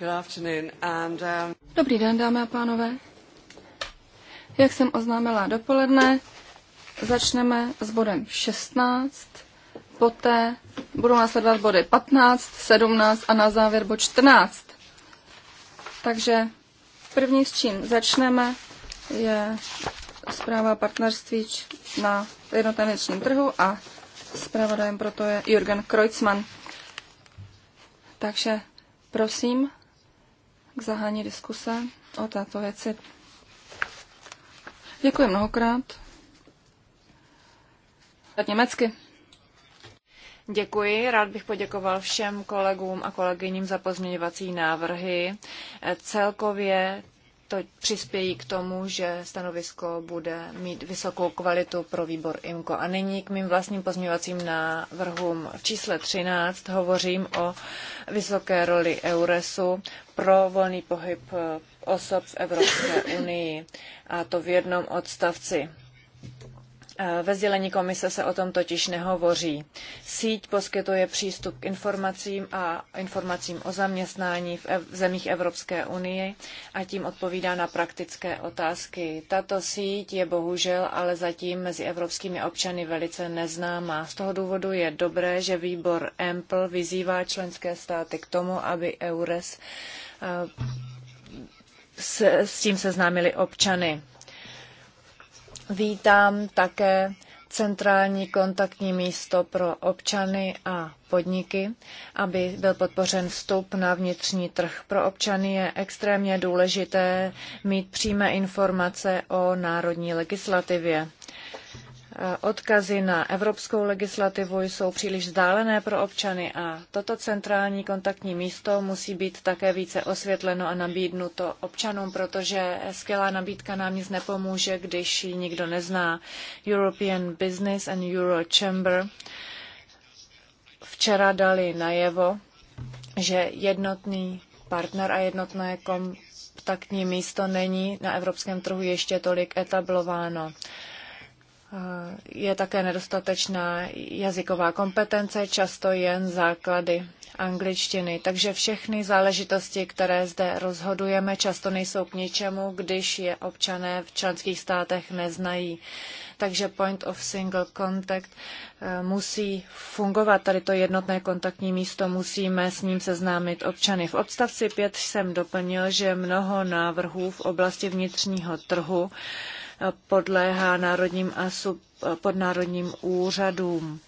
Um, Dobrý den, dámy a pánové. Jak jsem oznámila dopoledne, začneme s bodem 16, poté budou následovat body 15, 17 a na závěr bod 14. Takže první, s čím začneme, je zpráva partnerství na jednotném trhu a Spravodajem proto je Jürgen Kreutzmann. Takže prosím k zahání diskuse o této věci. Děkuji mnohokrát. Německy. Děkuji. Rád bych poděkoval všem kolegům a kolegyním za pozměňovací návrhy. Celkově to přispějí k tomu, že stanovisko bude mít vysokou kvalitu pro výbor IMCO. A nyní k mým vlastním pozměňovacím návrhům. V čísle 13 hovořím o vysoké roli EURESu pro volný pohyb osob v Evropské unii, a to v jednom odstavci. Eh, ve sdělení komise se o tom totiž nehovoří. Síť poskytuje přístup k informacím a informacím o zaměstnání v, zemích Evropské unie a tím odpovídá na praktické otázky. Tato síť je bohužel ale zatím mezi evropskými občany velice neznámá. Z toho důvodu je dobré, že výbor EMPL vyzývá členské státy k tomu, aby EURES eh, s, s tím seznámili občany. Vítám také centrální kontaktní místo pro občany a podniky, aby byl podpořen vstup na vnitřní trh. Pro občany je extrémně důležité mít přímé informace o národní legislativě. Eh, odkazy na evropskou legislativu jsou příliš vzdálené pro občany a toto centrální kontaktní místo musí být také více osvětleno a nabídnuto občanům, protože skvělá nabídka nám nic nepomůže, když ji nikdo nezná. European Business and Euro Chamber včera dali najevo, že jednotný partner a jednotné kontaktní místo není na evropském trhu ještě tolik etablováno je také nedostatečná jazyková kompetence, často jen základy angličtiny. Takže všechny záležitosti, které zde rozhodujeme, často nejsou k ničemu, když je občané v členských státech neznají. Takže point of single contact eh, musí fungovat. Tady to jednotné kontaktní místo musíme s ním seznámit občany. V odstavci 5 jsem doplnil, že mnoho návrhů v oblasti vnitřního trhu podléhá národním a sub, podnárodním úřadům.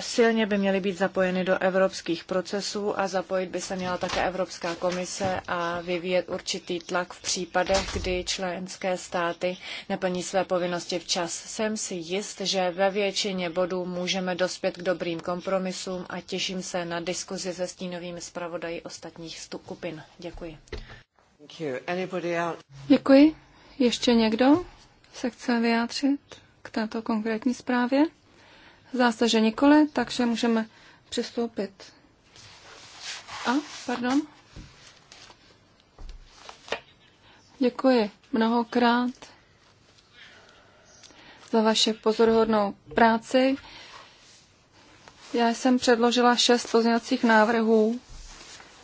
silně by měly být zapojeny do evropských procesů a zapojit by se měla také Evropská komise a vyvíjet určitý tlak v případech, kdy členské státy neplní své povinnosti včas. Jsem si jist, že ve většině bodů můžeme dospět k dobrým kompromisům a těším se na diskuzi se stínovými zpravodají ostatních skupin. Děkuji. Děkuji. Ještě někdo se chce vyjádřit k této konkrétní zprávě? Zdá se, že nikoli, takže můžeme přistoupit. A, pardon. Děkuji mnohokrát za vaše pozoruhodnou práci. Já jsem předložila šest pozměňovacích návrhů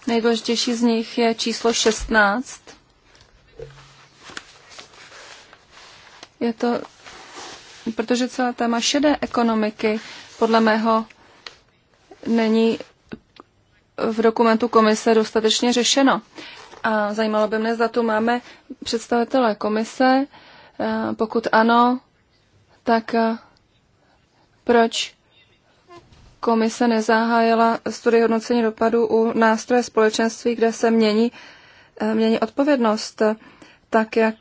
Nejdůležitější z nich je číslo 16. Je to, protože celá téma šedé ekonomiky podle mého není v dokumentu komise dostatečně řešeno. A zajímalo by mě, zda tu máme představitelé komise. Pokud ano, tak eh, proč komise nezahájila studii hodnocení dopadu u nástroje společenství, kde se mění, eh, mění odpovědnost, tak jak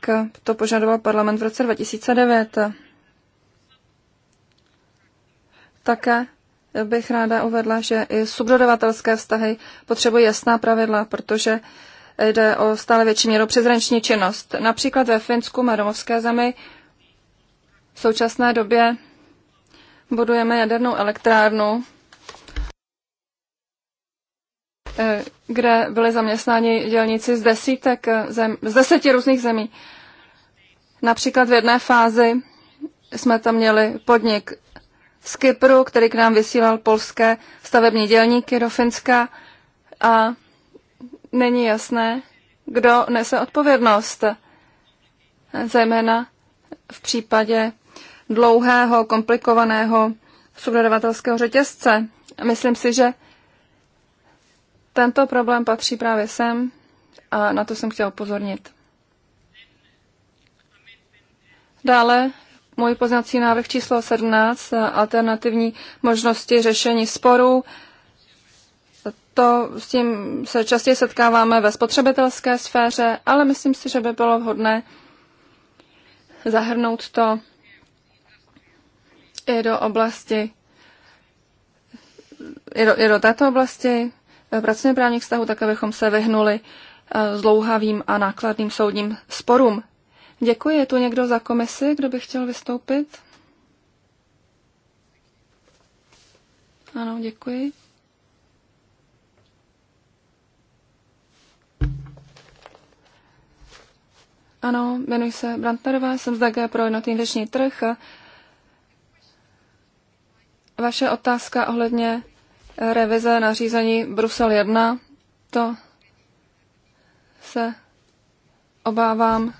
to požadoval parlament v roce 2009. Také bych ráda uvedla, že i subdodavatelské vztahy potřebují jasná pravidla, protože jde o stále větší měru přezranční činnost. Například ve Finsku, mé domovské zemi, v současné době budujeme jadernou elektrárnu, Eh, kde byly zaměstnáni dělníci z desítek eh, zem, z deseti různých zemí. Například v jedné fázi jsme tam měli podnik z Kypru, který k nám vysílal polské stavební dělníky do Finska a není jasné, kdo nese odpovědnost, zejména v případě dlouhého, komplikovaného subdodavatelského řetězce. Myslím si, že tento problém patří právě sem a na to jsem chtěl upozornit. Dále můj poznací návrh číslo 17, alternativní možnosti řešení sporů. To s tím se častěji setkáváme ve spotřebitelské sféře, ale myslím si, že by bylo vhodné zahrnout to i do oblasti, i do, i do této oblasti pracovně právních vztahů, tak abychom se vyhnuli eh, zlouhavým a nákladným soudním sporům. Děkuji. Je tu někdo za komisi, kdo by chtěl vystoupit? Ano, děkuji. Ano, jmenuji se Brantnerová, jsem z DG pro jednotný věční trh. Vaše otázka ohledně revize nařízení Brusel 1, to se obávám,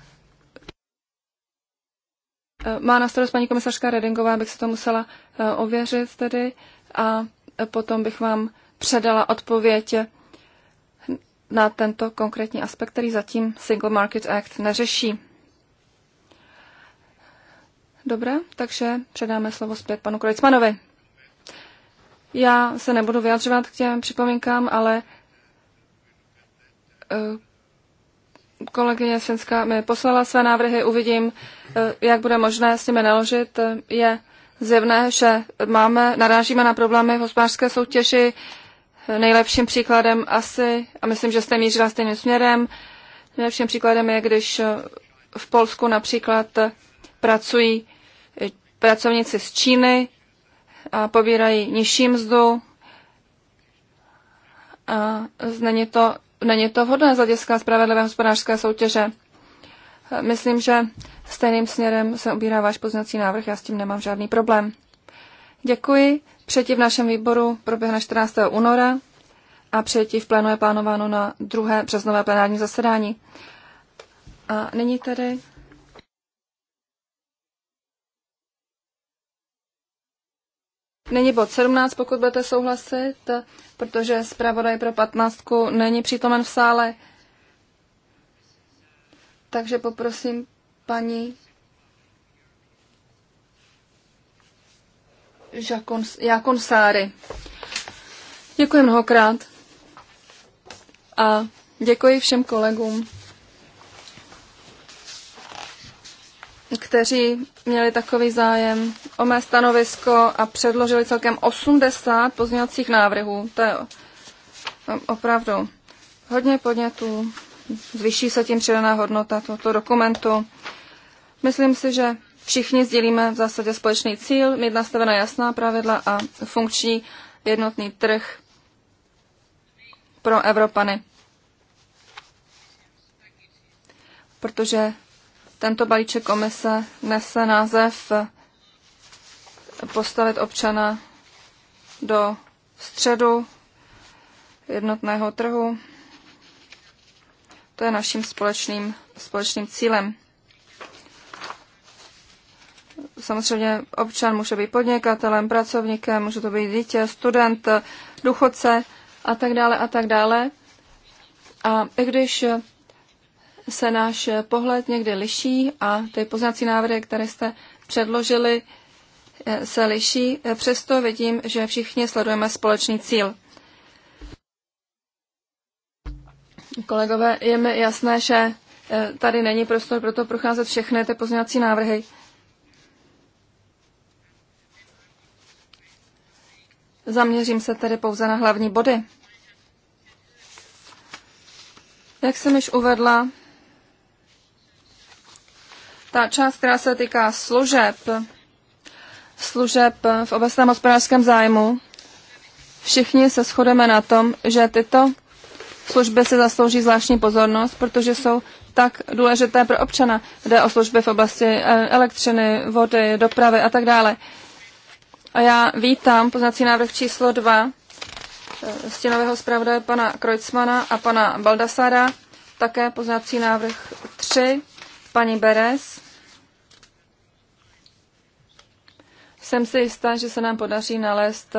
eh, má na starost paní komisařka Redingová, bych se to musela eh, ověřit tedy a eh, potom bych vám předala odpověď na tento konkrétní aspekt, který zatím Single Market Act neřeší. Dobré, takže předáme slovo zpět panu Krojcmanovi. Já se nebudu vyjadřovat k těm připomínkám, ale eh, kolegyně Svenska mi poslala své návrhy, uvidím, eh, jak bude možné s nimi naložit. Eh, je zjevné, že máme, narážíme na problémy v hospodářské soutěži. Nejlepším příkladem asi, a myslím, že jste mířila stejným směrem, nejlepším příkladem je, když v Polsku například pracují pracovníci z Číny, a pobírají nižší mzdu a není to, není to vhodné z hlediska spravedlivé hospodářské soutěže. Myslím, že stejným směrem se ubírá váš poznací návrh, já s tím nemám žádný problém. Děkuji. Přijetí v našem výboru proběhne 14. února a přijetí v plénu je plánováno na druhé březnové plenární zasedání. A nyní tedy Není bod 17, pokud budete souhlasit, protože zpravodaj pro 15 není přítomen v sále. Takže poprosím paní Jakon Sáry. Děkuji mnohokrát a děkuji všem kolegům kteří měli takový zájem o mé stanovisko a předložili celkem 80 pozměňovacích návrhů. To je no, opravdu hodně podnětů. Zvyší se tím přidaná hodnota tohoto dokumentu. Myslím si, že všichni sdílíme v zásadě společný cíl, mít nastavená jasná pravidla a funkční jednotný trh pro Evropany. Protože tento balíček komise nese název postavit občana do středu jednotného trhu. To je naším společným, společným cílem. Samozřejmě občan může být podnikatelem, pracovníkem, může to být dítě, student, důchodce a tak dále a tak dále. A i když se náš pohled někdy liší a ty poznací návrhy, které jste předložili, eh, se liší. Přesto vidím, že všichni sledujeme společný cíl. Kolegové, je mi jasné, že eh, tady není prostor pro to procházet všechny ty pozměňovací návrhy. Zaměřím se tedy pouze na hlavní body. Jak jsem již uvedla, ta část, která se týká služeb, služeb v obecném hospodářském zájmu, všichni se shodeme na tom, že tyto služby se zaslouží zvláštní pozornost, protože jsou tak důležité pro občana. Jde o služby v oblasti eh, elektřiny, vody, dopravy a tak dále. A já vítám poznací návrh číslo 2 eh, stěnového zpravodaje pana Krojcmana a pana Baldasara, také poznací návrh 3 paní Beres. Jsem si jistá, že se nám podaří nalézt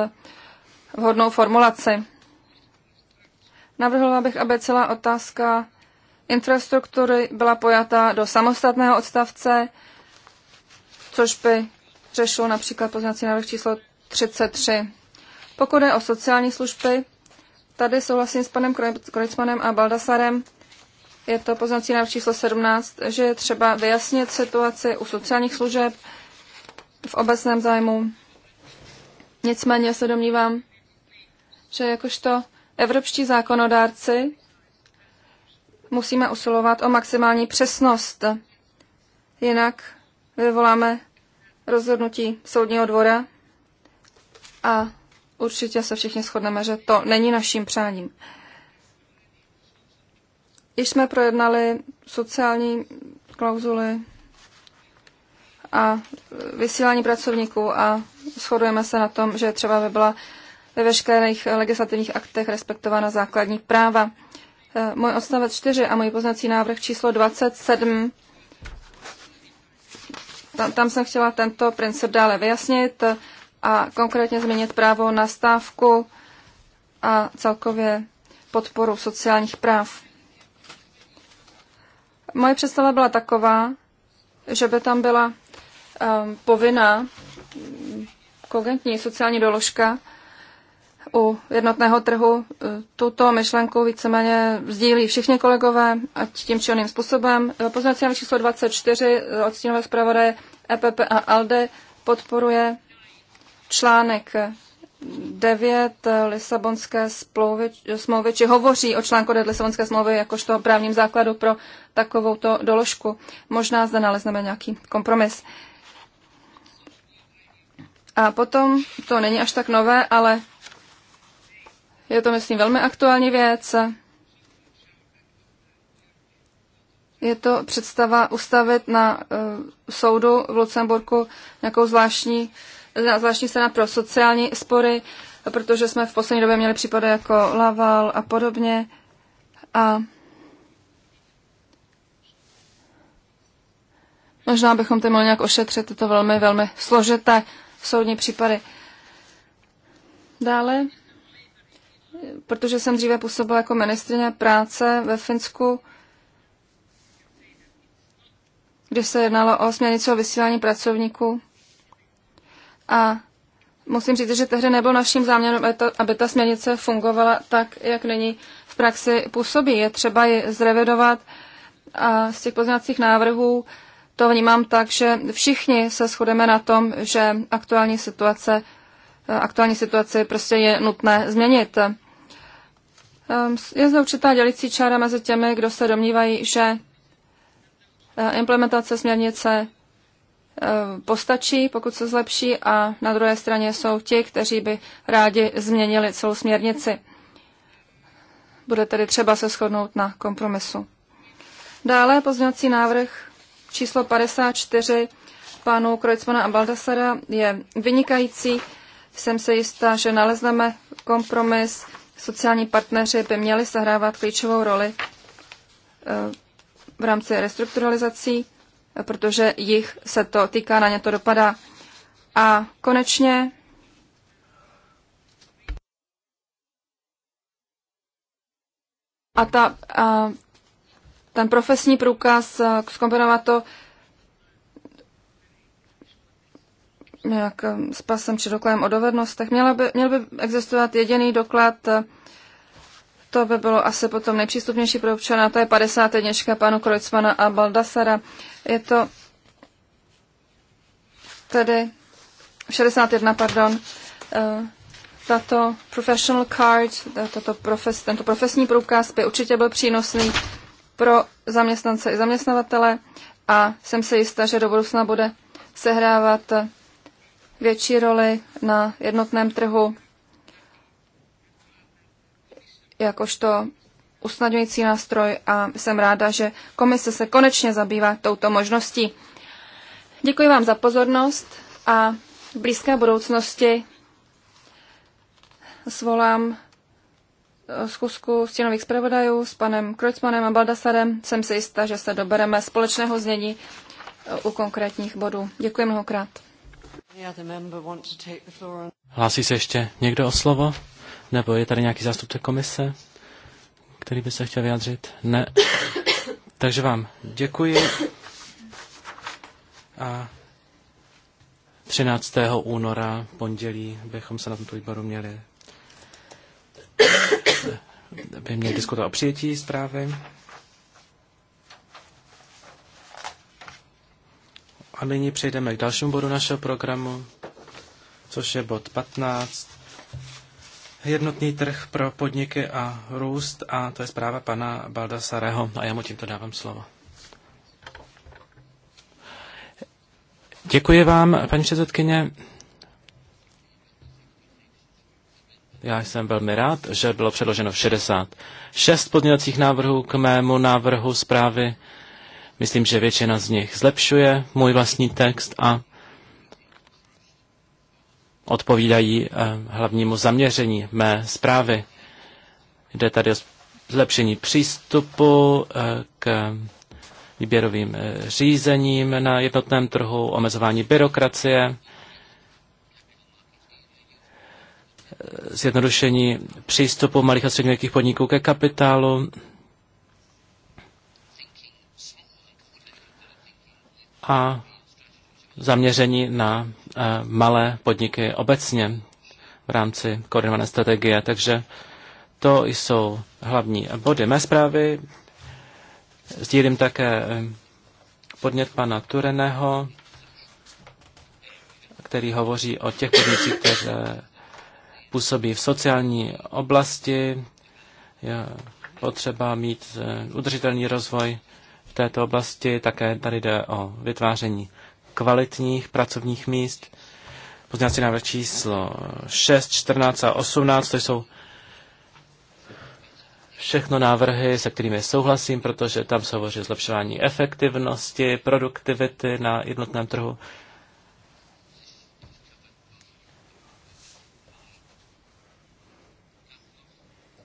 vhodnou formulaci. Navrhla bych, aby celá otázka infrastruktury byla pojata do samostatného odstavce, což by řešilo například poznací návrh číslo 33. Pokud je o sociální služby, tady souhlasím s panem Krojcmanem a Baldasarem, je to poznací návrh číslo 17, že je třeba vyjasnit situaci u sociálních služeb v obecném zájmu. Nicméně se domnívám, že jakožto evropští zákonodárci musíme usilovat o maximální přesnost. Jinak vyvoláme rozhodnutí soudního dvora a určitě se všichni shodneme, že to není naším přáním. Již jsme projednali sociální klauzuly a vysílání pracovníků a shodujeme se na tom, že třeba by byla ve veškerých legislativních aktech respektována základní práva. Eh, můj odstavec 4 a můj poznací návrh číslo 27, tam, tam jsem chtěla tento princip dále vyjasnit a konkrétně změnit právo na stávku a celkově podporu sociálních práv. Moje představa byla taková, že by tam byla um, povinná mm, kogentní sociální doložka u jednotného trhu. E, tuto myšlenku víceméně sdílí všichni kolegové, ať tím či oným způsobem. E, Poznací číslo 24 e, od stínové zpravodaje EPP a ALDE podporuje článek 9 eh, Lisabonské smlouvy, smlouvy, či hovoří o článku 9 Lisabonské smlouvy jakožto právním základu pro takovouto doložku. Možná zde nalezneme nějaký kompromis. A potom, to není až tak nové, ale je to, myslím, velmi aktuální věc. Je to představa ustavit na uh, soudu v Lucemburku nějakou zvláštní uh, zvláštní strana pro sociální spory, protože jsme v poslední době měli případy jako Laval a podobně. A možná bychom to mohli nějak ošetřit, tyto velmi, velmi složité soudní případy. Dále, protože jsem dříve působila jako ministrině práce ve Finsku, kde se jednalo o směrnici o vysílání pracovníků. A musím říct, že tehdy nebyl naším záměrem, aby ta směrnice fungovala tak, jak není v praxi působí. Je třeba ji zrevidovat a z těch pozměňovacích návrhů to vnímám tak, že všichni se shodeme na tom, že aktuální situace, eh, aktuální situaci prostě je nutné změnit. Ehm, je zde určitá dělicí čára mezi těmi, kdo se domnívají, že eh, implementace směrnice Eh, postačí, pokud se zlepší, a na druhé straně jsou ti, kteří by rádi změnili celou směrnici. Bude tedy třeba se shodnout na kompromisu. Dále pozměňovací návrh číslo 54 pánů Krojcmana a Baldasara je vynikající. Jsem se jistá, že nalezneme kompromis. Sociální partneři by měli sehrávat klíčovou roli eh, v rámci restrukturalizací protože jich se to týká, na ně to dopadá. A konečně a ta, a ten profesní průkaz, zkombinovat to nějak s pasem či dokladem o dovednostech, měl by, měl by existovat jediný doklad, to by bylo asi potom nejpřístupnější pro občana, to je 50. dněčka panu Krojcmana a Baldasara. Je to tedy 61, pardon, eh, tato professional card, tato profes, tento profesní průkaz by určitě byl přínosný pro zaměstnance i zaměstnavatele a jsem se jistá, že do budoucna bude sehrávat větší roli na jednotném trhu jakožto usnadňující nástroj a jsem ráda, že komise se konečně zabývá touto možností. Děkuji vám za pozornost a v blízké budoucnosti svolám eh, zkusku stěnových zpravodajů s panem Kreutzmanem a Baldasarem. Jsem si jistá, že se dobereme společného znění eh, u konkrétních bodů. Děkuji mnohokrát. Hlásí se ještě někdo o slovo? Nebo je tady nějaký zástupce komise, který by se chtěl vyjádřit? Ne. Takže vám děkuji. A 13. února, pondělí, bychom se na tomto výboru měli by měli diskutovat o přijetí zprávy. A nyní přejdeme k dalšímu bodu našeho programu, což je bod 15 jednotný trh pro podniky a růst a to je zpráva pana Baldasareho a já mu tímto dávám slovo. Děkuji vám, paní předsedkyně. Já jsem velmi rád, že bylo předloženo 66 podněcích návrhů k mému návrhu zprávy. Myslím, že většina z nich zlepšuje můj vlastní text a odpovídají eh, hlavnímu zaměření mé zprávy. Jde tady o zlepšení přístupu eh, k výběrovým eh, řízením na jednotném trhu, omezování byrokracie, zjednodušení přístupu malých a středních podniků ke kapitálu, a zaměření na Eh, malé podniky obecně v rámci koordinované strategie. Takže to jsou hlavní body mé zprávy. Sdílím také eh, podnět pana Tureného, který hovoří o těch podnicích, které působí v sociální oblasti. Je potřeba mít eh, udržitelný rozvoj v této oblasti. Také tady jde o vytváření kvalitních pracovních míst. Pozměňovací návrh číslo 6, 14 a 18, to jsou všechno návrhy, se kterými souhlasím, protože tam se hovoří o zlepšování efektivnosti, produktivity na jednotném trhu.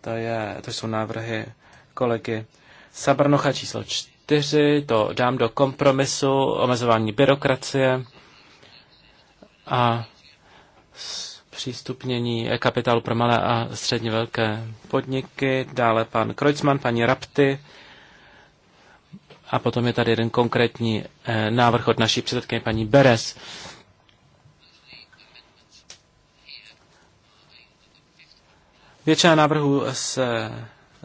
To, je, to jsou návrhy kolegy Sabrnocha číslo 4 4, to dám do kompromisu, omezování byrokracie a přístupnění kapitálu pro malé a středně velké podniky, dále pan Kreutzmann, paní Rapty a potom je tady jeden konkrétní eh, návrh od naší předsedkyně paní Beres. Většina návrhů se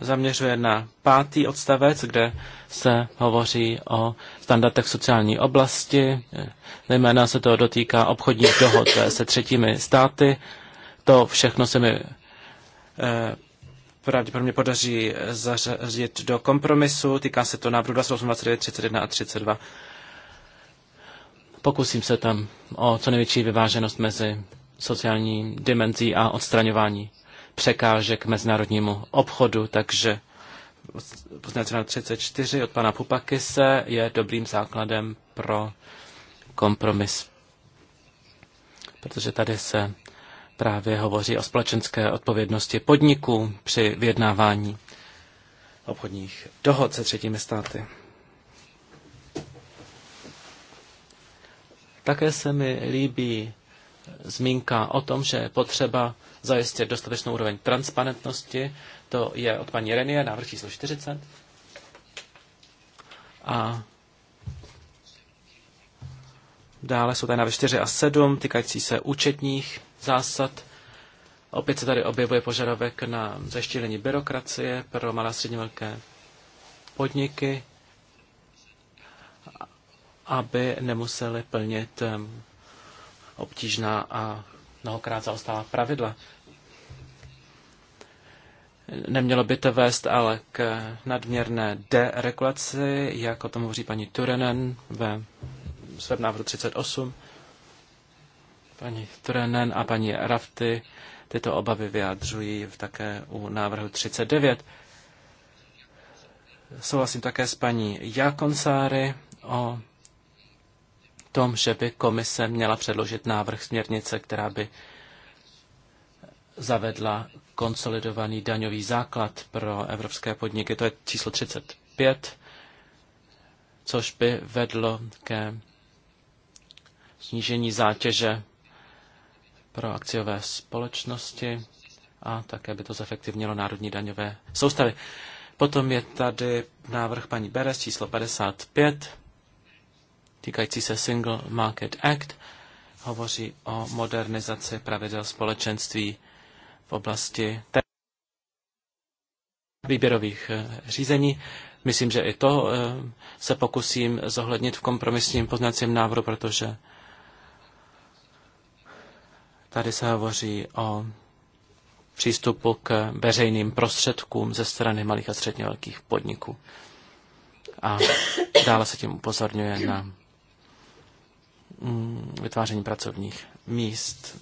zaměřuje na pátý odstavec, kde se hovoří o standardech sociální oblasti. Nejména se to dotýká obchodních dohod se třetími státy. To všechno se mi eh, pravděpodobně podaří zařadit do kompromisu. Týká se to návrhu 28, 29, 31 a 32. Pokusím se tam o co největší vyváženost mezi sociální dimenzí a odstraňování překážek mezinárodnímu obchodu, takže na 34 od pana Pupakise je dobrým základem pro kompromis. Protože tady se právě hovoří o společenské odpovědnosti podniků při vyjednávání obchodních dohod se třetími státy. Také se mi líbí zmínka o tom, že je potřeba zajistit dostatečnou úroveň transparentnosti. To je od paní Renie, návrh číslo 40. A dále jsou tady návrhy 4 a 7, týkající se účetních zásad. Opět se tady objevuje požadavek na zaštílení byrokracie pro malé a středně velké podniky, aby nemuseli plnit um, obtížná a mnohokrát zaostává pravidla. Nemělo by to vést ale k nadměrné deregulaci, jak o tom hovoří paní Turenen ve svém návrhu 38. Paní Turenen a paní Rafty tyto obavy vyjadřují také u návrhu 39. Souhlasím také s paní Jakonsáry o tom, že by komise měla předložit návrh směrnice, která by zavedla konsolidovaný daňový základ pro evropské podniky. To je číslo 35, což by vedlo ke snížení zátěže pro akciové společnosti a také by to zefektivnilo národní daňové soustavy. Potom je tady návrh paní Beres číslo 55 týkající se Single Market Act hovoří o modernizaci pravidel společenství v oblasti výběrových eh, řízení. Myslím, že i to eh, se pokusím zohlednit v kompromisním poznacím návrhu, protože tady se hovoří o přístupu k veřejným prostředkům ze strany malých a středně velkých podniků. A dále se tím upozorňuje na Mm, vytváření pracovních míst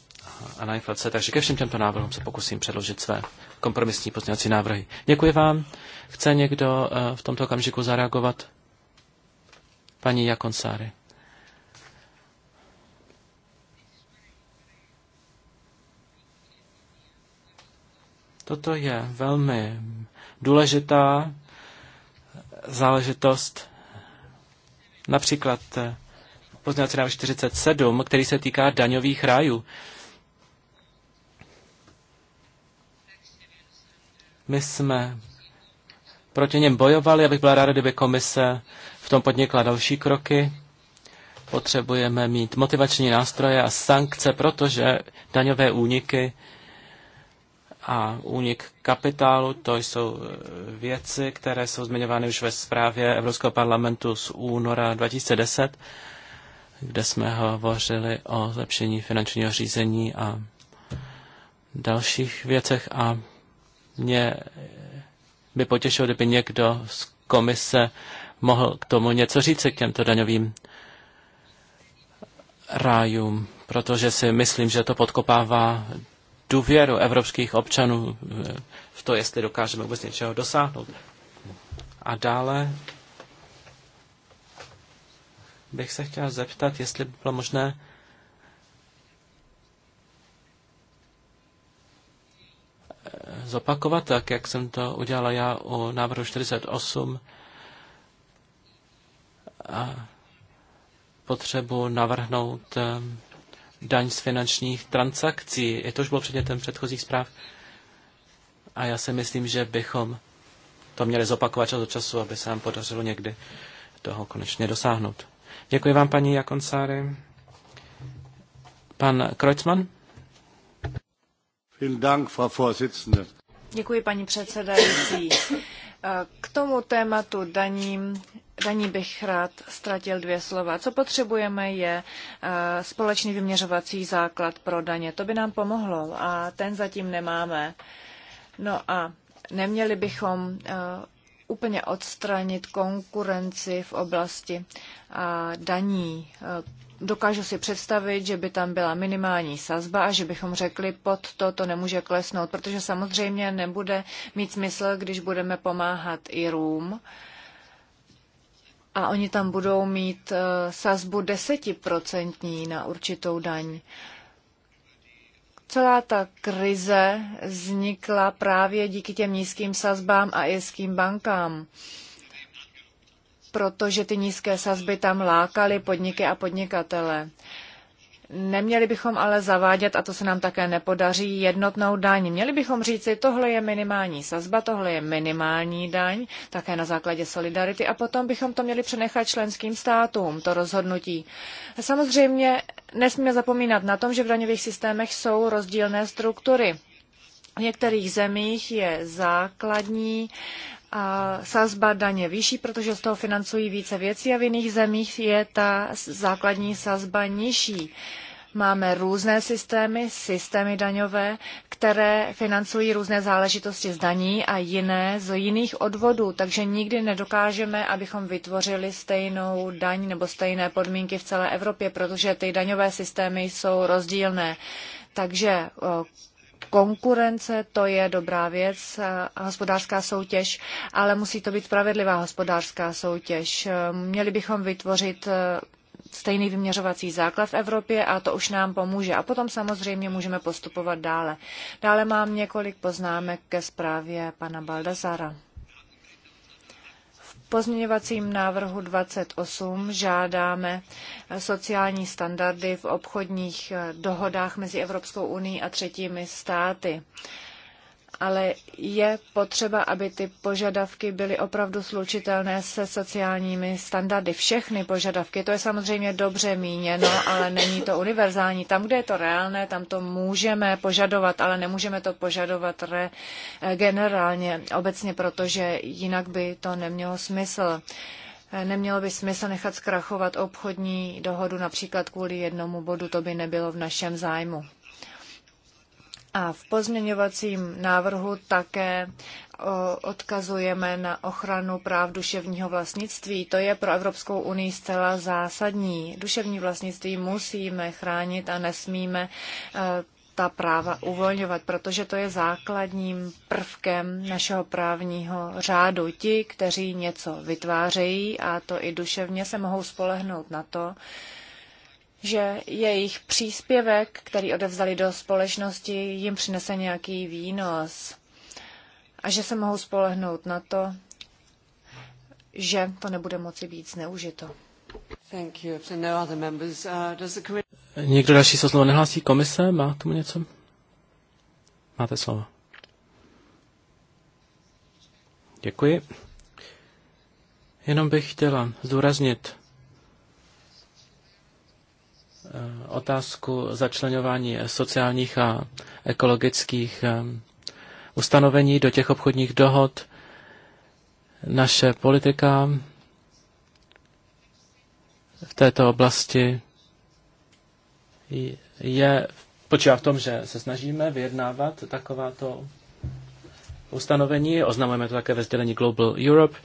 a na inflace. Takže ke všem těmto návrhům se pokusím předložit své kompromisní pozměňovací návrhy. Děkuji vám. Chce někdo eh, v tomto okamžiku zareagovat? Paní Jakonsáry. Toto je velmi důležitá záležitost. Například eh, pozměňovací návrh 47, který se týká daňových rájů. My jsme proti něm bojovali, abych byla ráda, kdyby komise v tom podnikla další kroky. Potřebujeme mít motivační nástroje a sankce, protože daňové úniky a únik kapitálu, to jsou e, věci, které jsou zmiňovány už ve zprávě Evropského parlamentu z února 2010 kde jsme hovořili o zlepšení finančního řízení a dalších věcech a mě by potěšilo, kdyby někdo z komise mohl k tomu něco říct, k těmto daňovým rájům, protože si myslím, že to podkopává důvěru evropských občanů v to, jestli dokážeme vůbec něčeho dosáhnout. A dále bych se chtěl zeptat, jestli by bylo možné eh, zopakovat tak, jak jsem to udělala já u návrhu 48 a potřebu navrhnout eh, daň z finančních transakcí. Je to už bylo předmětem předchozích zpráv. A já si myslím, že bychom to měli zopakovat čas od času, aby se nám podařilo někdy toho konečně dosáhnout. Děkuji vám, paní Jakoncáry. Pan Kreutzmann. Děkuji, paní předsedající. K tomu tématu daním, daní bych rád ztratil dvě slova. Co potřebujeme je eh, společný vyměřovací základ pro daně. To by nám pomohlo a ten zatím nemáme. No a neměli bychom eh, úplně odstranit konkurenci v oblasti daní. E, dokážu si představit, že by tam byla minimální sazba a že bychom řekli, pod to to nemůže klesnout, protože samozřejmě nebude mít smysl, když budeme pomáhat i Rům. a oni tam budou mít e, sazbu desetiprocentní na určitou daň. Celá ta krize vznikla právě díky těm nízkým sazbám a irským bankám, protože ty nízké sazby tam lákaly podniky a podnikatele. Neměli bychom ale zavádět, a to se nám také nepodaří, jednotnou daň. Měli bychom říci, tohle je minimální sazba, tohle je minimální daň, také na základě solidarity, a potom bychom to měli přenechat členským státům, to rozhodnutí. Samozřejmě nesmíme zapomínat na tom, že v daňových systémech jsou rozdílné struktury. V některých zemích je základní a sazba daně vyšší, protože z toho financují více věcí a v jiných zemích je ta základní sazba nižší. Máme různé systémy, systémy daňové, které financují různé záležitosti z daní a jiné z jiných odvodů, takže nikdy nedokážeme, abychom vytvořili stejnou daň nebo stejné podmínky v celé Evropě, protože ty daňové systémy jsou rozdílné. Takže konkurence, to je dobrá věc, hospodářská soutěž, ale musí to být spravedlivá hospodářská soutěž. Měli bychom vytvořit e, stejný vyměřovací základ v Evropě a to už nám pomůže. A potom samozřejmě můžeme postupovat dále. Dále mám několik poznámek ke zprávě pana Baldazara pozměňovacím návrhu 28 žádáme sociální standardy v obchodních dohodách mezi Evropskou unii a třetími státy ale je potřeba, aby ty požadavky byly opravdu slučitelné se sociálními standardy. Všechny požadavky, to je samozřejmě dobře míněno, ale není to univerzální. Tam, kde je to reálné, tam to můžeme požadovat, ale nemůžeme to požadovat re, eh, generálně, obecně, protože jinak by to nemělo smysl. Eh, nemělo by smysl nechat zkrachovat obchodní dohodu například kvůli jednomu bodu, to by nebylo v našem zájmu. A v pozměňovacím návrhu také odkazujeme na ochranu práv duševního vlastnictví. To je pro Evropskou unii zcela zásadní. Duševní vlastnictví musíme chránit a nesmíme e, ta práva uvolňovat, protože to je základním prvkem našeho právního řádu. Ti, kteří něco vytvářejí, a to i duševně, se mohou spolehnout na to, že jejich příspěvek, který odevzali do společnosti, jim přinese nějaký výnos a že se mohou spolehnout na to, že to nebude moci být zneužito. Thank no uh, Někdo další se slovo nehlásí? Komise? Má tomu něco? Máte slovo. Děkuji. Jenom bych chtěla zdůraznit Eh, otázku začlenování sociálních a ekologických eh, ustanovení do těch obchodních dohod. Naše politika v této oblasti je počívá v tom, že se snažíme vyjednávat takováto ustanovení. Oznamujeme to také ve sdělení Global Europe,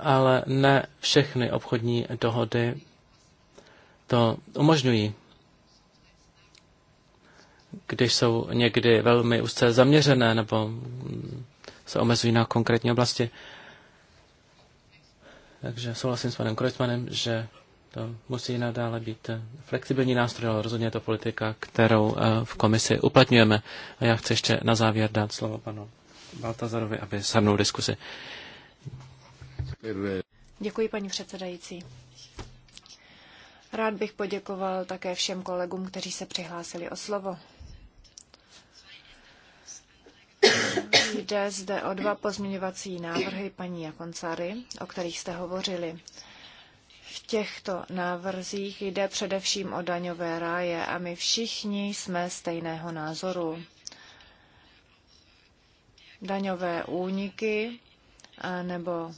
ale ne všechny obchodní dohody to umožňují, když jsou někdy velmi úzce zaměřené nebo se omezují na konkrétní oblasti. Takže souhlasím s panem Kreuzmanem, že to musí nadále být flexibilní nástroj, ale rozhodně je to politika, kterou eh, v komisi uplatňujeme. A já chci ještě na závěr dát slovo panu Baltazarovi, aby shrnul diskusi. Děkuji, paní předsedající. Rád bych poděkoval také všem kolegům, kteří se přihlásili o slovo. Jde zde o dva pozměňovací návrhy paní Jakoncary, o kterých jste hovořili. V těchto návrzích jde především o daňové ráje a my všichni jsme stejného názoru. Daňové úniky nebo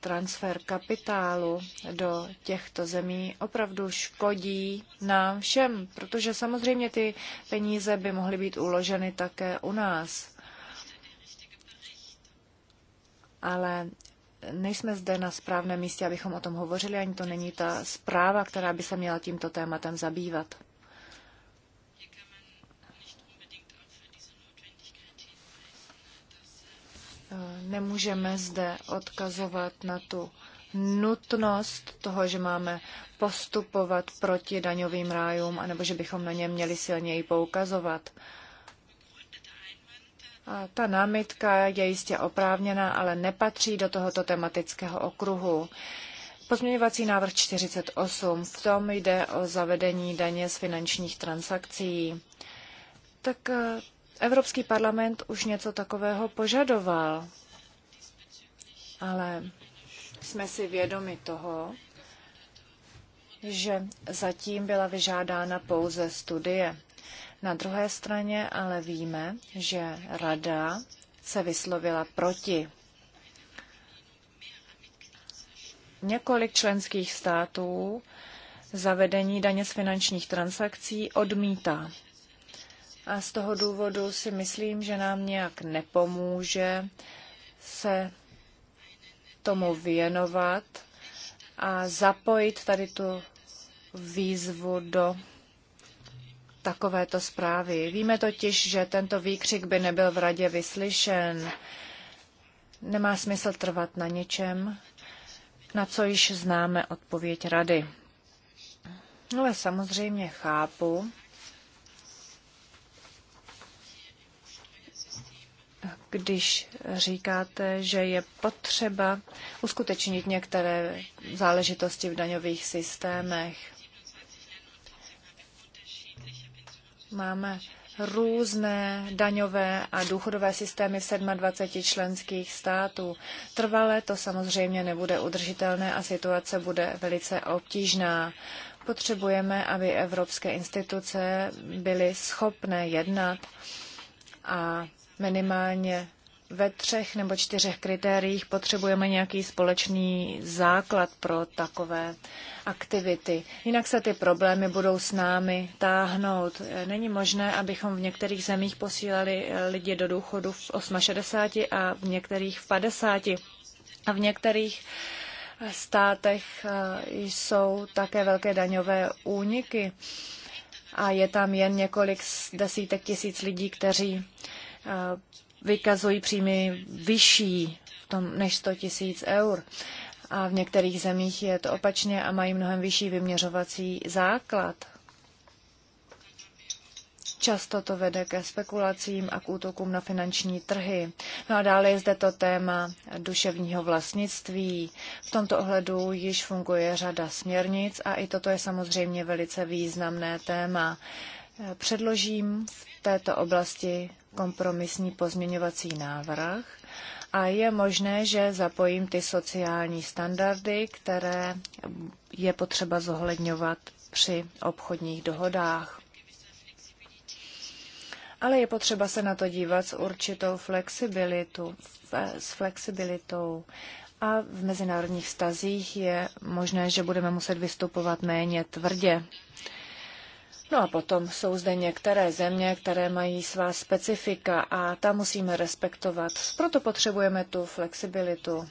transfer kapitálu do těchto zemí opravdu škodí nám všem, protože samozřejmě ty peníze by mohly být uloženy také u nás. Ale nejsme zde na správném místě, abychom o tom hovořili, ani to není ta zpráva, která by se měla tímto tématem zabývat. nemůžeme zde odkazovat na tu nutnost toho, že máme postupovat proti daňovým rájům, anebo že bychom na ně měli silněji poukazovat. A ta námitka je jistě oprávněná, ale nepatří do tohoto tematického okruhu. Pozměňovací návrh 48. V tom jde o zavedení daně z finančních transakcí. Tak eh, Evropský parlament už něco takového požadoval, ale jsme si vědomi toho, že zatím byla vyžádána pouze studie. Na druhé straně ale víme, že Rada se vyslovila proti. Několik členských států zavedení daně z finančních transakcí odmítá. A z toho důvodu si myslím, že nám nějak nepomůže se tomu věnovat a zapojit tady tu výzvu do takovéto zprávy. Víme totiž, že tento výkřik by nebyl v radě vyslyšen. Nemá smysl trvat na něčem, na co již známe odpověď rady. Ale samozřejmě chápu, když říkáte, že je potřeba uskutečnit některé záležitosti v daňových systémech. Máme různé daňové a důchodové systémy v 27 členských států. Trvale to samozřejmě nebude udržitelné a situace bude velice obtížná. Potřebujeme, aby evropské instituce byly schopné jednat a minimálně ve třech nebo čtyřech kritériích potřebujeme nějaký společný základ pro takové aktivity. Jinak se ty problémy budou s námi táhnout. Není možné, abychom v některých zemích posílali eh, lidi do důchodu v 68 a v některých v 50. A v některých eh, státech eh, jsou také velké daňové úniky a je tam jen několik desítek tisíc lidí, kteří Eh, vykazují příjmy vyšší než 100 tisíc eur. A v některých zemích je to opačně a mají mnohem vyšší vyměřovací základ. Často to vede ke spekulacím a k útokům na finanční trhy. No a dále je zde to téma duševního vlastnictví. V tomto ohledu již funguje řada směrnic a i toto je samozřejmě velice významné téma. Eh, předložím v této oblasti kompromisní pozměňovací návrh a je možné, že zapojím ty sociální standardy, které je potřeba zohledňovat při obchodních dohodách. Ale je potřeba se na to dívat s určitou flexibilitu, s flexibilitou. A v mezinárodních vztazích je možné, že budeme muset vystupovat méně tvrdě. No a potom jsou zde některé země, které mají svá specifika a ta musíme respektovat. Proto potřebujeme tu flexibilitu.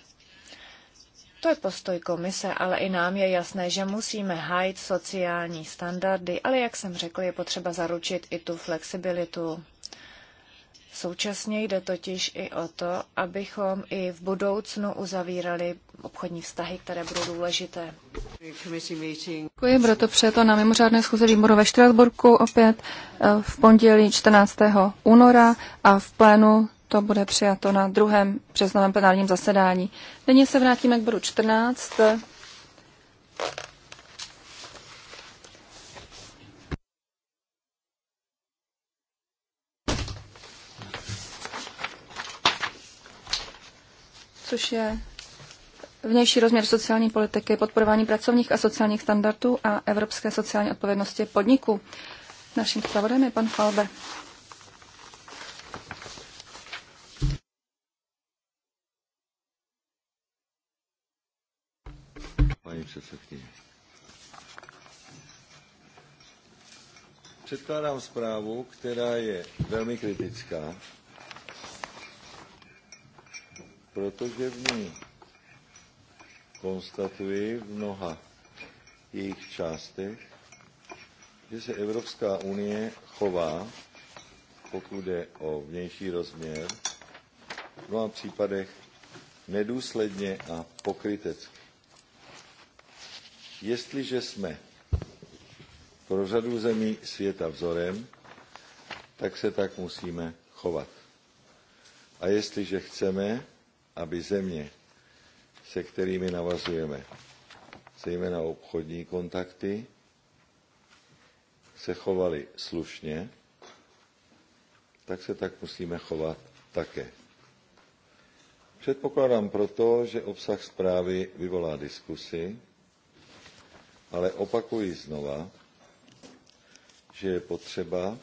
To je postoj komise, ale i nám je jasné, že musíme hájit sociální standardy, ale jak jsem řekl, je potřeba zaručit i tu flexibilitu. Současně jde totiž i o to, abychom i v budoucnu uzavírali obchodní vztahy, které budou důležité. Děkuji, bude to přijeto na mimořádné schůze výboru ve Štrasburku opět eh, v pondělí 14. února a v plénu to bude přijato na druhém březnovém plenárním zasedání. Nyní se vrátíme k bodu 14. což je vnější rozměr sociální politiky, podporování pracovních a sociálních standardů a evropské sociální odpovědnosti podniků. Naším zpravodem je pan Falbe. Paní předsedkyně. Předkládám zprávu, která je velmi kritická protože v ní konstatuji v mnoha jejich částech, že se Evropská unie chová, pokud jde o vnější rozměr, v mnoha případech nedůsledně a pokrytecky. Jestliže jsme pro řadu zemí světa vzorem, tak se tak musíme chovat. A jestliže chceme, aby země, se kterými navazujeme, zejména obchodní kontakty, se chovali slušně, tak se tak musíme chovat také. Předpokládám proto, že obsah zprávy vyvolá diskusy, ale opakuji znova, že je potřeba,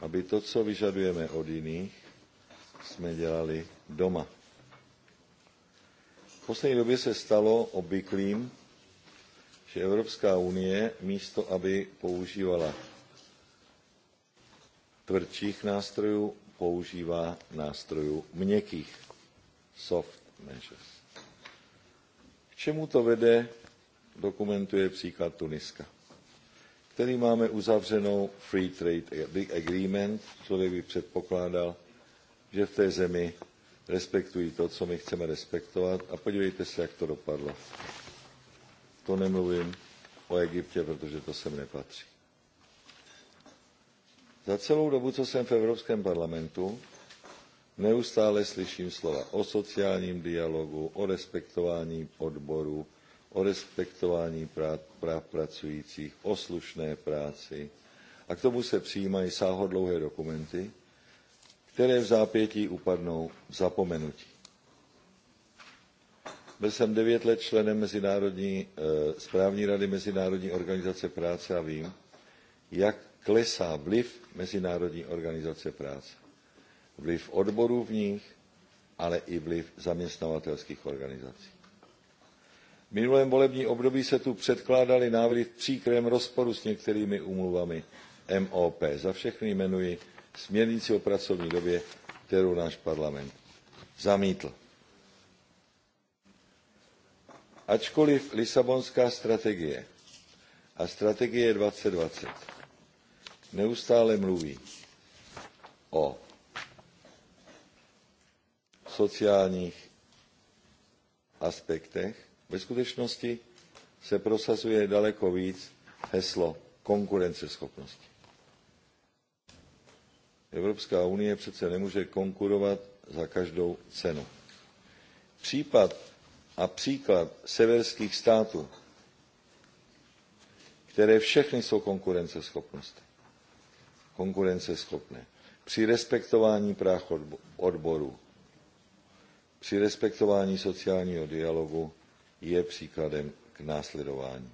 aby to, co vyžadujeme od jiných, jsme dělali doma. V poslední době se stalo obvyklým, že Evropská unie místo, aby používala tvrdších nástrojů, používá nástrojů měkkých, soft measures. K čemu to vede, dokumentuje příklad Tuniska, který máme uzavřenou Free Trade Agreement, člověk by předpokládal, že v té zemi respektují to, co my chceme respektovat. A podívejte se, jak to dopadlo. To nemluvím o Egyptě, protože to sem nepatří. Za celou dobu, co jsem v Evropském parlamentu, neustále slyším slova o sociálním dialogu, o respektování odboru, o respektování práv, práv pracujících, o slušné práci. A k tomu se přijímají sáhodlouhé dokumenty, které v zápětí upadnou v zapomenutí. Byl jsem devět let členem Mezinárodní, eh, správní rady Mezinárodní organizace práce a vím, jak klesá vliv Mezinárodní organizace práce. Vliv odborů v nich, ale i vliv zaměstnavatelských organizací. V minulém volební období se tu předkládaly návrhy v příkrém rozporu s některými umluvami MOP. Za všechny jmenuji směrnici o pracovní době, kterou náš parlament zamítl. Ačkoliv Lisabonská strategie a strategie 2020 neustále mluví o sociálních aspektech, ve skutečnosti se prosazuje daleko víc heslo konkurenceschopnosti. Evropská unie přece nemůže konkurovat za každou cenu. Případ a příklad severských států, které všechny jsou konkurenceschopnosti. Konkurenceschopné. Při respektování práv odborů, při respektování sociálního dialogu je příkladem k následování.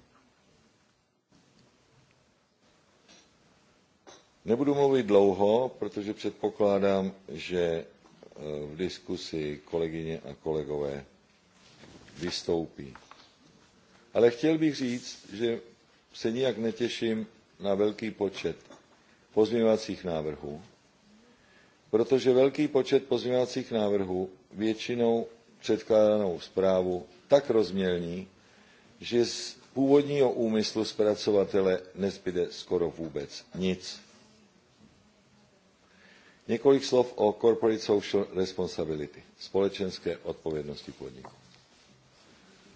Nebudu mluvit dlouho, protože předpokládám, že eh, v diskusi kolegyně a kolegové vystoupí. Ale chtěl bych říct, že se nijak netěším na velký počet pozměňovacích návrhů, protože velký počet pozměňovacích návrhů většinou předkládanou zprávu tak rozmělní, že z původního úmyslu zpracovatele nezbyde skoro vůbec nic. Několik slov o corporate social responsibility, společenské odpovědnosti podniku.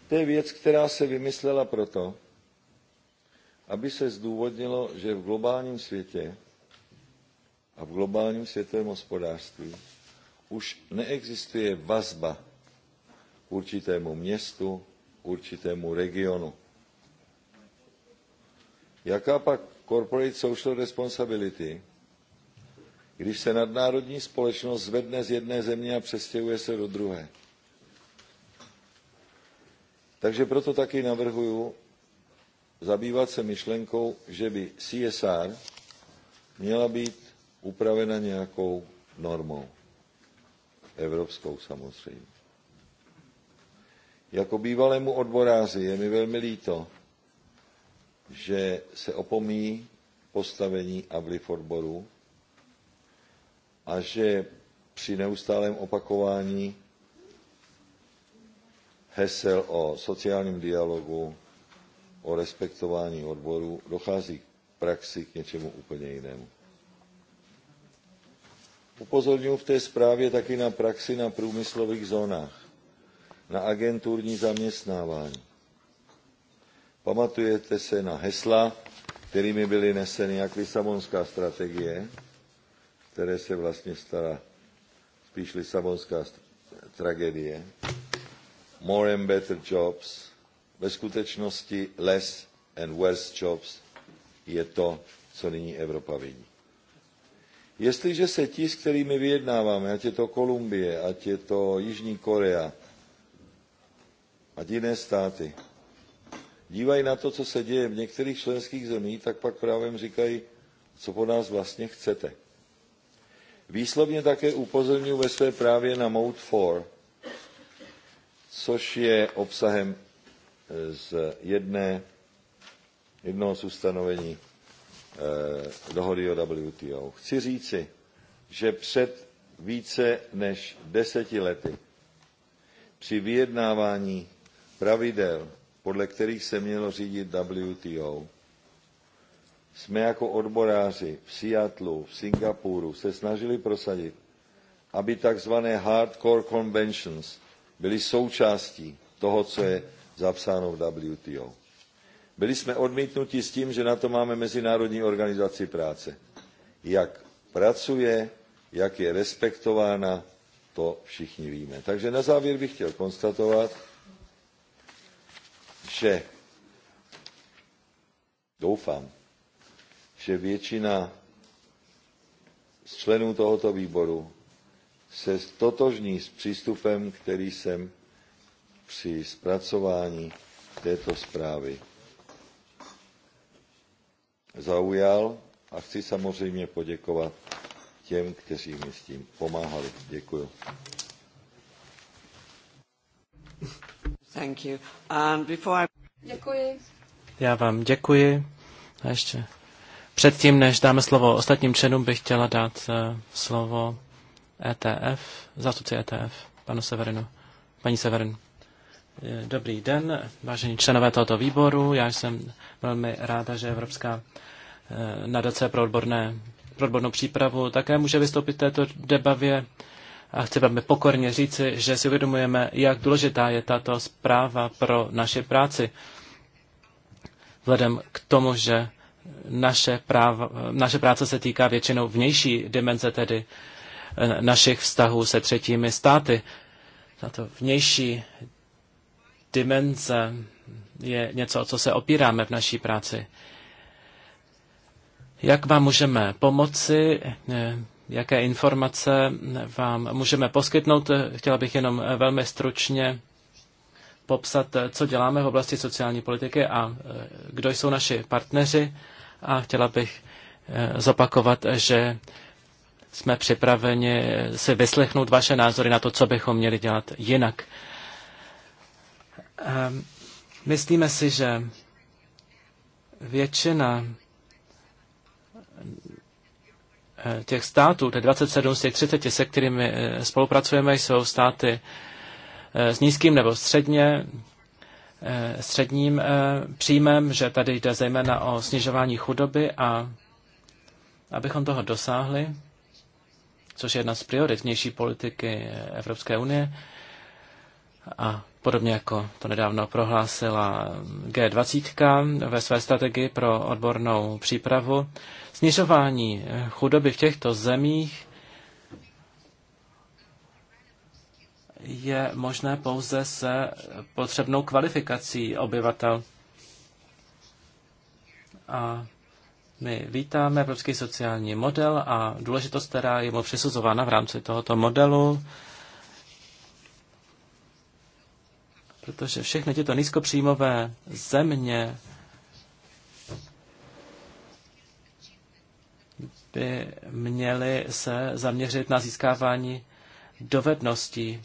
To je věc, která se vymyslela proto, aby se zdůvodnilo, že v globálním světě a v globálním světovém hospodářství už neexistuje vazba k určitému městu, k určitému regionu. Jaká pak corporate social responsibility když se nadnárodní společnost zvedne z jedné země a přestěhuje se do druhé. Takže proto taky navrhuju zabývat se myšlenkou, že by CSR měla být upravena nějakou normou. Evropskou samozřejmě. Jako bývalému odboráři je mi velmi líto, že se opomíjí postavení a vliv odborů a že při neustálém opakování hesel o sociálním dialogu, o respektování odborů, dochází k praxi k něčemu úplně jinému. Upozorňuji v té zprávě taky na praxi na průmyslových zónách, na agenturní zaměstnávání. Pamatujete se na hesla, kterými byly neseny jak Lisabonská strategie, které se vlastně stala spíš Lisabonská tragédie. More and better jobs, ve skutečnosti less and worse jobs je to, co nyní Evropa vidí. Jestliže se ti, s kterými vyjednáváme, ať je to Kolumbie, ať je to Jižní Korea, ať jiné státy, dívají na to, co se děje v některých členských zemích, tak pak právě říkají, co po nás vlastně chcete. Výslovně také upozorňuji ve své právě na Mode 4, což je obsahem eh, z jedné, jednoho z ustanovení eh, dohody o WTO. Chci říci, že před více než deseti lety při vyjednávání pravidel, podle kterých se mělo řídit WTO, jsme jako odboráři v Seattleu, v Singapuru se snažili prosadit, aby tzv. hardcore conventions byly součástí toho, co je zapsáno v WTO. Byli jsme odmítnuti s tím, že na to máme Mezinárodní organizaci práce. Jak pracuje, jak je respektována, to všichni víme. Takže na závěr bych chtěl konstatovat, že doufám, že většina z členů tohoto výboru se stotožní s přístupem, který jsem při zpracování této zprávy zaujal a chci samozřejmě poděkovat těm, kteří mi s tím pomáhali. Děkuji. Thank you. And before I... Děkuji. Já vám děkuji. A ještě Předtím, než dáme slovo ostatním členům, bych chtěla dát eh, slovo ETF, zástupci ETF, panu Severinu, paní Severin. Eh, dobrý den, vážení členové tohoto výboru. Já jsem velmi ráda, že Evropská eh, nadace pro, odborné, pro odbornou přípravu také může vystoupit v této debavě. A chci velmi pokorně říci, že si uvědomujeme, jak důležitá je tato zpráva pro naši práci. Vzhledem k tomu, že naše, práva, naše práce se týká většinou vnější dimenze, tedy eh, našich vztahů se třetími státy. Tato vnější dimenze je něco, o co se opíráme v naší práci. Jak vám můžeme pomoci? Eh, jaké informace vám můžeme poskytnout? Chtěla bych jenom eh, velmi stručně popsat, co děláme v oblasti sociální politiky a kdo jsou naši partneři a chtěla bych eh, zopakovat, že jsme připraveni si vyslechnout vaše názory na to, co bychom měli dělat jinak. Ehm, myslíme si, že většina eh, těch států, těch 27 z těch 30, se kterými eh, spolupracujeme, jsou státy s nízkým nebo středně Eh, středním eh, příjmem, že tady jde zejména o snižování chudoby a abychom toho dosáhli, což je jedna z priorit vnější politiky Evropské unie, a podobně jako to nedávno prohlásila G20 ve své strategii pro odbornou přípravu, snižování chudoby v těchto zemích je možné pouze se potřebnou kvalifikací obyvatel. A my vítáme evropský sociální model a důležitost, která je mu přisuzována v rámci tohoto modelu, protože všechny tyto nízkopříjmové země by měly se zaměřit na získávání dovedností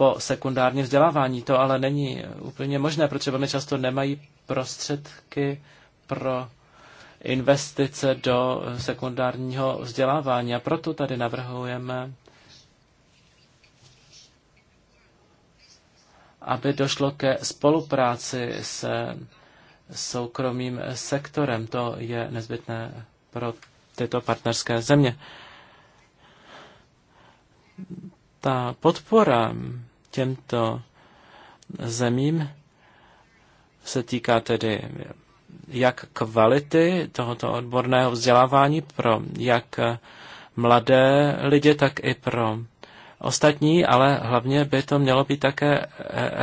po sekundárním vzdělávání. To ale není úplně možné, protože velmi často nemají prostředky pro investice do sekundárního vzdělávání. A proto tady navrhujeme, aby došlo ke spolupráci se soukromým sektorem. To je nezbytné pro tyto partnerské země. Ta podpora těmto zemím se týká tedy jak kvality tohoto odborného vzdělávání pro jak mladé lidi, tak i pro ostatní, ale hlavně by to mělo být také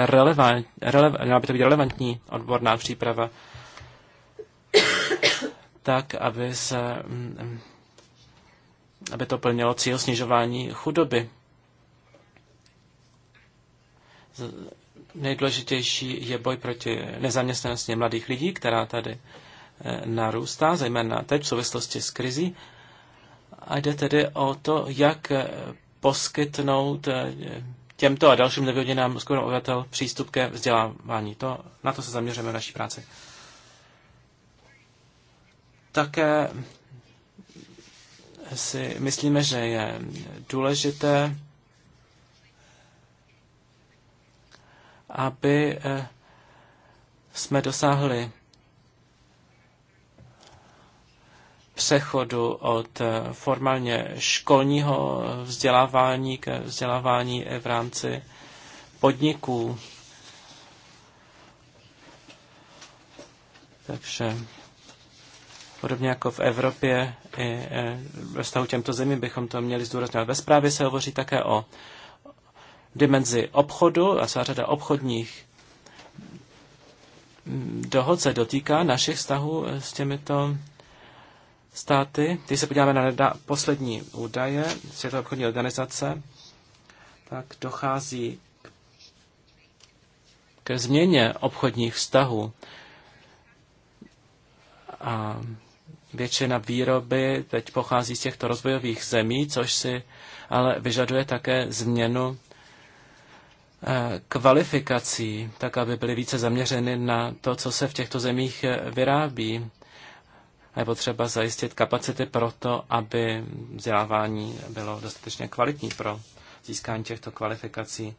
relevant, relevant, měla by to být relevantní odborná příprava, tak, aby se mm, mm, aby to plnilo cíl snižování chudoby nejdůležitější je boj proti nezaměstnanosti mladých lidí, která tady eh, narůstá, zejména teď v souvislosti s krizí. A jde tedy o to, jak eh, poskytnout eh, těmto a dalším nevyhodněnám skupinám obyvatel přístup ke vzdělávání. To, na to se zaměříme v naší práci. Také si myslíme, že je důležité aby eh, jsme dosáhli přechodu od eh, formálně školního vzdělávání k vzdělávání v rámci podniků. Takže podobně jako v Evropě, i eh, ve vztahu těmto zemím bychom to měli zdůrazňovat. Ve zprávě se hovoří také o dimenzi obchodu a celá řada obchodních mm, dohod se dotýká našich vztahů eh, s těmito státy. Když se podíváme na poslední údaje Světové obchodní organizace, tak dochází ke změně obchodních vztahů. A většina výroby teď pochází z těchto rozvojových zemí, což si ale vyžaduje také změnu Eh, kvalifikací, tak aby byly více zaměřeny na to, co se v těchto zemích eh, vyrábí. A je potřeba zajistit kapacity pro to, aby vzdělávání bylo dostatečně kvalitní pro získání těchto kvalifikací.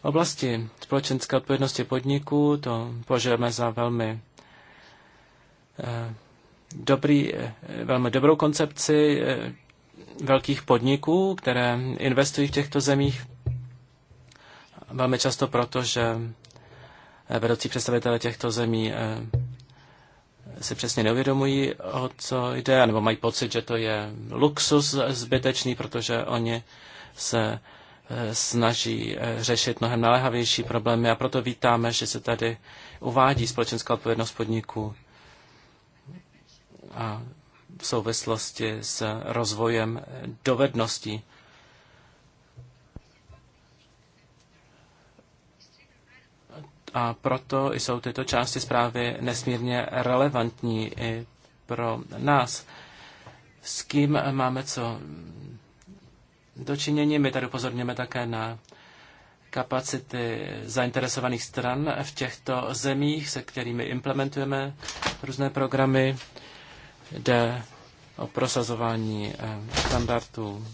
V oblasti společenské odpovědnosti podniků to považujeme za velmi eh, dobrý, velmi dobrou koncepci velkých podniků, které investují v těchto zemích velmi často proto, že eh, vedoucí představitelé těchto zemí eh, si přesně neuvědomují, o co jde, nebo mají pocit, že to je luxus zbytečný, protože oni se eh, snaží řešit mnohem naléhavější problémy a proto vítáme, že se tady uvádí společenská odpovědnost podniků a v souvislosti s rozvojem dovedností a proto jsou tyto části zprávy nesmírně relevantní i pro nás. S kým máme co dočinění? My tady upozorněme také na kapacity zainteresovaných stran v těchto zemích, se kterými implementujeme různé programy. Jde o prosazování eh, standardů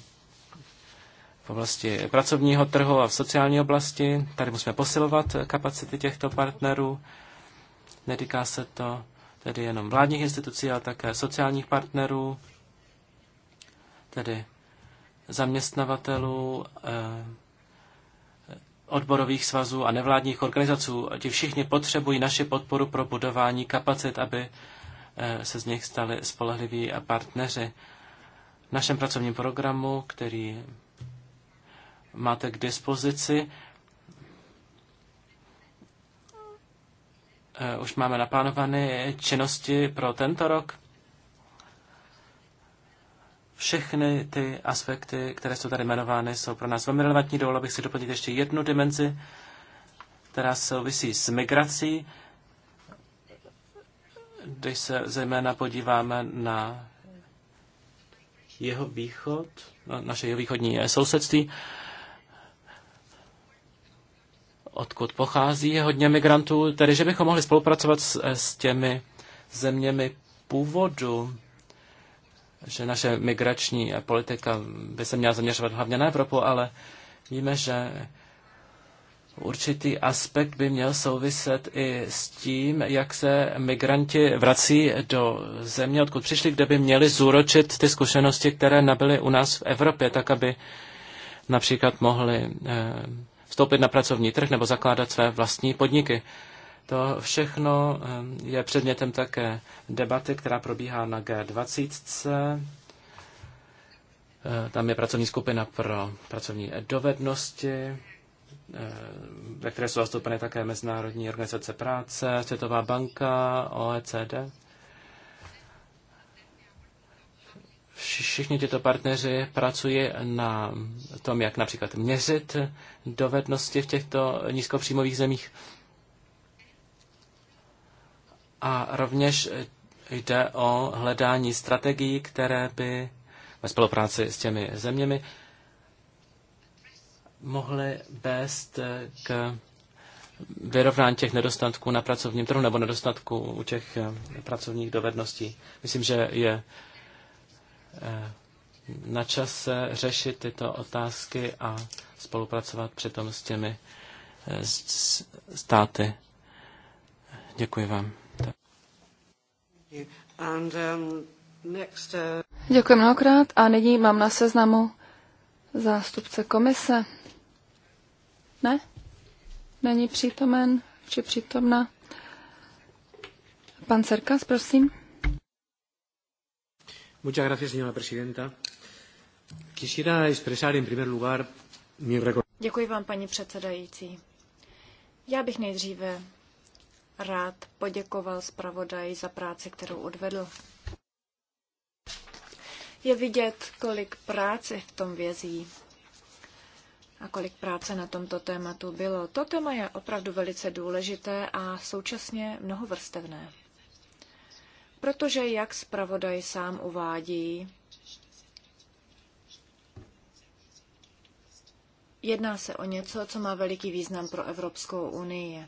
v oblasti pracovního trhu a v sociální oblasti. Tady musíme posilovat kapacity těchto partnerů. Netýká se to tedy jenom vládních institucí, ale také sociálních partnerů, tedy zaměstnavatelů, eh, odborových svazů a nevládních organizací. Ti všichni potřebují naši podporu pro budování kapacit, aby eh, se z nich stali spolehliví a partneři. V našem pracovním programu, který máte k dispozici. Eh, už máme naplánované činnosti pro tento rok. Všechny ty aspekty, které jsou tady jmenovány, jsou pro nás velmi relevantní. Dovolil bych si doplnit ještě jednu dimenzi, která souvisí s migrací. Když se zejména podíváme na jeho východ, naše jeho východní sousedství, odkud pochází hodně migrantů, tedy že bychom mohli spolupracovat s, s těmi zeměmi původu, že naše migrační politika by se měla zaměřovat hlavně na Evropu, ale víme, že určitý aspekt by měl souviset i s tím, jak se migranti vrací do země, odkud přišli, kde by měli zúročit ty zkušenosti, které nabyly u nás v Evropě, tak aby například mohli eh, vstoupit na pracovní trh nebo zakládat své vlastní podniky. To všechno eh, je předmětem také debaty, která probíhá na G20. Eh, tam je pracovní skupina pro pracovní dovednosti, eh, ve které jsou zastoupeny také Mezinárodní organizace práce, Světová banka, OECD. Všichni tyto partneři pracují na tom, jak například měřit dovednosti v těchto nízkopříjmových zemích. A rovněž jde o hledání strategií, které by ve spolupráci s těmi zeměmi mohly vést k vyrovnání těch nedostatků na pracovním trhu nebo nedostatků u těch pracovních dovedností. Myslím, že je Eh, na čase řešit tyto otázky a spolupracovat přitom s těmi eh, státy. Děkuji vám. Um, uh, Děkuji mnohokrát a nyní mám na seznamu zástupce komise. Ne? Není přítomen či přítomna? Pan Cerkas, prosím. Muchas gracias, señora presidenta. Quisiera expresar en primer lugar mi Děkuji vám, paní předsedající. Já bych nejdříve rád poděkoval zpravodaji za práci, kterou odvedl. Je vidět, kolik práce v tom vězí a kolik práce na tomto tématu bylo. To téma je opravdu velice důležité a současně mnohovrstevné protože, jak zpravodaj sám uvádí, jedná se o něco, co má veliký význam pro Evropskou unii.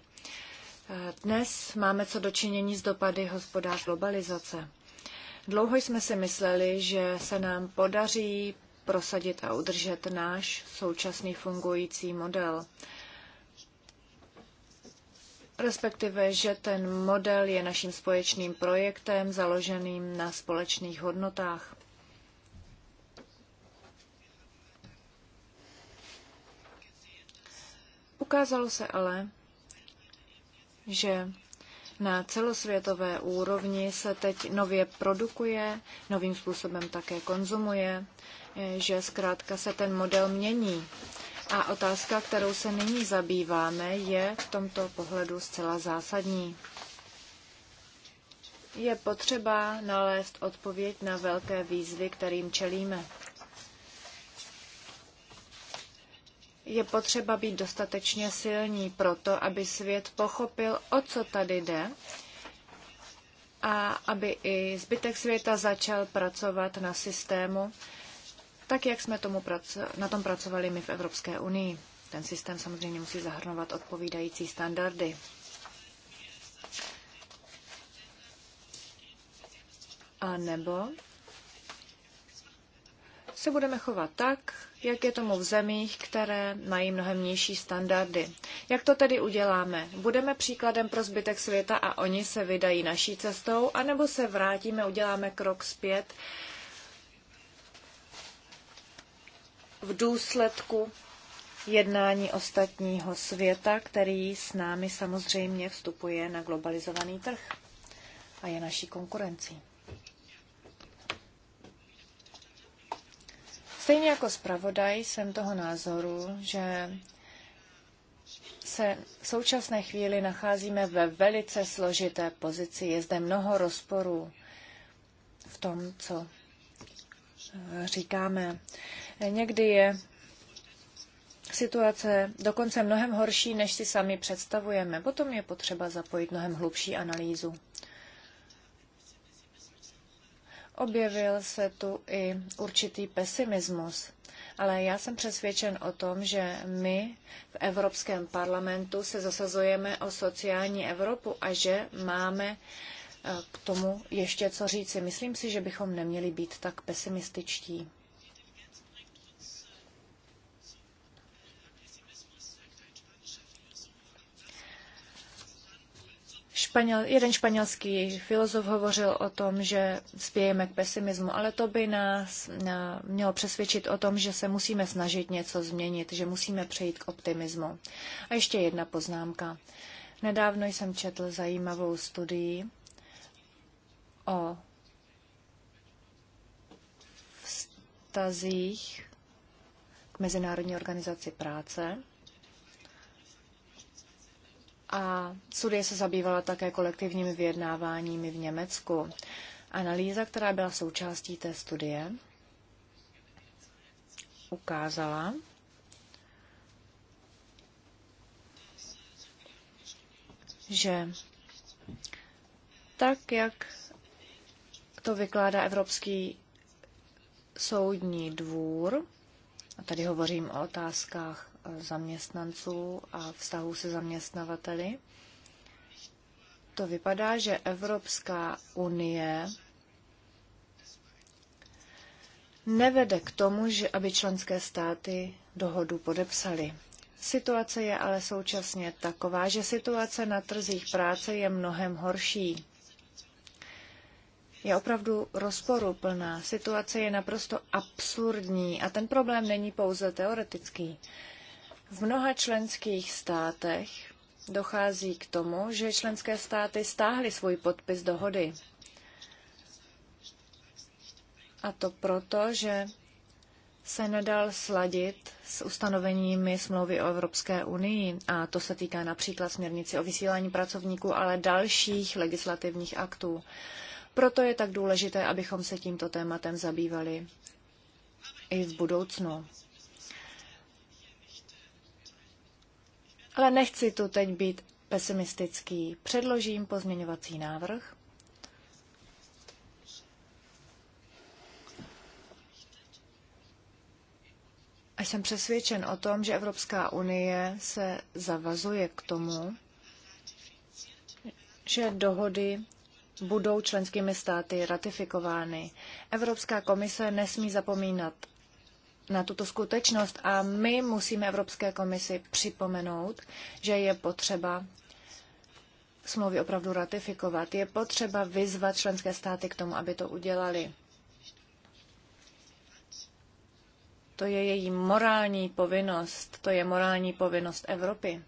Dnes máme co dočinění s dopady hospodář globalizace. Dlouho jsme si mysleli, že se nám podaří prosadit a udržet náš současný fungující model respektive, že ten model je naším společným projektem založeným na společných hodnotách. Ukázalo se ale, že na celosvětové úrovni se teď nově produkuje, novým způsobem také konzumuje, že zkrátka se ten model mění. A otázka, kterou se nyní zabýváme, je v tomto pohledu zcela zásadní. Je potřeba nalézt odpověď na velké výzvy, kterým čelíme. Je potřeba být dostatečně silní proto, aby svět pochopil, o co tady jde a aby i zbytek světa začal pracovat na systému, tak jak jsme tomu na tom pracovali my v Evropské unii. Ten systém samozřejmě musí zahrnovat odpovídající standardy. A nebo se budeme chovat tak, jak je tomu v zemích, které mají mnohem nižší standardy. Jak to tedy uděláme? Budeme příkladem pro zbytek světa a oni se vydají naší cestou, anebo se vrátíme, uděláme krok zpět v důsledku jednání ostatního světa, který s námi samozřejmě vstupuje na globalizovaný trh a je naší konkurencí. Stejně jako zpravodaj jsem toho názoru, že se v současné chvíli nacházíme ve velice složité pozici. Je zde mnoho rozporů v tom, co eh, říkáme. Někdy je situace dokonce mnohem horší, než si sami představujeme. Potom je potřeba zapojit mnohem hlubší analýzu. Objevil se tu i určitý pesimismus, ale já jsem přesvědčen o tom, že my v Evropském parlamentu se zasazujeme o sociální Evropu a že máme eh, k tomu ještě co říci. Myslím si, že bychom neměli být tak pesimističtí. Španěl, jeden španělský filozof hovořil o tom, že spějeme k pesimismu, ale to by nás mělo přesvědčit o tom, že se musíme snažit něco změnit, že musíme přejít k optimismu. A ještě jedna poznámka. Nedávno jsem četl zajímavou studii o vztazích k Mezinárodní organizaci práce a studie se zabývala také kolektivními vyjednáváními v Německu. Analýza, která byla součástí té studie, ukázala, že tak, jak to vykládá Evropský soudní dvůr, a tady hovořím o otázkách zaměstnanců a vztahů se zaměstnavateli. To vypadá, že Evropská unie nevede k tomu, že aby členské státy dohodu podepsaly. Situace je ale současně taková, že situace na trzích práce je mnohem horší. Je opravdu rozporuplná. Situace je naprosto absurdní a ten problém není pouze teoretický. V mnoha členských státech dochází k tomu, že členské státy stáhly svůj podpis dohody. A to proto, že se nedal sladit s ustanoveními smlouvy o Evropské unii. A to se týká například směrnici o vysílání pracovníků, ale dalších legislativních aktů. Proto je tak důležité, abychom se tímto tématem zabývali i v budoucnu. Ale nechci tu teď být pesimistický. Předložím pozměňovací návrh. A jsem přesvědčen o tom, že Evropská unie se zavazuje k tomu, že dohody budou členskými státy ratifikovány. Evropská komise nesmí zapomínat na tuto skutečnost a my musíme Evropské komisi připomenout, že je potřeba smlouvy opravdu ratifikovat. Je potřeba vyzvat členské státy k tomu, aby to udělali. To je její morální povinnost, to je morální povinnost Evropy.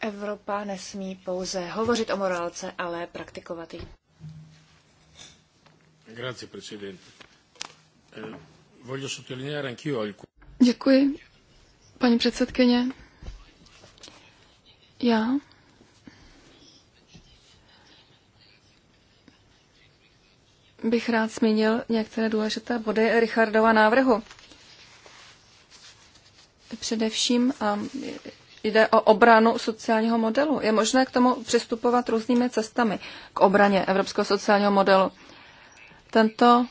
Evropa nesmí pouze hovořit o morálce, ale praktikovat ji. Grazie, presidente. Eh, Děkuji, paní předsedkyně. Já bych rád zmínil některé důležité body Richardova návrhu. Především ehm, jde o obranu sociálního modelu. Je možné k tomu přistupovat různými cestami k obraně evropského sociálního modelu. Tento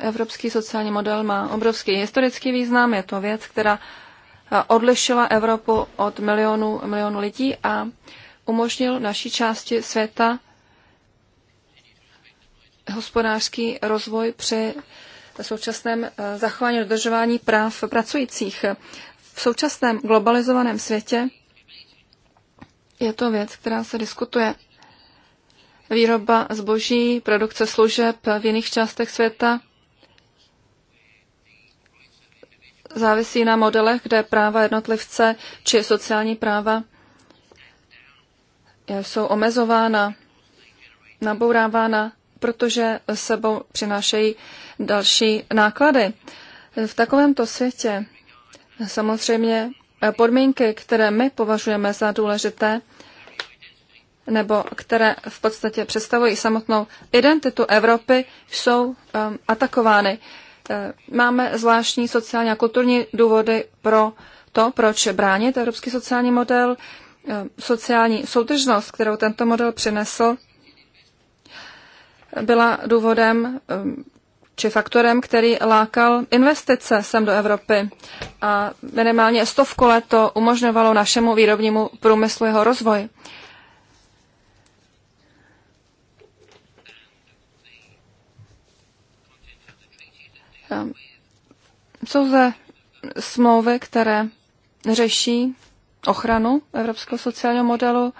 Evropský sociální model má obrovský historický význam, je to věc, která eh, odlišila Evropu od milionů, milionů lidí a umožnil naší části světa hospodářský rozvoj při současném eh, zachování dodržování práv pracujících. V současném globalizovaném světě je to věc, která se diskutuje. Výroba zboží, produkce služeb v jiných částech světa závisí na modelech, kde práva jednotlivce či sociální práva jsou omezována, nabourávána, protože sebou přinášejí další náklady. V takovémto světě samozřejmě podmínky, které my považujeme za důležité, nebo které v podstatě představují samotnou identitu Evropy, jsou um, atakovány. Eh, máme zvláštní sociální a kulturní důvody pro to, proč bránit evropský sociální model, eh, sociální soudržnost, kterou tento model přinesl, byla důvodem eh, či faktorem, který lákal investice sem do Evropy. A minimálně stovku let to umožňovalo našemu výrobnímu průmyslu jeho rozvoj. Ehm, jsou zde smlouvy, které řeší ochranu evropského sociálního modelu,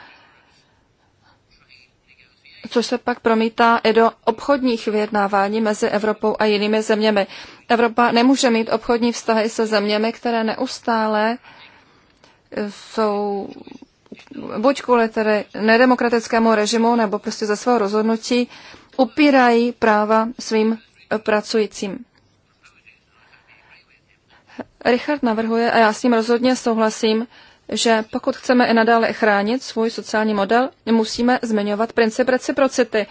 což se pak promítá i do obchodních vyjednávání mezi Evropou a jinými zeměmi. Evropa nemůže mít obchodní vztahy se zeměmi, které neustále jsou buď kvůli tedy nedemokratickému režimu nebo prostě ze svého rozhodnutí upírají práva svým pracujícím. Richard navrhuje, a já s ním rozhodně souhlasím, že pokud chceme i nadále chránit svůj sociální model, musíme zmiňovat princip reciprocity.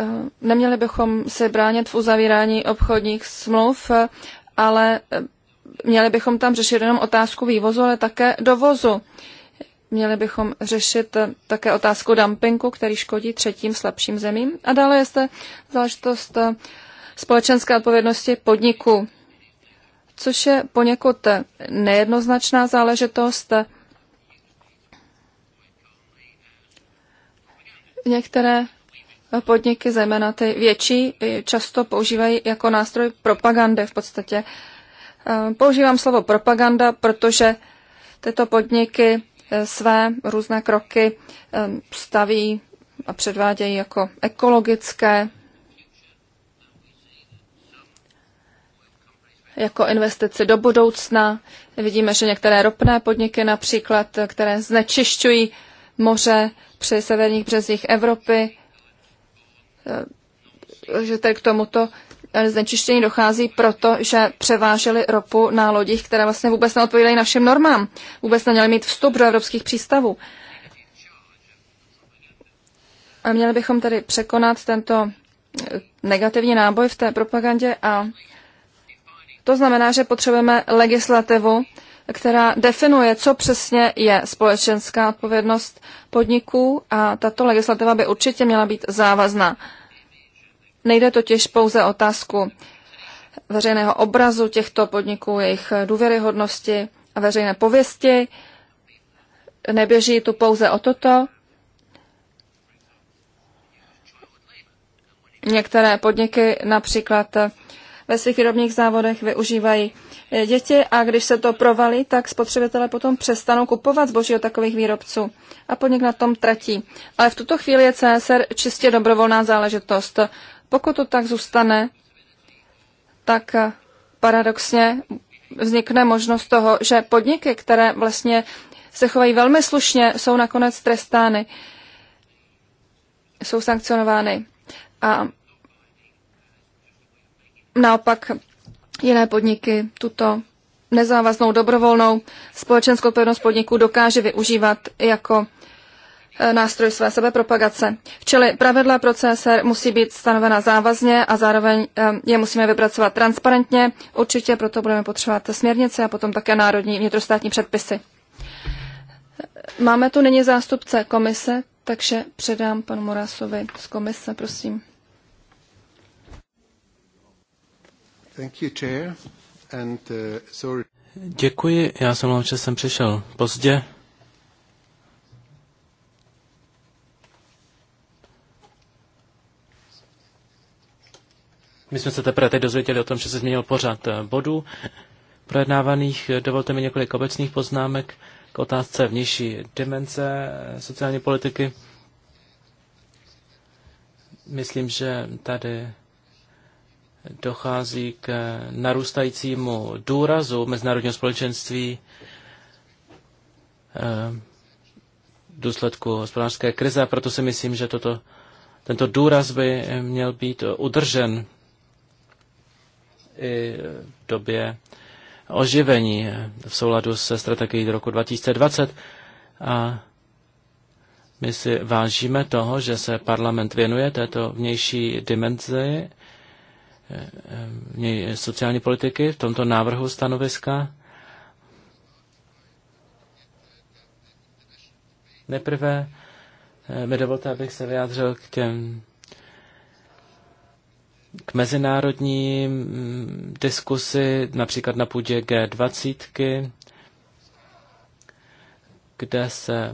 Eh, neměli bychom se bránit v uzavírání obchodních smluv, eh, ale eh, měli bychom tam řešit jenom otázku vývozu, ale také dovozu. Měli bychom řešit také otázku dumpingu, který škodí třetím slabším zemím. A dále je zde záležitost eh, společenské odpovědnosti podniku, což je poněkud eh, nejednoznačná záležitost. Některé podniky, zejména ty větší, eh, často používají jako nástroj propagandy v podstatě. Používám slovo propaganda, protože tyto podniky své různé kroky eh, staví a předvádějí jako ekologické, jako investici do budoucna. Vidíme, že některé ropné podniky například, které znečišťují moře při severních březích Evropy, eh, že tady k tomuto E, znečištění dochází proto, že převáželi ropu na lodích, které vlastně vůbec neodpovídají našim normám. Vůbec neměly mít vstup do evropských přístavů. A měli bychom tedy překonat tento e, negativní náboj v té propagandě a to znamená, že potřebujeme legislativu, která definuje, co přesně je společenská odpovědnost podniků a tato legislativa by určitě měla být závazná. Nejde totiž pouze o otázku veřejného obrazu těchto podniků, jejich důvěryhodnosti a veřejné pověsti. Neběží tu pouze o toto. Některé podniky například ve svých výrobních závodech využívají děti a když se to provalí, tak spotřebitelé potom přestanou kupovat zboží od takových výrobců a podnik na tom tratí. Ale v tuto chvíli je CSR čistě dobrovolná záležitost. Pokud to tak zůstane, tak paradoxně vznikne možnost toho, že podniky, které vlastně se chovají velmi slušně, jsou nakonec trestány, jsou sankcionovány. A naopak jiné podniky tuto nezávaznou dobrovolnou společenskou odpovědnost podniků dokáže využívat jako Eh, nástroj své sebepropagace. Čili pravidla pro CSR musí být stanovena závazně a zároveň eh, je musíme vypracovat transparentně. Určitě proto budeme potřebovat směrnice a potom také národní vnitrostátní předpisy. Máme tu nyní zástupce komise, takže předám panu Morasovi z komise, prosím. Thank you, chair. And, uh, sorry. Děkuji, já jsem že jsem přišel pozdě. My jsme se teprve teď dozvěděli o tom, že se změnil pořad eh, bodů projednávaných. Dovolte mi několik obecných poznámek k otázce vnější dimenze eh, sociální politiky. Myslím, že tady dochází k eh, narůstajícímu důrazu mezinárodního společenství v důsledku hospodářské krize a proto si myslím, že toto, tento důraz by měl být udržen i v době oživení v souladu se strategií do roku 2020. A my si vážíme toho, že se parlament věnuje této vnější dimenzi e, e, sociální politiky v tomto návrhu stanoviska. Nejprve e, mi dovolte, abych se vyjádřil k těm k mezinárodní mm, diskusi, například na půdě G20, kde se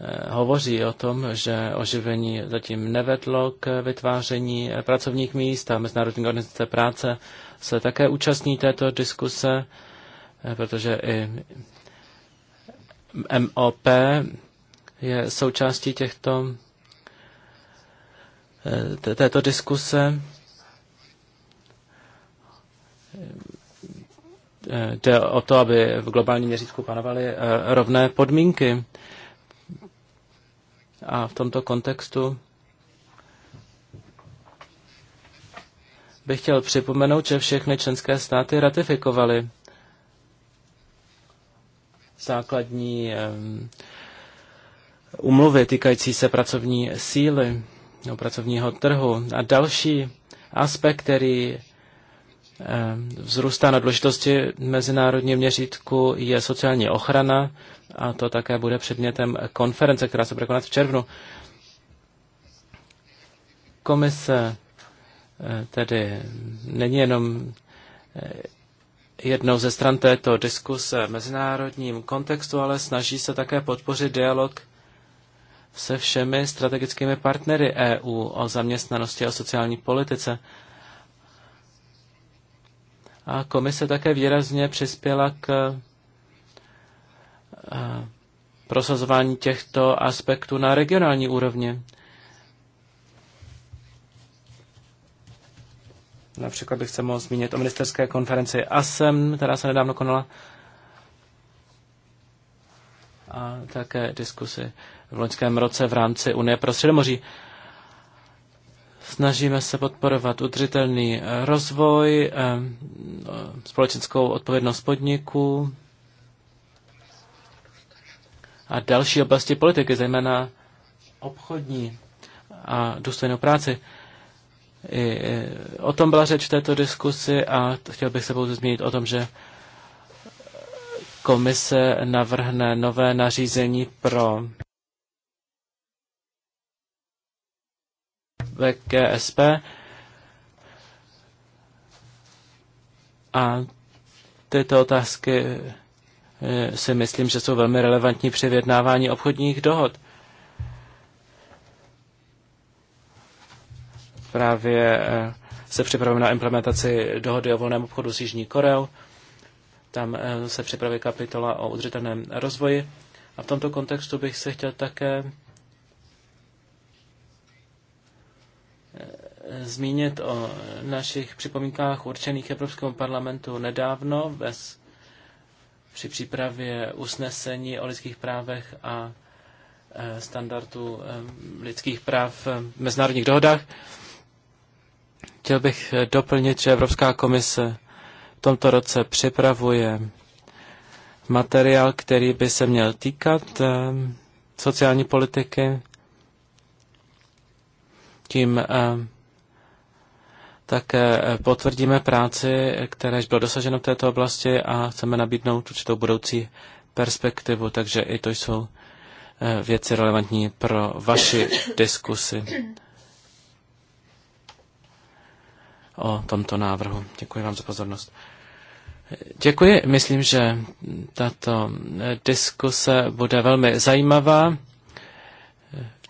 eh, hovoří o tom, že oživení zatím nevedlo k vytváření eh, pracovních míst a Mezinárodní organizace práce se také účastní této diskuse, eh, protože i MOP je součástí těchto této diskuse. Eh, jde o to, aby v globálním měřítku panovaly eh, rovné podmínky. A v tomto kontextu bych chtěl připomenout, že všechny členské státy ratifikovaly základní umluvy eh, týkající se pracovní síly, pracovního trhu. A další aspekt, který Eh, vzrůstá na důležitosti mezinárodní měřítku je sociální ochrana a to také bude předmětem konference, která se bude konat v červnu. Komise eh, tedy není jenom eh, jednou ze stran této diskuse v mezinárodním kontextu, ale snaží se také podpořit dialog se všemi strategickými partnery EU o zaměstnanosti a sociální politice. A komise také výrazně přispěla k eh, prosazování těchto aspektů na regionální úrovni. Například bych se mohl zmínit o ministerské konferenci ASEM, která se nedávno konala, a také diskusy v loňském roce v rámci Unie pro Středomoří. Snažíme se podporovat udržitelný eh, rozvoj, eh, společenskou odpovědnost podniků a další oblasti politiky, zejména obchodní a důstojnou práci. I eh, o tom byla řeč v této diskusi a chtěl bych se pouze zmínit o tom, že komise navrhne nové nařízení pro VGSP A tyto otázky eh, si myslím, že jsou velmi relevantní při vyjednávání obchodních dohod. Právě eh, se připravujeme na implementaci dohody o volném obchodu s Jižní Koreou. Tam eh, se připravuje kapitola o udržitelném rozvoji. A v tomto kontextu bych se chtěl také zmínit o našich připomínkách určených Evropskému parlamentu nedávno bez, při přípravě usnesení o lidských právech a e, standardu e, lidských práv v mezinárodních dohodách. Chtěl bych e, doplnit, že Evropská komise v tomto roce připravuje materiál, který by se měl týkat sociální politiky. Tím také eh, potvrdíme práci, které bylo dosaženo v této oblasti a chceme nabídnout určitou budoucí perspektivu, takže i to jsou eh, věci relevantní pro vaši diskusy o tomto návrhu. Děkuji vám za pozornost. Děkuji, myslím, že tato eh, diskuse bude velmi zajímavá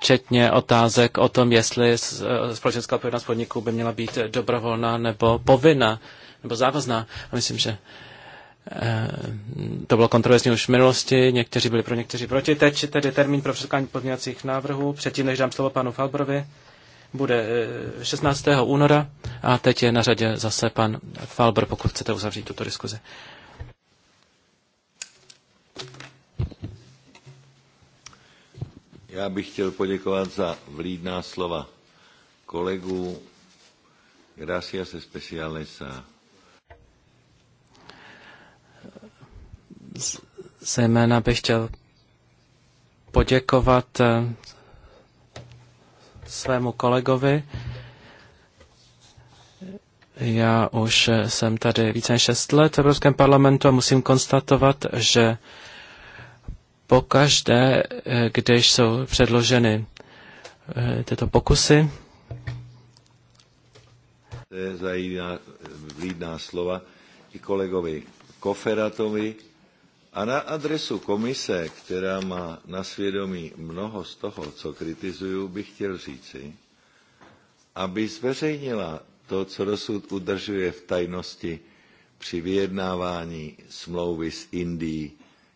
včetně otázek o tom, jestli eh, společenská odpovědnost podniků by měla být dobrovolná nebo povinná nebo závazná. A myslím, že eh, to bylo kontroverzní už v minulosti, někteří byli pro, někteří proti. Teď tedy termín pro předkání podněcích návrhů, předtím než dám slovo panu Falbrovi, bude 16. Eh, února a teď je na řadě zase pan Falbr, pokud chcete uzavřít tuto diskuzi. Já bych chtěl poděkovat za vlídná slova kolegů. Gracias especiales a... Zejména bych chtěl poděkovat eh, svému kolegovi. Já už eh, jsem tady více než šest let v Evropském parlamentu a musím konstatovat, že pokaždé, eh, když jsou předloženy eh, tyto pokusy. zajímavá, vlídná slova i kolegovi Koferatovi a na adresu komise, která má na svědomí mnoho z toho, co kritizuju, bych chtěl říci, aby zveřejnila to, co dosud udržuje v tajnosti při vyjednávání smlouvy s Indií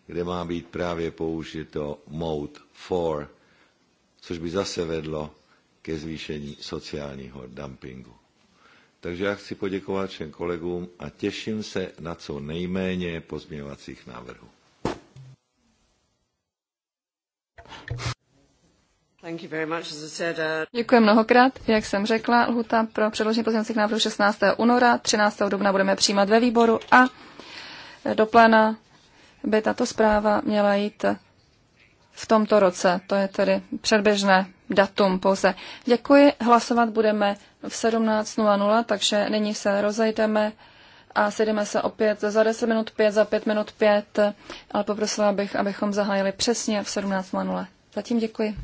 kde má být právě použito mode for, což by zase vedlo ke zvýšení sociálního dumpingu. Takže já chci poděkovat všem kolegům a těším se na co nejméně pozměňovacích návrhů. Uh, Děkuji mnohokrát. Jak jsem řekla, lhuta pro předložení pozměňovacích návrhů 16. února, 13. dubna budeme přijímat ve výboru a do pléna by tato zpráva měla jít v tomto roce. To je tedy předběžné datum pouze. Děkuji, hlasovat budeme v 17.00, takže nyní se rozejdeme a sedíme se opět za 10 minut 5, za 5 minut 5, ale poprosila bych, abychom zahájili přesně v 17.00. Zatím děkuji.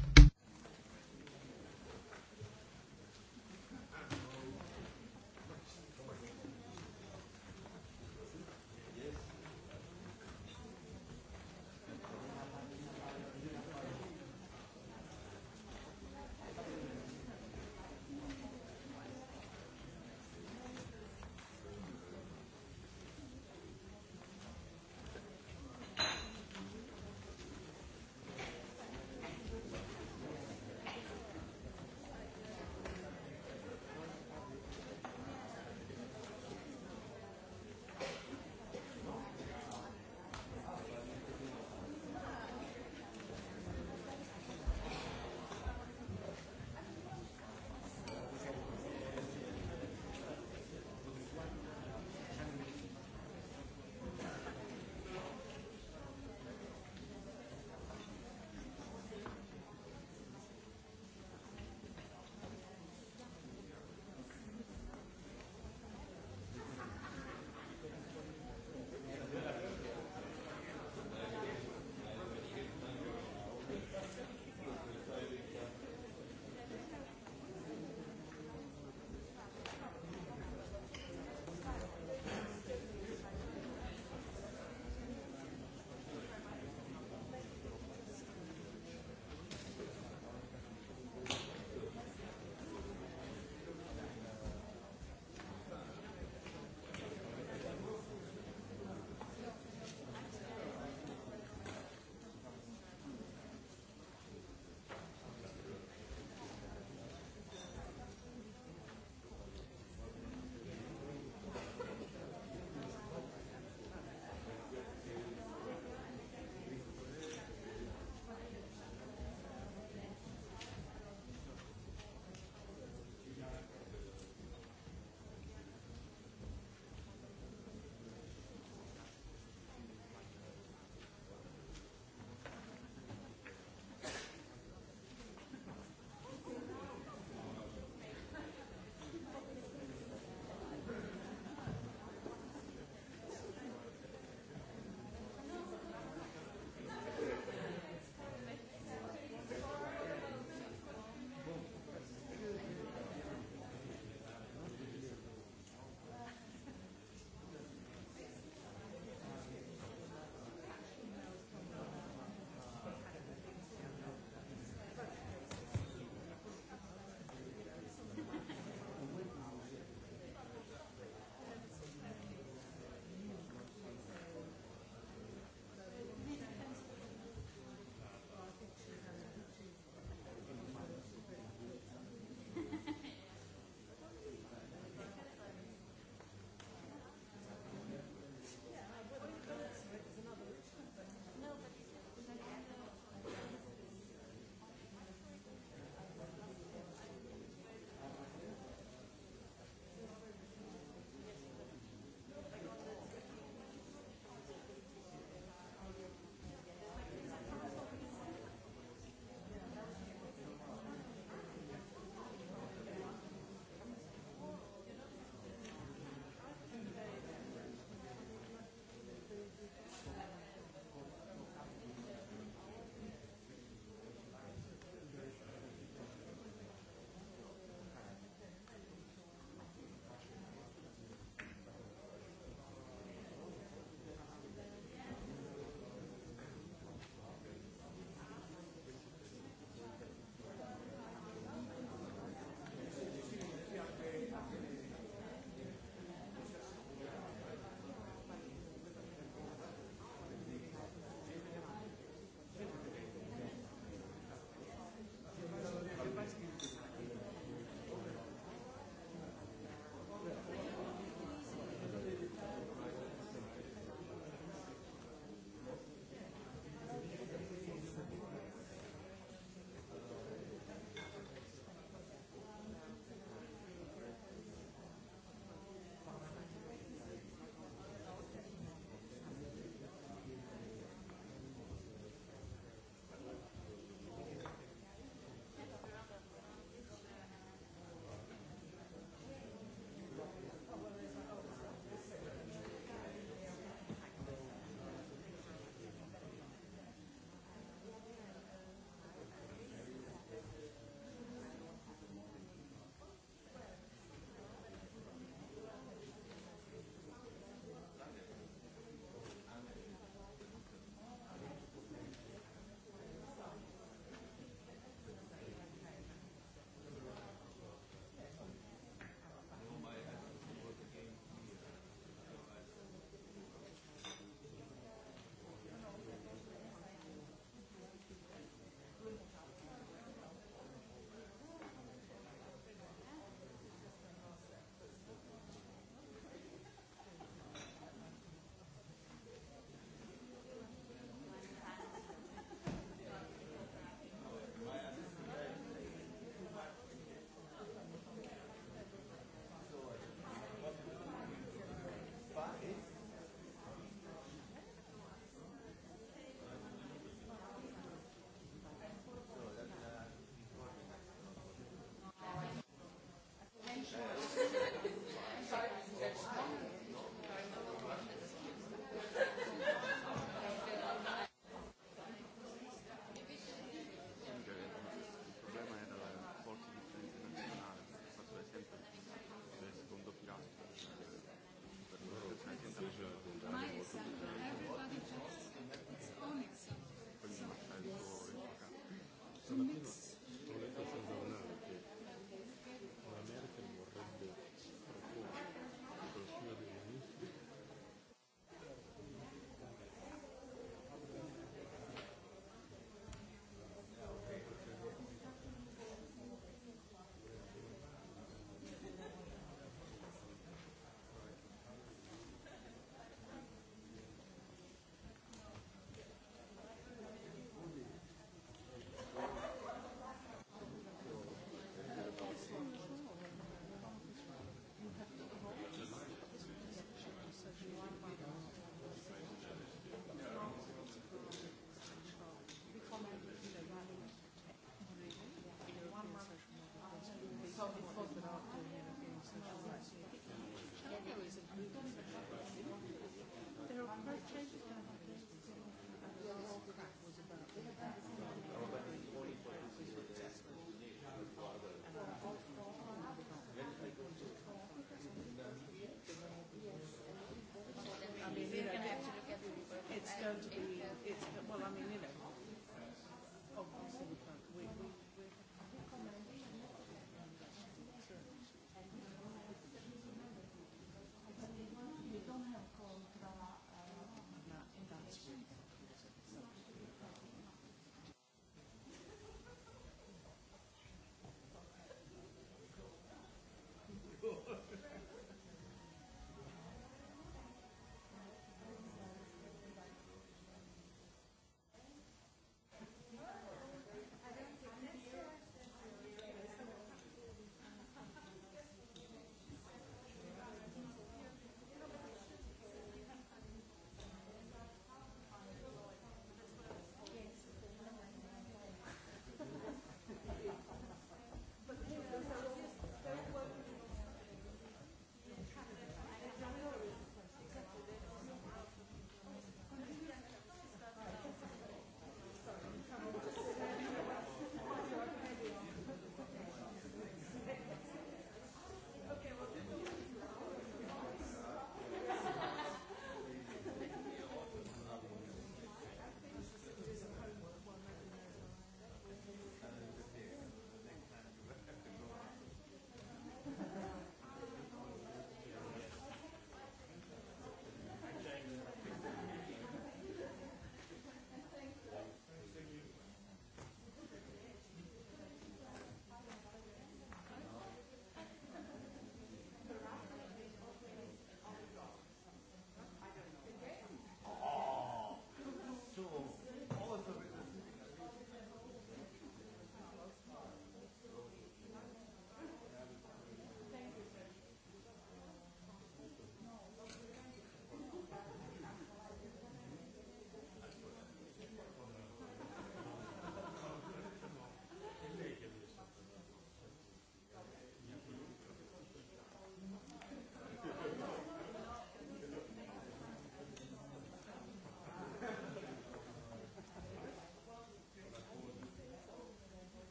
don't. It, it's well, I mean,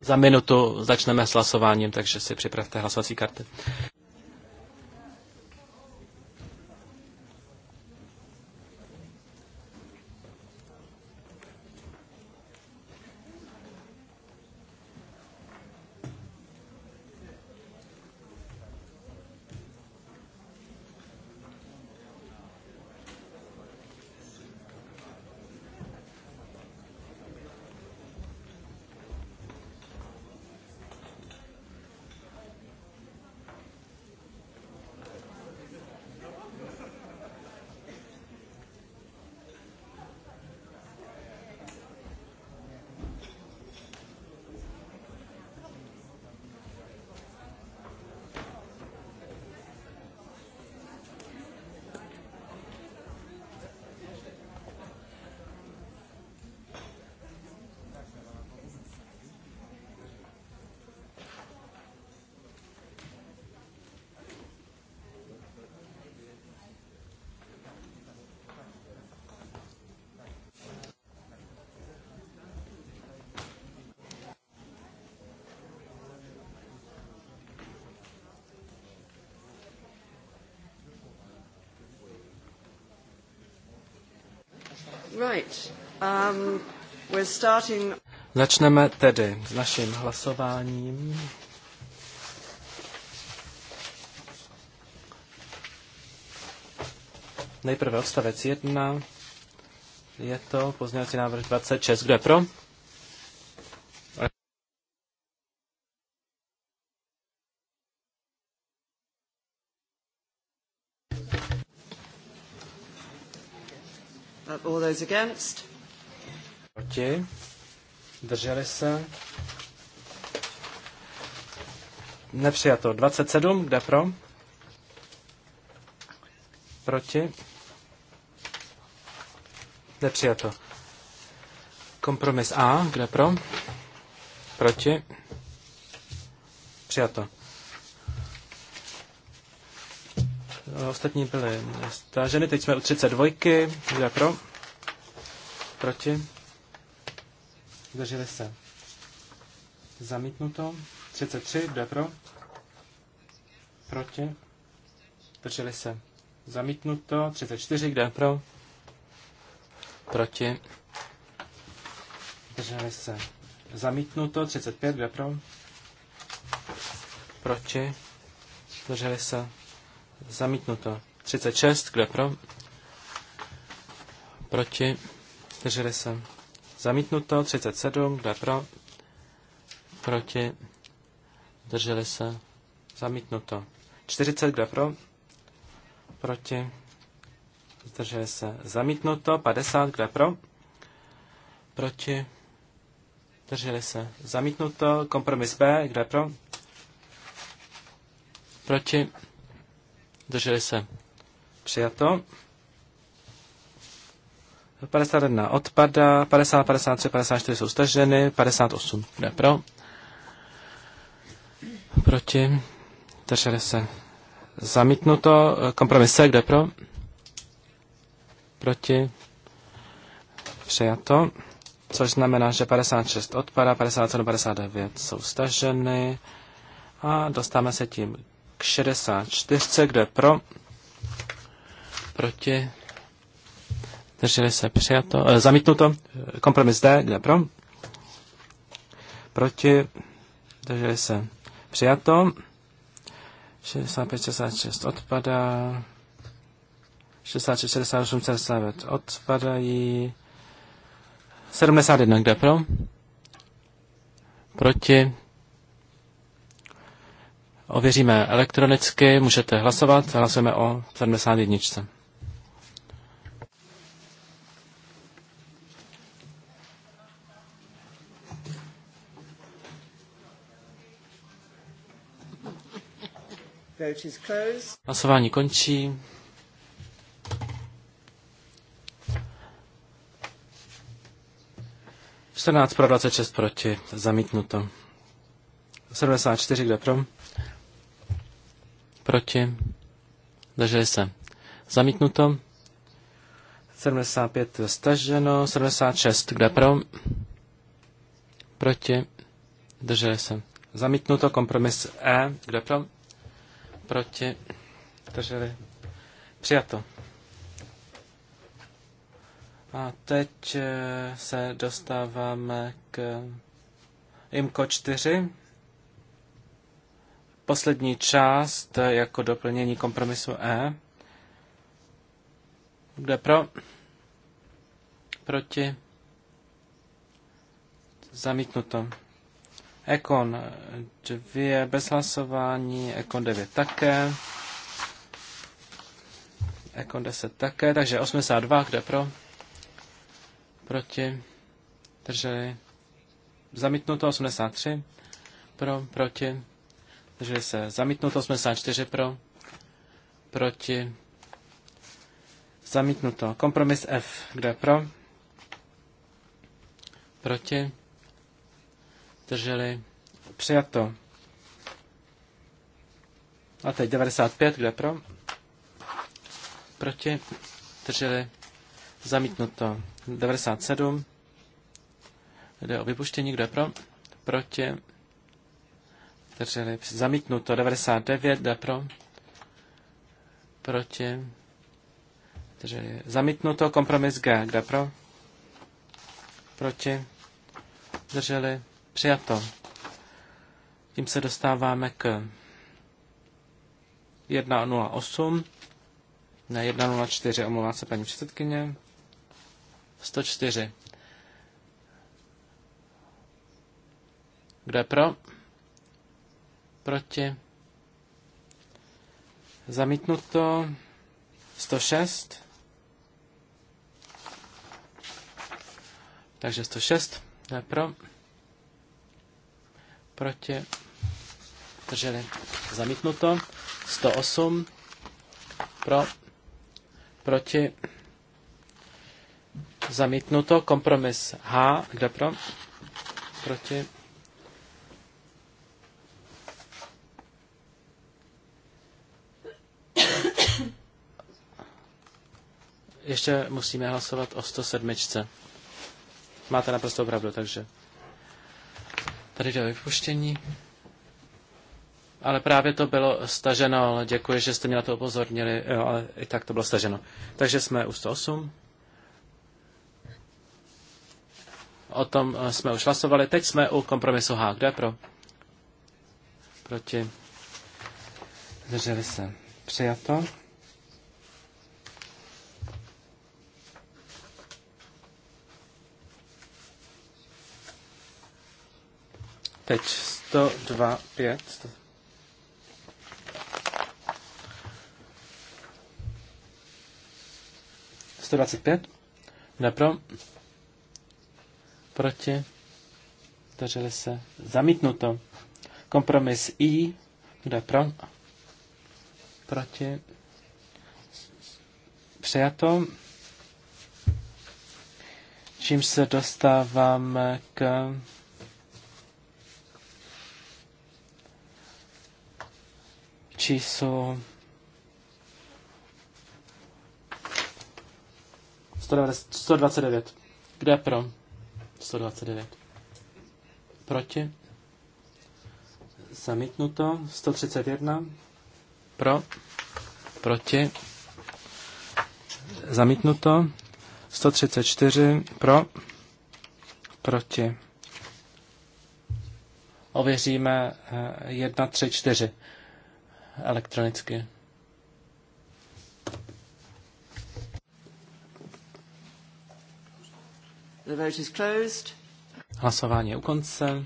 Za minutu začneme s hlasováním, takže si připravte hlasovací karty. Right. Um, we're starting... Začneme tedy s naším hlasováním. Nejprve odstavec 1. Je to pozměňovací návrh 26. Kdo je pro? Those against? Proti. Drželi se. Nepřijato. 27. Kde pro? Proti. Nepřijato. Kompromis A. Kde pro? Proti. Přijato. Ostatní byly staženy. Teď jsme u 32. Kde pro? Proti? Zdrželi se. Zamítnuto. 33. Kdo je pro? Proti? Zdrželi se. Zamítnuto. 34. Kdo je pro? Proti? Zdrželi se. Zamítnuto. 35. Kdo je pro? Proti? Zdrželi se. Zamítnuto. 36. Kdo je pro? Proti? Zdrželi se. Zamítnuto. 37. Kdo je pro? Proti. Zdrželi se. Zamítnuto. 40. Kdo je pro? Proti. Zdrželi se. Zamítnuto. 50. Kdo je pro? Proti. Zdrželi se. Zamítnuto. Kompromis B. Kdo je pro? Proti. Zdrželi se. Přijato. 51 odpada, 50, 53, 54 jsou staženy, 58 jde pro. Proti. Drželi se. Zamítnuto. Kompromis C, kde pro? Proti. Přijato. Což znamená, že 56 odpada, 57, 59 jsou staženy. A dostáme se tím k 64, kde pro? Proti Drželi se přijato. eh, zamítnuto. Kompromis D. Kde pro? Proti. Drželi se přijato. 65, 66 odpadá. 66, 68, 69 odpadají. 71 kde pro? Proti. Ověříme elektronicky, můžete hlasovat, hlasujeme o 71. Hlasování končí. Čtrnáct pro 26 proti. Zamítnuto. 74 kde pro? Proti. Drželi se. Zamítnuto. 75 staženo. 76 kde pro? Proti. Drželi se. Zamítnuto. Kompromis E. Kde pro? proti, drželi, přijato. A teď eh, se dostáváme k IMCO 4. Poslední část eh, jako doplnění kompromisu E. Kde pro? Proti? Zamítnuto. Ekon 2 bez hlasování, Ekon 9 také, Ekon 10 také, takže 82, kde pro, proti, drželi, zamítnuto 83, pro, proti, drželi se, zamítnuto 84 pro, proti, zamítnuto, kompromis F, kde pro, proti, obdrželi přijato. A teď 95, kde pro? Proti, drželi zamítnuto. 97, jde o vypuštění, kde pro? Proti, drželi zamítnuto. 99, kde pro? Proti, drželi zamítnuto. Kompromis G, kde pro? Proti, zdrželi, Přijato. Tím se dostáváme k 1.08, ne 1.04, omlouvá se paní předsedkyně, 104. Kdo je pro? Proti? Zamítnuto 106. Takže 106. Kdo je pro? proti, drželi zamítnuto, 108 pro, proti, zamítnuto, kompromis H, kde pro, proti, Ještě musíme hlasovat o 107. Máte naprosto pravdu, takže Tady jde o vypuštění. Ale právě to bylo staženo, ale děkuji, že jste mě na to upozornili, jo, ale i tak to bylo staženo. Takže jsme u 108. O tom eh, jsme už hlasovali. Teď jsme u kompromisu H. Kde pro? Proti. Drželi se. Přijato. Teď 102, 5. Nepro. Proti. Drželi se. Zamítnuto. Kompromis I. Kde pro? Proti. Přijato. Čím se dostáváme k číslo 129. Kde pro? 129. Proti? Zamítnuto. 131. Pro? Proti? Zamítnuto. 134. Pro? Proti? Ověříme 1, 3, 4 elektronicky. The vote is closed. Hlasování je u konce.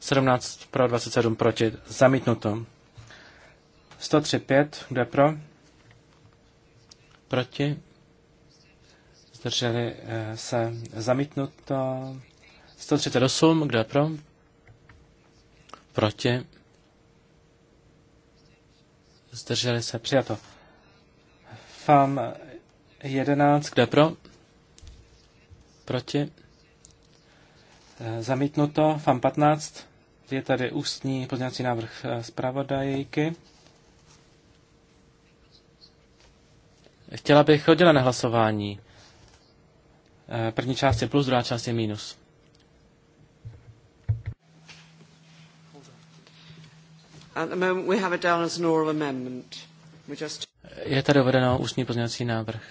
17 pro, 27 proti. Zamítnuto. 103-5, kdo je pro? Proti? Zdrželi eh, se zamítnuto. 138, kdo je pro? Proti? zdrželi se, přijato. FAM 11, kde pro? Proti? E, zamítnuto. FAM 15, je tady ústní pozměňovací návrh e, zpravodajky. Chtěla bych oddělené hlasování. E, první část je plus, druhá část je minus. Je tady uvedeno ústní pozměňovací návrh.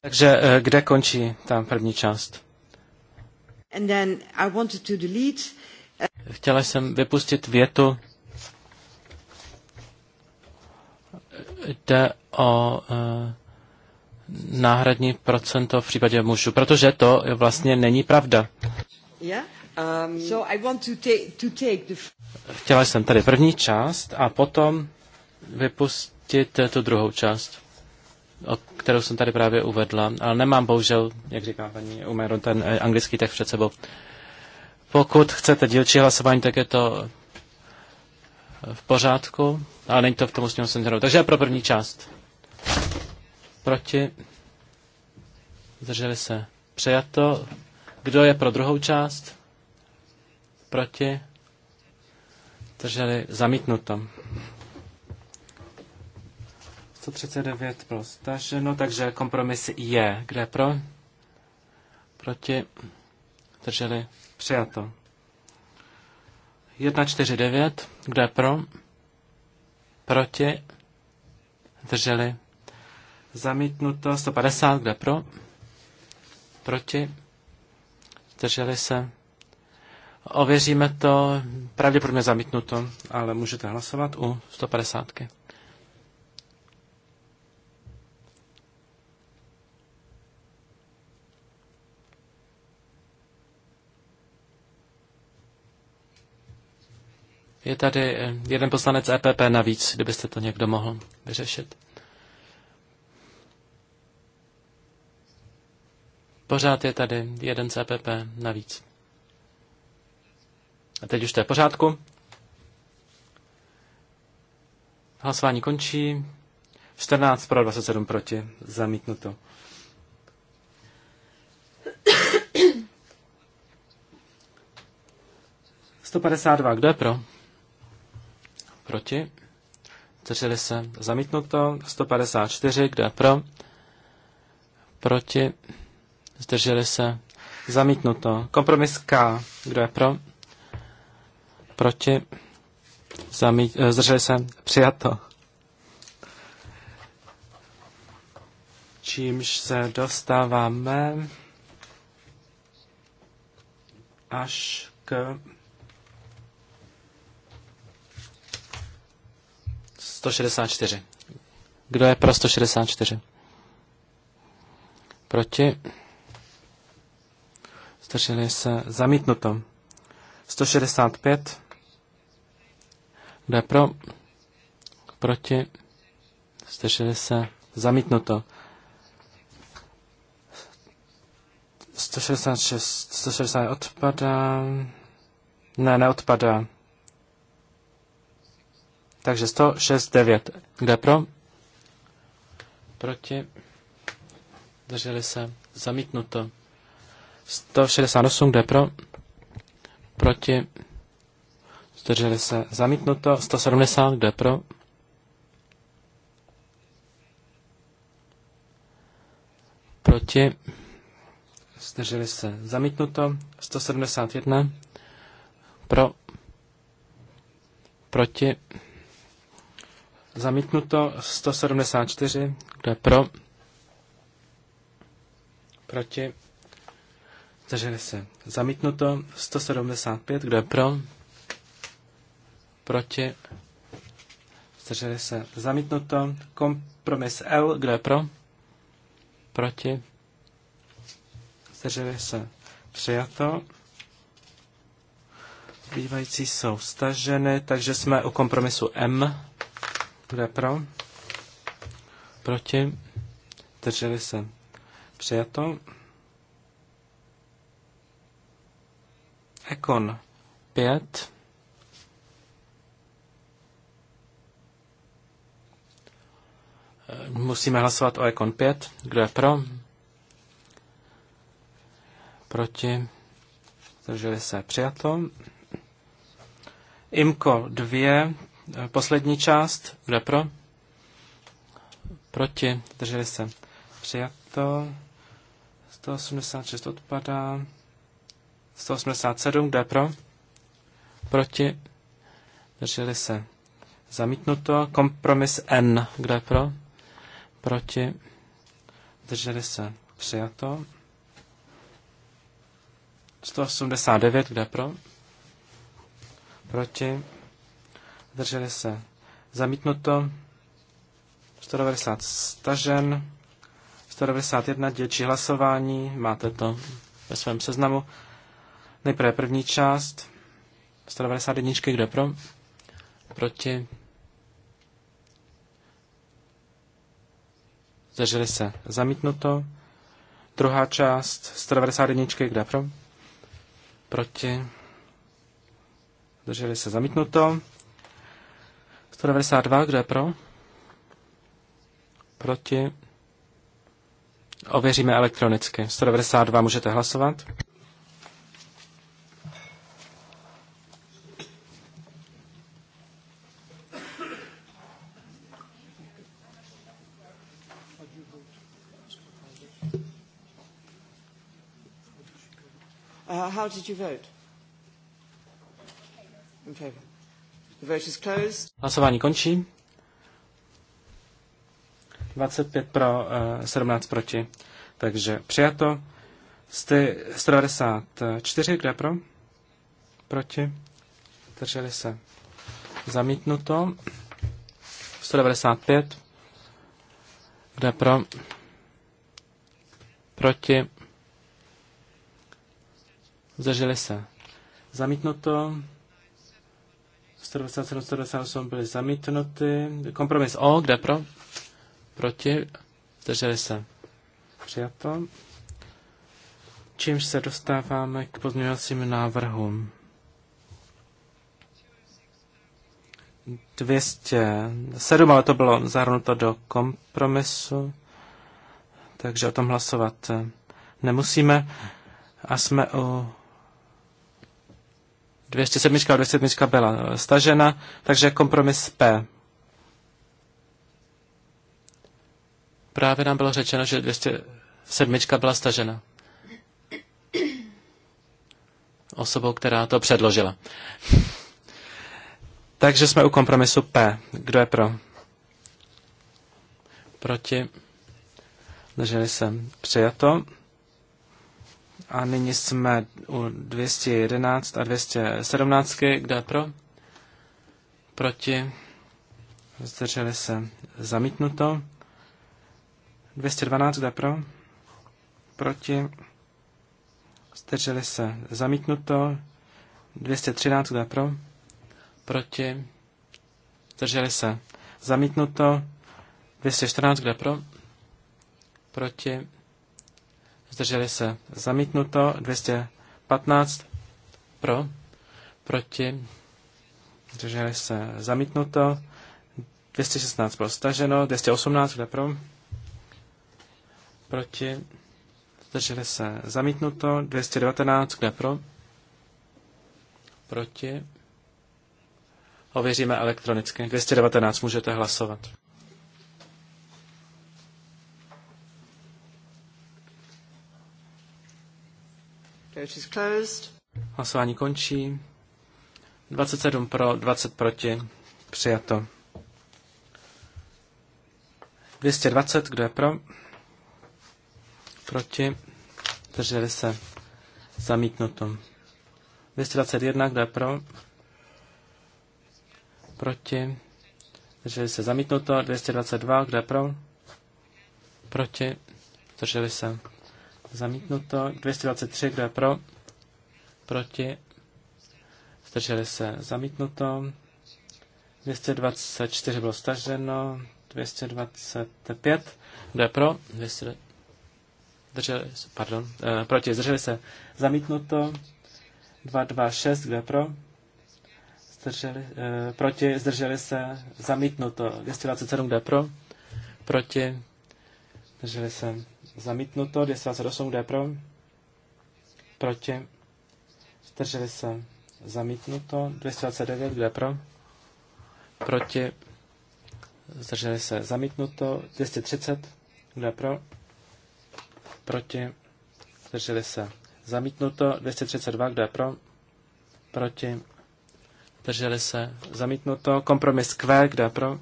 Takže eh, kde končí ta první část? And then I wanted to delete. Eh, Chtěla jsem vypustit větu. Jde o uh, náhradní procento v případě mužů, protože to vlastně není pravda. Yeah? Um, so I want to take, to take the... Chtěla jsem tady první část a potom vypustit tu druhou část kterou jsem tady právě uvedla, ale nemám bohužel, jak říká paní Umeron, ten eh, anglický text před sebou. Pokud chcete dílčí hlasování, tak je to eh, v pořádku, ale není to v tom ústním centru. Takže pro první část. Proti. Zdrželi se. Přijato. Kdo je pro druhou část? Proti. Zdrželi. Zamítnuto. 139 bylo staženo, takže kompromis je. Kde pro? Proti? Drželi? Přijato. 149. Kde pro? Proti? Drželi? Zamítnuto. 150. Kde pro? Proti? Drželi se? Ověříme to. Pravděpodobně zamítnuto, ale můžete hlasovat u 150. Je tady eh, jeden poslanec EPP navíc, kdybyste to někdo mohl vyřešit. Pořád je tady jeden CPP e navíc. A teď už to je pořádku. Hlasování končí. 14 pro 27 proti. Zamítnuto. to. 152. Kdo je pro? proti, zdrželi se zamítnuto, 154, kdo je pro, proti, zdrželi se zamítnuto, kompromis K, kdo je pro, proti, zamít, eh, zdrželi se přijato. Čímž se dostáváme až k 164. Kdo je pro 164? Proti? 160. zamítnuto. 165. Kdo je pro? Proti? 160. zamítnuto. 166, 160 odpadá. Ne, neodpadá. Takže 106-9. Kde pro? Proti. Drželi se. Zamítnuto. 168. Kde pro? Proti. Zdrželi se. Zamítnuto. 170. Kde pro? Proti. Zdrželi se. Zamítnuto. 171. Pro. Proti Zamítnuto 174. Kdo je pro? Proti? Zdrželi se. Zamítnuto 175. Kdo je pro? Proti? Zdrželi se. Zamítnuto. Kompromis L. Kdo je pro? Proti? Zdrželi se. Přijato. Zbývající jsou staženy, takže jsme u kompromisu M. Kdo je pro? Proti? Drželi se. Přijato. Ekon 5. Musíme hlasovat o Ekon 5. Kdo je pro? Proti? Drželi se. Přijato. Imko 2 Eh, poslední část, kdo pro? Proti, drželi se. Přijato. 186 odpadá. 187, kdo pro? Proti, drželi se. Zamítnuto. Kompromis N, kdo pro? Proti, drželi se. Přijato. 189, kde pro? Proti zdrželi se zamítnuto, 190 stažen, 191 dělčí hlasování, máte to ve svém seznamu. Nejprve první část, 191, kdo pro, proti, zdrželi se zamítnuto, druhá část, 191, kdo pro, proti, zdrželi se zamítnuto, 192, kdo je pro? Proti? Ověříme elektronicky. 192 můžete hlasovat. Uh, how did you vote? In favor vote is closed. Hlasování končí. 25 pro, 17 eh, proti. Takže přijato. 194, kde pro? Proti. Drželi se. Zamítnuto. 195. Kde pro? Proti. Zdrželi se. Zamítnuto. 197, 198 byly zamítnuty. Kompromis O, kde pro? Proti. Zdrželi se. Přijato. Čímž se dostáváme k pozměňovacím návrhům. 207, ale to bylo zahrnuto do kompromisu, takže o tom hlasovat nemusíme. A jsme u 207 a 207 byla eh, stažena, takže kompromis P. Právě nám bylo řečeno, že 207 byla stažena. Osobou, která to předložila. Takže jsme u kompromisu P. Kdo je pro? Proti? Drželi se. Přijato. A nyní jsme u 211 a 217, je pro? Proti? Zdrželi se zamítnuto. 212, je pro? Proti? Zdrželi se zamítnuto. 213, je pro? Proti? Zdrželi se zamítnuto. 214, je pro? Proti? zdrželi se zamítnuto, 215 pro, proti, zdrželi se zamítnuto, 216 bylo staženo, 218 kde pro, proti, zdrželi se zamítnuto, 219 kde pro, proti, ověříme elektronicky, 219 můžete hlasovat. Vote is closed. Hlasování končí. 27 pro, 20 proti. Přijato. 220, kdo je pro? Proti. Drželi se. Zamítnuto. 221, kdo je pro? Proti. Drželi se. Zamítnuto. 222, kdo je pro? Proti. Drželi se. Zamítnuto. 223, kdo je pro? Proti? Zdrželi se. Zamítnuto. 224 bylo staženo. 225, kdo je pro? 200, drželi, pardon, eh, proti, zdrželi se. Zamítnuto. 226, kdo je pro? Zdrželi, eh, proti, zdrželi se. Zamítnuto. 227, kdo je pro? Proti, zdrželi se Zamítnuto 228 D pro. Proti. Zdrželi se. Zamítnuto 229 D pro. Proti. Zdrželi se. Zamítnuto 230 D pro. Proti. Zdrželi se. Zamítnuto 232 D pro. Proti. Zdrželi se. Zamítnuto. Kompromis Q, kde pro?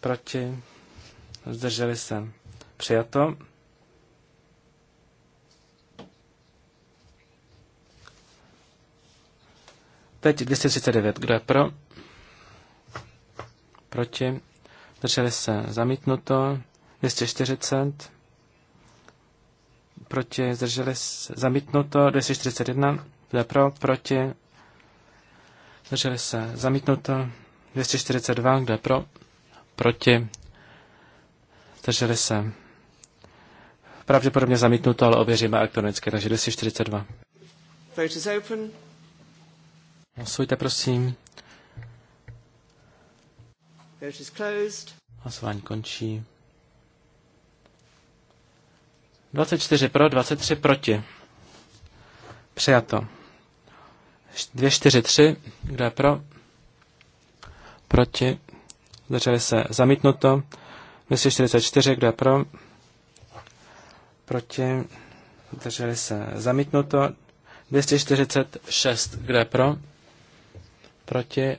Proti. Zdrželi se. Přijato. Teď 239. Kdo je pro? Proti? Drželi se zamítnuto. 240. Proti? Zdrželi se zamítnuto. 241. Kdo je pro? Proti? Drželi se zamítnuto. 242. Kdo je pro? Proti? Zdrželi se pravděpodobně zamítnuto, ale ověříme elektronicky, takže 242. Hlasujte, prosím. Hlasování končí. 24 pro, 23 proti. Přijato. 243, kdo je pro? Proti. Zdrželi se zamítnuto. 244, kdo je pro? proti, drželi se zamítnuto, 246, kde pro, proti,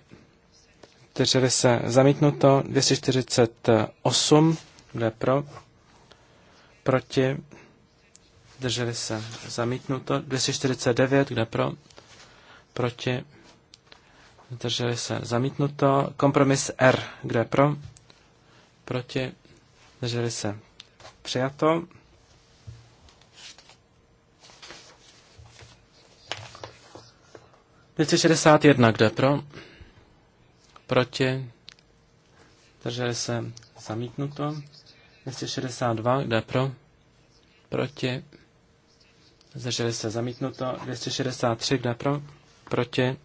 drželi se zamítnuto, 248, kde pro, proti, drželi se zamítnuto, 249, kde pro, proti, drželi se zamítnuto, kompromis R, kde pro, proti, drželi se přijato. 261, kdo je pro? Proti? Drželi se zamítnuto. 262, kdo je pro? Proti? Zdrželi se zamítnuto. 263, kde pro? Proti?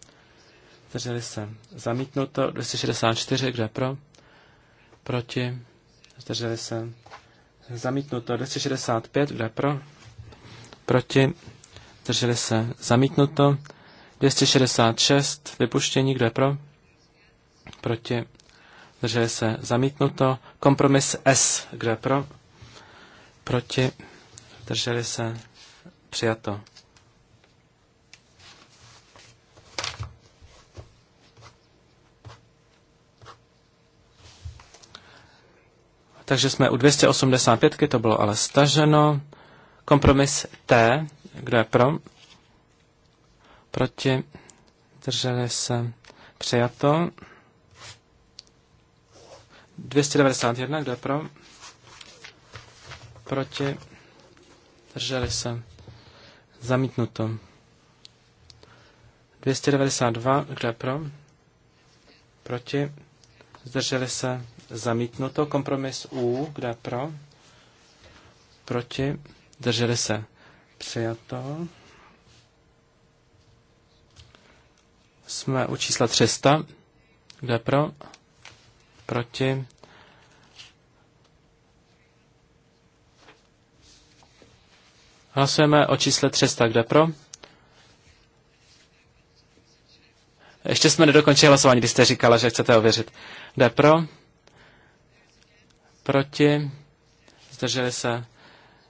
Zdrželi se zamítnuto. 264, kde pro? Proti? Zdrželi se zamítnuto. 265, kde pro? Proti? Zdrželi se zamítnuto. 266, vypuštění, kdo je pro? Proti. drželi se zamítnuto. Kompromis S, kdo je pro? Proti. drželi se přijato. Takže jsme u 285, to bylo ale staženo. Kompromis T, kdo je pro? proti, drželi se, přijato. 291, kdo je pro, proti, drželi se, zamítnuto. 292, kdo je pro, proti, zdrželi se, zamítnuto. Kompromis U, kdo je pro, proti, drželi se, přijato. Jsme u čísla 300. Kde pro? Proti? Hlasujeme o čísle 300. Kde pro? Ještě jsme nedokončili hlasování, když jste říkala, že chcete ověřit. Kde pro? Proti? Zdrželi se?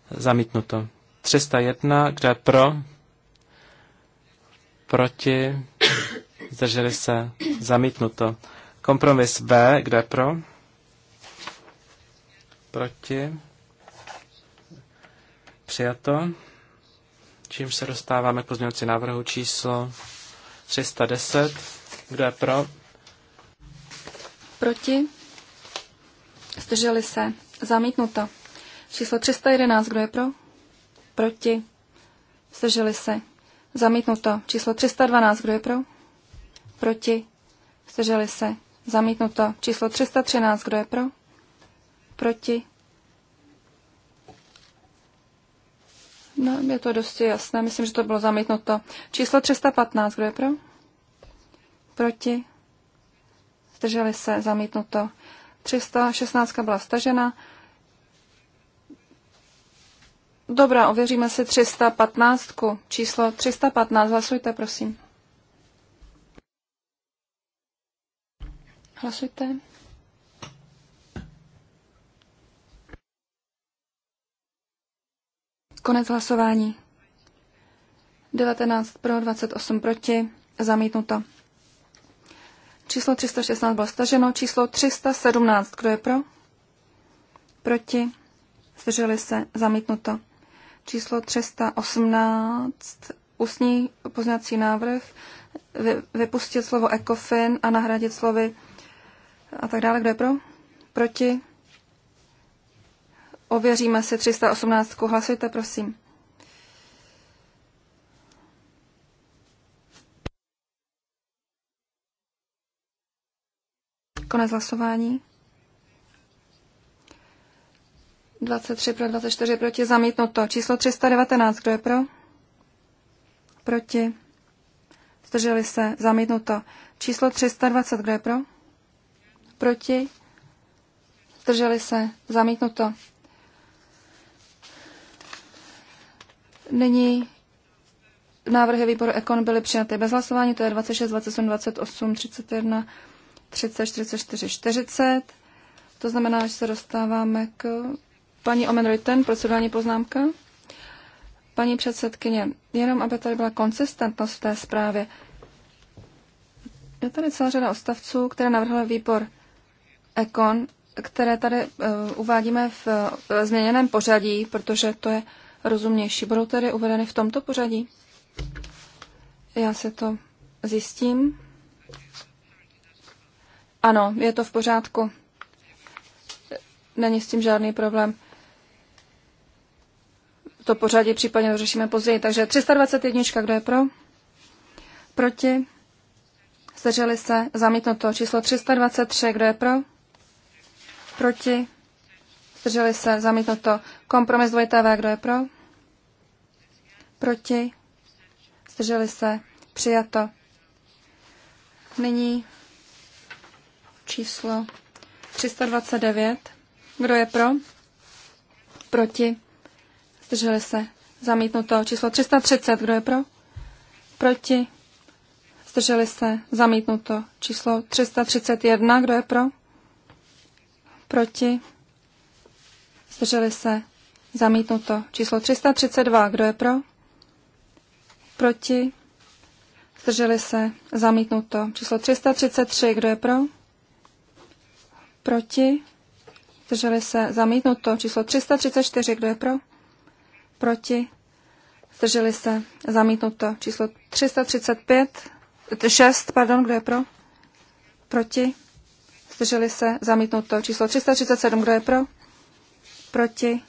Zamítnuto. 301. Kde pro? Proti? zdrželi se, zamítnuto. Kompromis B, kde pro? Proti? Přijato. Čím se dostáváme k pozměňovací návrhu číslo 310. Kdo je pro? Proti? Zdrželi se. Zamítnuto. Číslo 311. Kdo je pro? Proti? Zdrželi se. Zamítnuto. Číslo 312. Kdo je pro? Proti? Zdrželi se. Zamítnuto. Číslo 313. Kdo je pro? Proti? No, je to dosti jasné. Myslím, že to bylo zamítnuto. Číslo 315. Kdo je pro? Proti? Zdrželi se. Zamítnuto. 316 byla stažena. Dobrá, ověříme si 315. Číslo 315. Hlasujte, prosím. Hlasujte. Konec hlasování. 19 pro, 28 proti, zamítnuto. Číslo 316 bylo staženo, číslo 317, kdo je pro? Proti, zdrželi se, zamítnuto. Číslo 318, ústní poznací návrh, vypustit slovo ECOFIN a nahradit slovy a tak dále. Kdo je pro? Proti? Ověříme si 318. Hlasujte, prosím. Konec hlasování. 23 pro 24 proti zamítnuto. Číslo 319, kdo je pro? Proti. Zdrželi se, zamítnuto. Číslo 320, kdo je pro? proti, zdrželi se, zamítnuto. Nyní návrhy výboru Ekon byly přijaty bez hlasování, to je 26, 27, 28, 31, 30, 44, 40. To znamená, že se dostáváme k paní Omenrojten, procedurální poznámka. Paní předsedkyně, jenom aby tady byla konsistentnost v té zprávě. Je tady celá řada ostavců, které navrhl výbor Ekon, které tady eh, uvádíme v eh, změněném pořadí, protože to je rozumnější. Budou tedy uvedeny v tomto pořadí? Já se to zjistím. Ano, je to v pořádku. Není s tím žádný problém. To pořadí případně řešíme později. Takže 321, kdo je pro? Proti? Zdrželi se? Zamítnuto. Číslo 323, kdo je pro? Proti? Zdrželi se? Zamítnuto. Kompromis dvojité V. Kdo je pro? Proti? Zdrželi se? Přijato. Nyní číslo 329. Kdo je pro? Proti? Zdrželi se? Zamítnuto. Číslo 330. Kdo je pro? Proti? Zdrželi se? Zamítnuto. Číslo 331. Kdo je pro? proti, zdrželi se, zamítnuto. Číslo 332, kdo je pro, proti, zdrželi se, zamítnuto. Číslo 333, kdo je pro, proti, zdrželi se, zamítnuto. Číslo 334, kdo je pro, proti, zdrželi se, zamítnuto. Číslo 335, 6, pardon, kdo je pro, proti, zdrželi se, zamítnuto. Číslo 337, kdo je pro? Proti,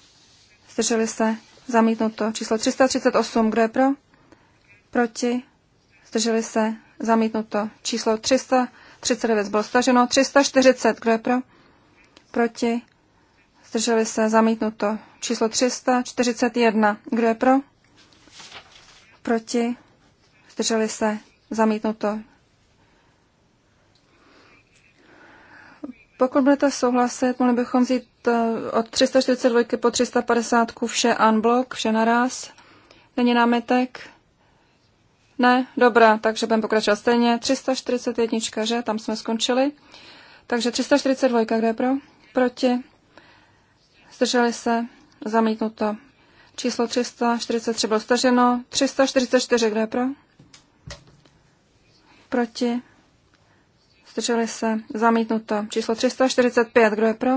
zdrželi se, zamítnuto. Číslo 338, kdo je pro? Proti, zdrželi se, zamítnuto. Číslo 339 bylo staženo. 340, kdo je pro? Proti, zdrželi se, zamítnuto. Číslo 341, kdo je pro? Proti, zdrželi se, zamítnuto. Pokud budete souhlasit, mohli bychom vzít eh, od 342 po 350 vše unblock, vše naraz. Není námitek? Ne? Dobrá, takže budeme pokračovat stejně. 341, že? Tam jsme skončili. Takže 342, kde je pro? Proti. Zdrželi se. Zamítnuto. Číslo 343 bylo staženo. 344, kde je pro? Proti. Zdrželi se. Zamítnuto. Číslo 345. Kdo je pro?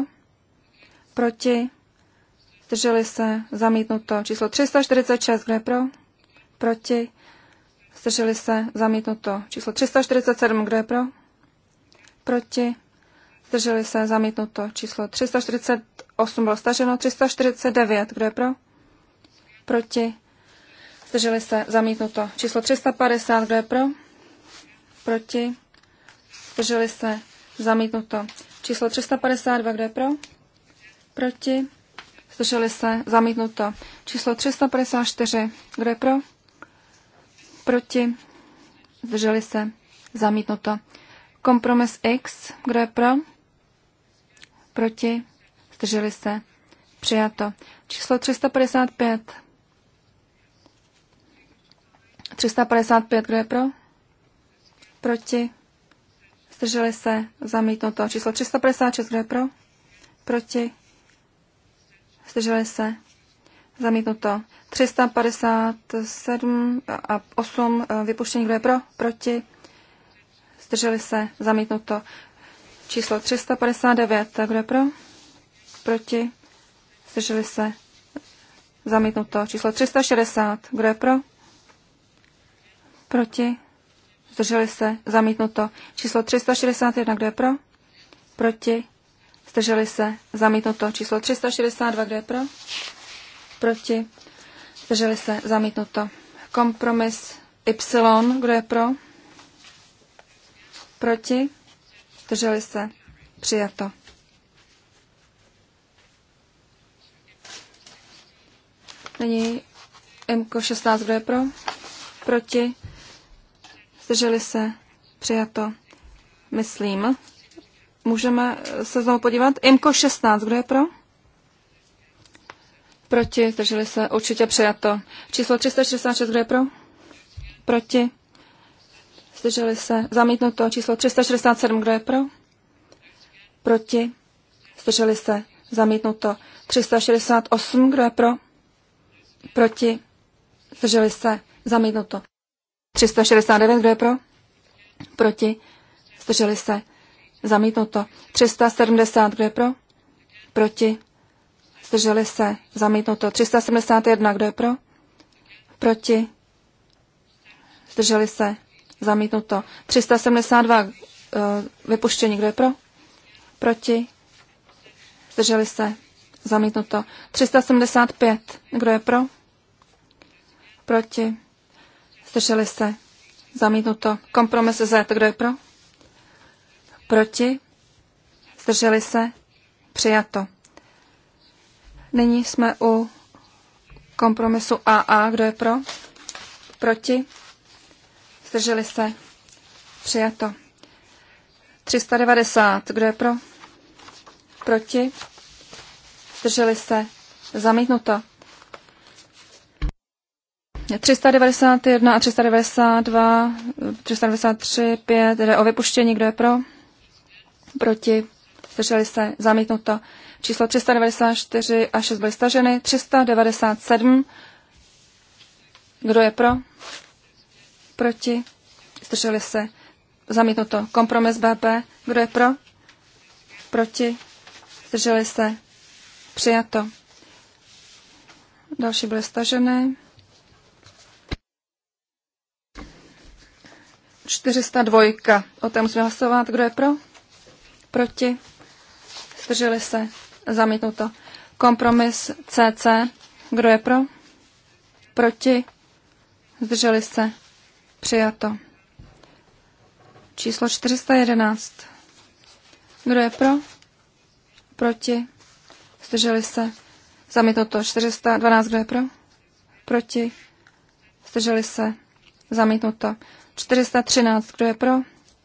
Proti. Zdrželi se. Zamítnuto. Číslo 346. Kdo je pro? Proti. Zdrželi se. Zamítnuto. Číslo 347. Kdo je pro? Proti. Zdrželi se. Zamítnuto. Číslo 348 bylo staženo. 349. Kdo je pro? Proti. Zdrželi se. Zamítnuto. Číslo 350. Kdo je pro? Proti. Zdrželi se. Zamítnuto. Číslo 352, kdo je pro? Proti. Zdrželi se. Zamítnuto. Číslo 354, kdo je pro? Proti. Zdrželi se. Zamítnuto. Kompromis X, kdo je pro? Proti. Zdrželi se. Přijato. Číslo 355. 355, kdo je pro? Proti. Zdrželi se zamítnuto. Číslo 356, kdo je pro? Proti? Zdrželi se zamítnuto. 357 a 8 eh, vypuštění, kdo je pro? Proti? Zdrželi se zamítnuto. Číslo 359, kdo je pro? Proti? Zdrželi se zamítnuto. Číslo 360, kdo je pro? Proti? zdrželi se, zamítnuto. Číslo 361, kdo je pro? Proti, zdrželi se, zamítnuto. Číslo 362, kdo je pro? Proti, zdrželi se, zamítnuto. Kompromis Y, kdo je pro? Proti, zdrželi se, přijato. Nyní MK16, kdo je pro? Proti? zdrželi se, přijato. Myslím, můžeme se znovu podívat. Imko 16, kdo je pro? Proti, zdrželi se, určitě přijato. Číslo 366, kdo je pro? Proti, zdrželi se, zamítnuto. Číslo 367, kdo je pro? Proti, zdrželi se, zamítnuto. 368, kdo je pro? Proti, zdrželi se, zamítnuto. 369, kdo je pro? Proti? Zdrželi se? Zamítnuto. 370, kdo je pro? Proti? Zdrželi se? Zamítnuto. 371, kdo je pro? Proti? Zdrželi se? Zamítnuto. 372, eh, vypuštění, kdo je pro? Proti? Zdrželi se? Zamítnuto. 375, kdo je pro? Proti? Zdrželi se? Zamítnuto. Kompromis Z. Kdo je pro? Proti? Zdrželi se? Přijato. Nyní jsme u kompromisu AA. Kdo je pro? Proti? Zdrželi se? Přijato. 390. Kdo je pro? Proti? Zdrželi se? Zamítnuto. 391 a 392, 393, 5, jde o vypuštění, kdo je pro, proti, zdrželi se, zamítnuto. Číslo 394 a 6 byly staženy, 397, kdo je pro, proti, zdrželi se, zamítnuto. Kompromis BP, kdo je pro, proti, zdrželi se, přijato. Další byly staženy. 402. O té musíme hlasovat. Kdo je pro? Proti? Zdrželi se? Zamítnuto. Kompromis CC. Kdo je pro? Proti? Zdrželi se? Přijato. Číslo 411. Kdo je pro? Proti? Zdrželi se? Zamítnuto. 412. Kdo je pro? Proti? Zdrželi se? Zamítnuto. 413, kdo je pro?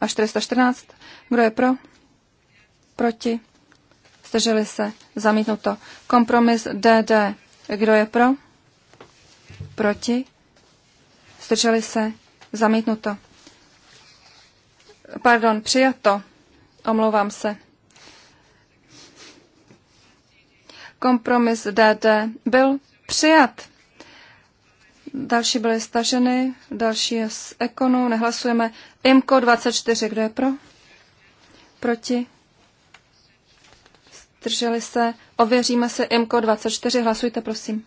A 414, kdo je pro? Proti? Zdrželi se? Zamítnuto. Kompromis DD, kdo je pro? Proti? Zdrželi se? Zamítnuto. Pardon, přijato. Omlouvám se. Kompromis DD byl přijat. Další byly staženy, další je z Ekonu, nehlasujeme. IMKO 24, kdo je pro? Proti? Zdrželi se? Ověříme se IMKO 24, hlasujte prosím.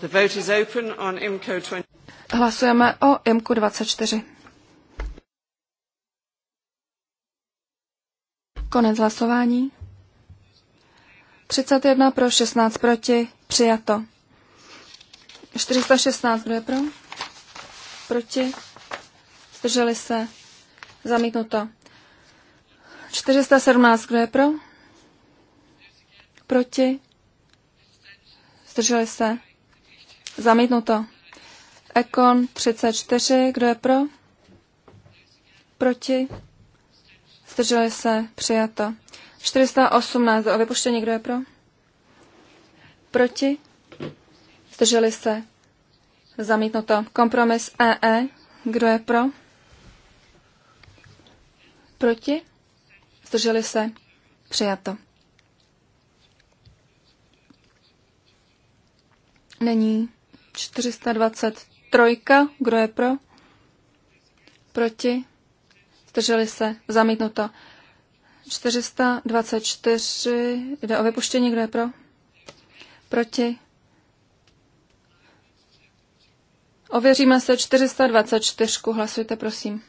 The vote is open on IMCO 20. Hlasujeme o IMCO 24. Konec hlasování. 31 pro, 16 proti, přijato. 416, kdo je pro? Proti? Zdrželi se? Zamítnuto. 417, kdo je pro? Proti? Zdrželi se? Zamítnuto. Ekon 34, kdo je pro? Proti? Zdrželi se? Přijato. 418 o vypuštění, kdo je pro? Proti? Zdrželi se? Zamítnuto. Kompromis EE, e. kdo je pro? Proti? Zdrželi se? Přijato. Není 423, kdo je pro? Proti? Zdrželi se? Zamítnuto. 424, jde o vypuštění, kdo je pro? Proti? Ověříme se 424, hlasujte prosím.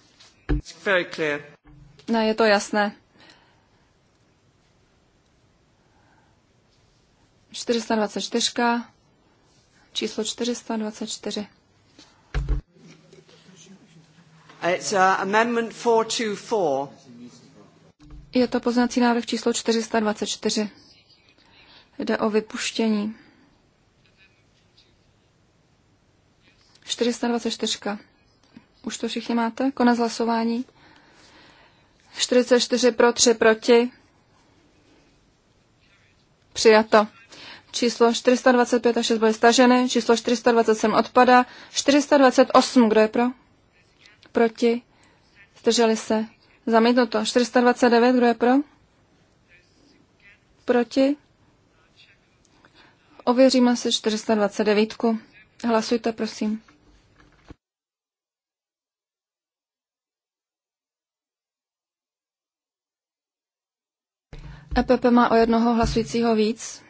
Ne, je to jasné. 424, číslo 424. It's uh, amendment 424. Je to poznací návrh číslo 424. Jde o vypuštění. 424. Už to všichni máte? Konec hlasování. 44 pro, 3 proti. Přijato. Číslo 425 a 6 byly staženy. Číslo 427 odpada. 428, kdo je pro? Proti. Zdrželi se. Zamítnuto. 429, kdo je pro? Proti? Ověříme si 429. Hlasujte, prosím. EPP má o jednoho hlasujícího víc.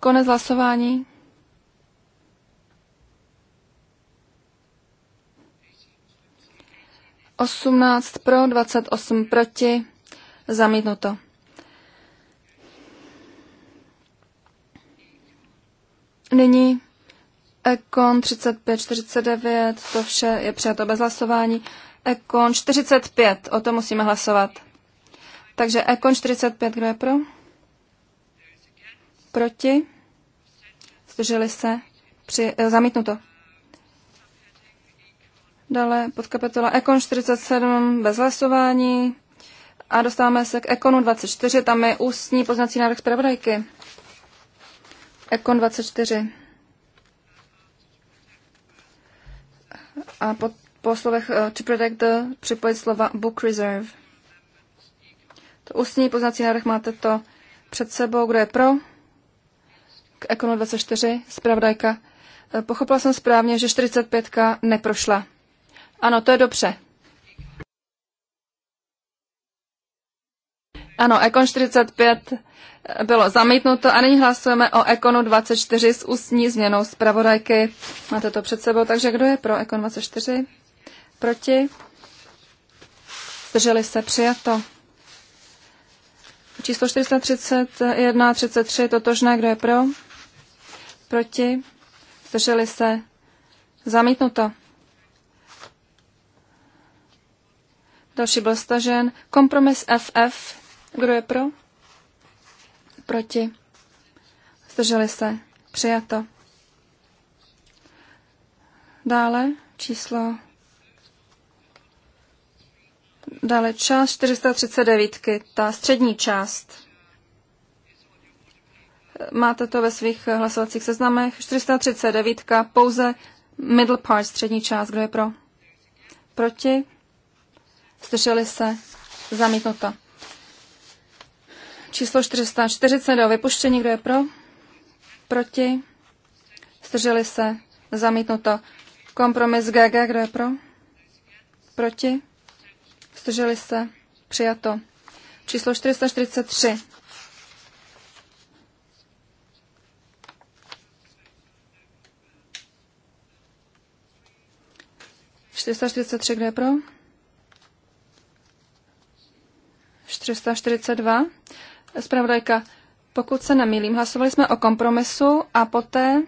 Konec hlasování. 18 pro, 28 proti, zamítnuto. Nyní Ekon 35-49, to vše je přijato bez hlasování. Ekon 45, o tom musíme hlasovat. Takže Ekon 45, kdo je pro? Proti? Zdrželi se? Při, eh, zamítnuto. Dále podkapitola Ekon 47 bez hlasování. A dostáváme se k Ekonu 24, tam je ústní poznací návrh zpravodajky. Ekon 24. A po, po slovech uh, to protect the eh, připojit slova book reserve. To ústní poznací návrh máte to před sebou, kdo je pro. K Ekonu 24, zpravodajka. Eh, pochopila jsem správně, že 45 neprošla. Ano, to je dobře. Ano, Ekon 45 bylo zamítnuto a nyní hlasujeme o Ekonu 24 s ústní změnou zpravodajky. Máte to před sebou, takže kdo je pro Ekon 24? Proti? Zdrželi se, přijato. Číslo 431, 33, totožné, kdo je pro? Proti? Zdrželi se, zamítnuto. další byl stažen. Kompromis FF, kdo je pro? Proti. Zdrželi se. Přijato. Dále číslo. Dále část 439, ta střední část. Máte to ve svých hlasovacích seznamech. 439, pouze middle part, střední část. Kdo je pro? Proti? zdrželi se, zamítnuto. Číslo 440 do vypuštění, kdo je pro, proti, zdrželi se, zamítnuto. Kompromis GG, kdo je pro, proti, zdrželi se, přijato. Číslo 443. Čtyřista čtyřicet tři, kdo je pro? 342. Spravodajka, pokud se nemýlím, hlasovali jsme o kompromisu a poté...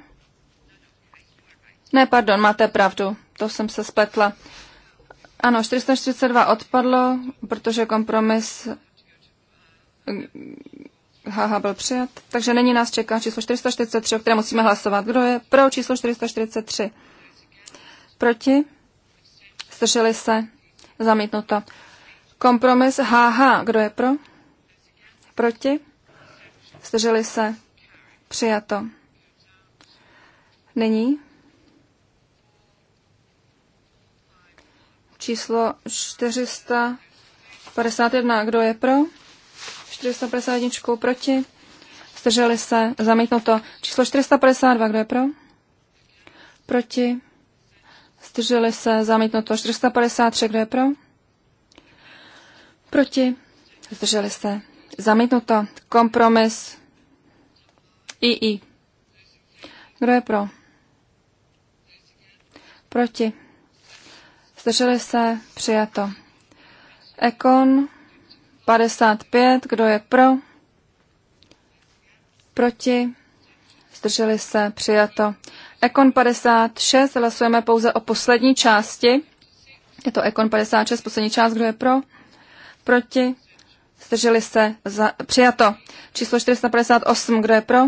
Ne, pardon, máte pravdu, to jsem se spletla. Ano, 442 odpadlo, protože kompromis eh, haha, byl přijat, takže není nás čeká číslo 443, o které musíme hlasovat. Kdo je pro číslo 443? Proti? Zdrželi se? Zamítnuto. Kompromis HH. Kdo je pro? Proti? Zdrželi se? Přijato. Nyní číslo 451. Kdo je pro? 451 proti. Zdrželi se. Zamítnuto. Číslo 452. Kdo je pro? Proti. Zdrželi se. Zamítnuto. 453. Kdo je pro? Proti? Zdrželi se. Zamítnuto. Kompromis. II. Kdo je pro? Proti. Zdrželi se. Přijato. Ekon 55. Kdo je pro? Proti. Zdrželi se. Přijato. Ekon 56. Hlasujeme pouze o poslední části. Je to Ekon 56, poslední část. Kdo je pro? proti, zdrželi se, za, přijato. Číslo 458, kdo je pro,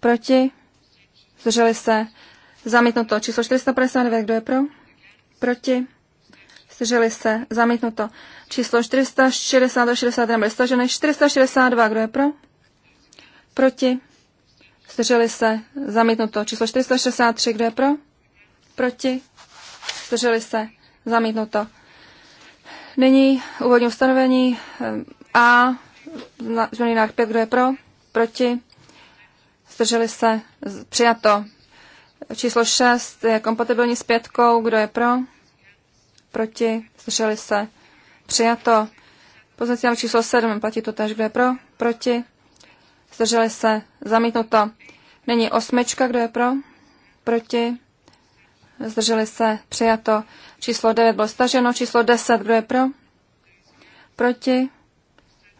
proti, zdrželi se, zamítnuto. Číslo 459, kdo je pro, proti, zdrželi se, zamítnuto. Číslo 460 61 byly staženy. 462, kdo je pro, proti, zdrželi se, zamítnuto. Číslo 463, kdo je pro, proti, zdrželi se, zamítnuto. Nyní úvodní ustanovení eh, A, zvolený návrh 5, kdo je pro, proti, zdrželi se, přijato. Číslo 6 je kompatibilní s pětkou, kdo je pro, proti, zdrželi se, přijato. Poznací návrh číslo 7, platí to tež, kdo je pro, proti, zdrželi se, zamítnuto. Nyní osmička, kdo je pro, proti, zdrželi se, přijato. Číslo 9 bylo staženo, číslo 10, kdo je pro? Proti,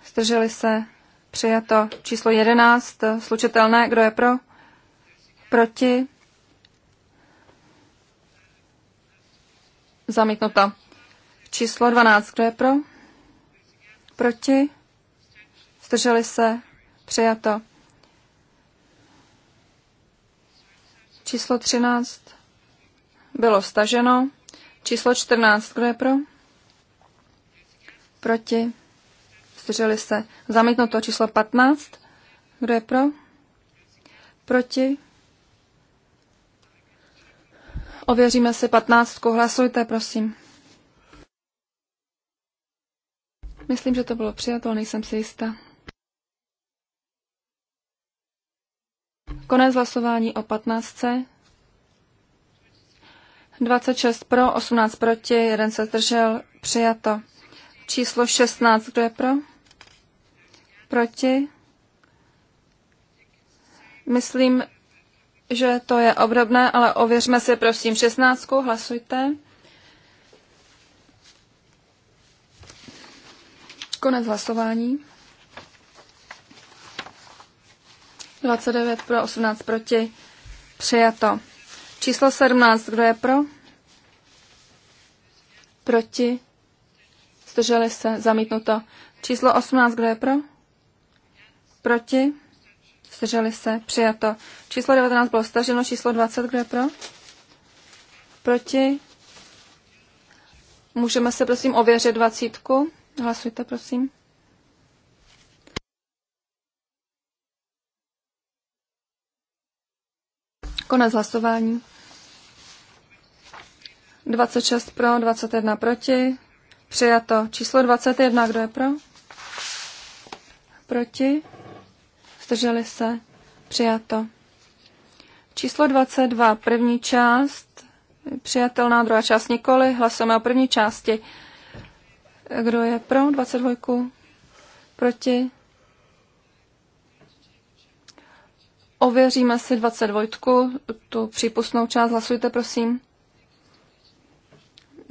zdrželi se, přijato. Číslo 11, slučitelné, kdo je pro? Proti, zamítnuto. Číslo 12, kdo je pro? Proti, zdrželi se, přijato. Číslo 13, bylo staženo. Číslo 14, kdo je pro? Proti? Zdrželi se. Zamítnuto číslo 15. Kdo je pro? Proti? Ověříme si 15. Hlasujte, prosím. Myslím, že to bylo přijato, nejsem si jistá. Konec hlasování o 15. 26 pro, 18 proti, jeden se zdržel, přijato. Číslo 16, kdo je pro? Proti? Myslím, že to je obdobné, ale ověřme si prosím 16, hlasujte. Konec hlasování. 29 pro, 18 proti, přijato. Číslo 17, kdo je pro? Proti? Zdrželi se, zamítnuto. Číslo 18, kdo je pro? Proti? Zdrželi se, přijato. Číslo 19 bylo staženo, číslo 20, kdo je pro? Proti? Můžeme se prosím ověřit dvacítku. Hlasujte, prosím. Konec hlasování. 26 pro, 21 proti. Přijato. Číslo 21, kdo je pro? Proti. Zdrželi se. Přijato. Číslo 22, první část. Přijatelná druhá část nikoli. Hlasujeme o první části. Kdo je pro 22? Proti? Ověříme si 22, tu přípustnou část. Hlasujte, prosím.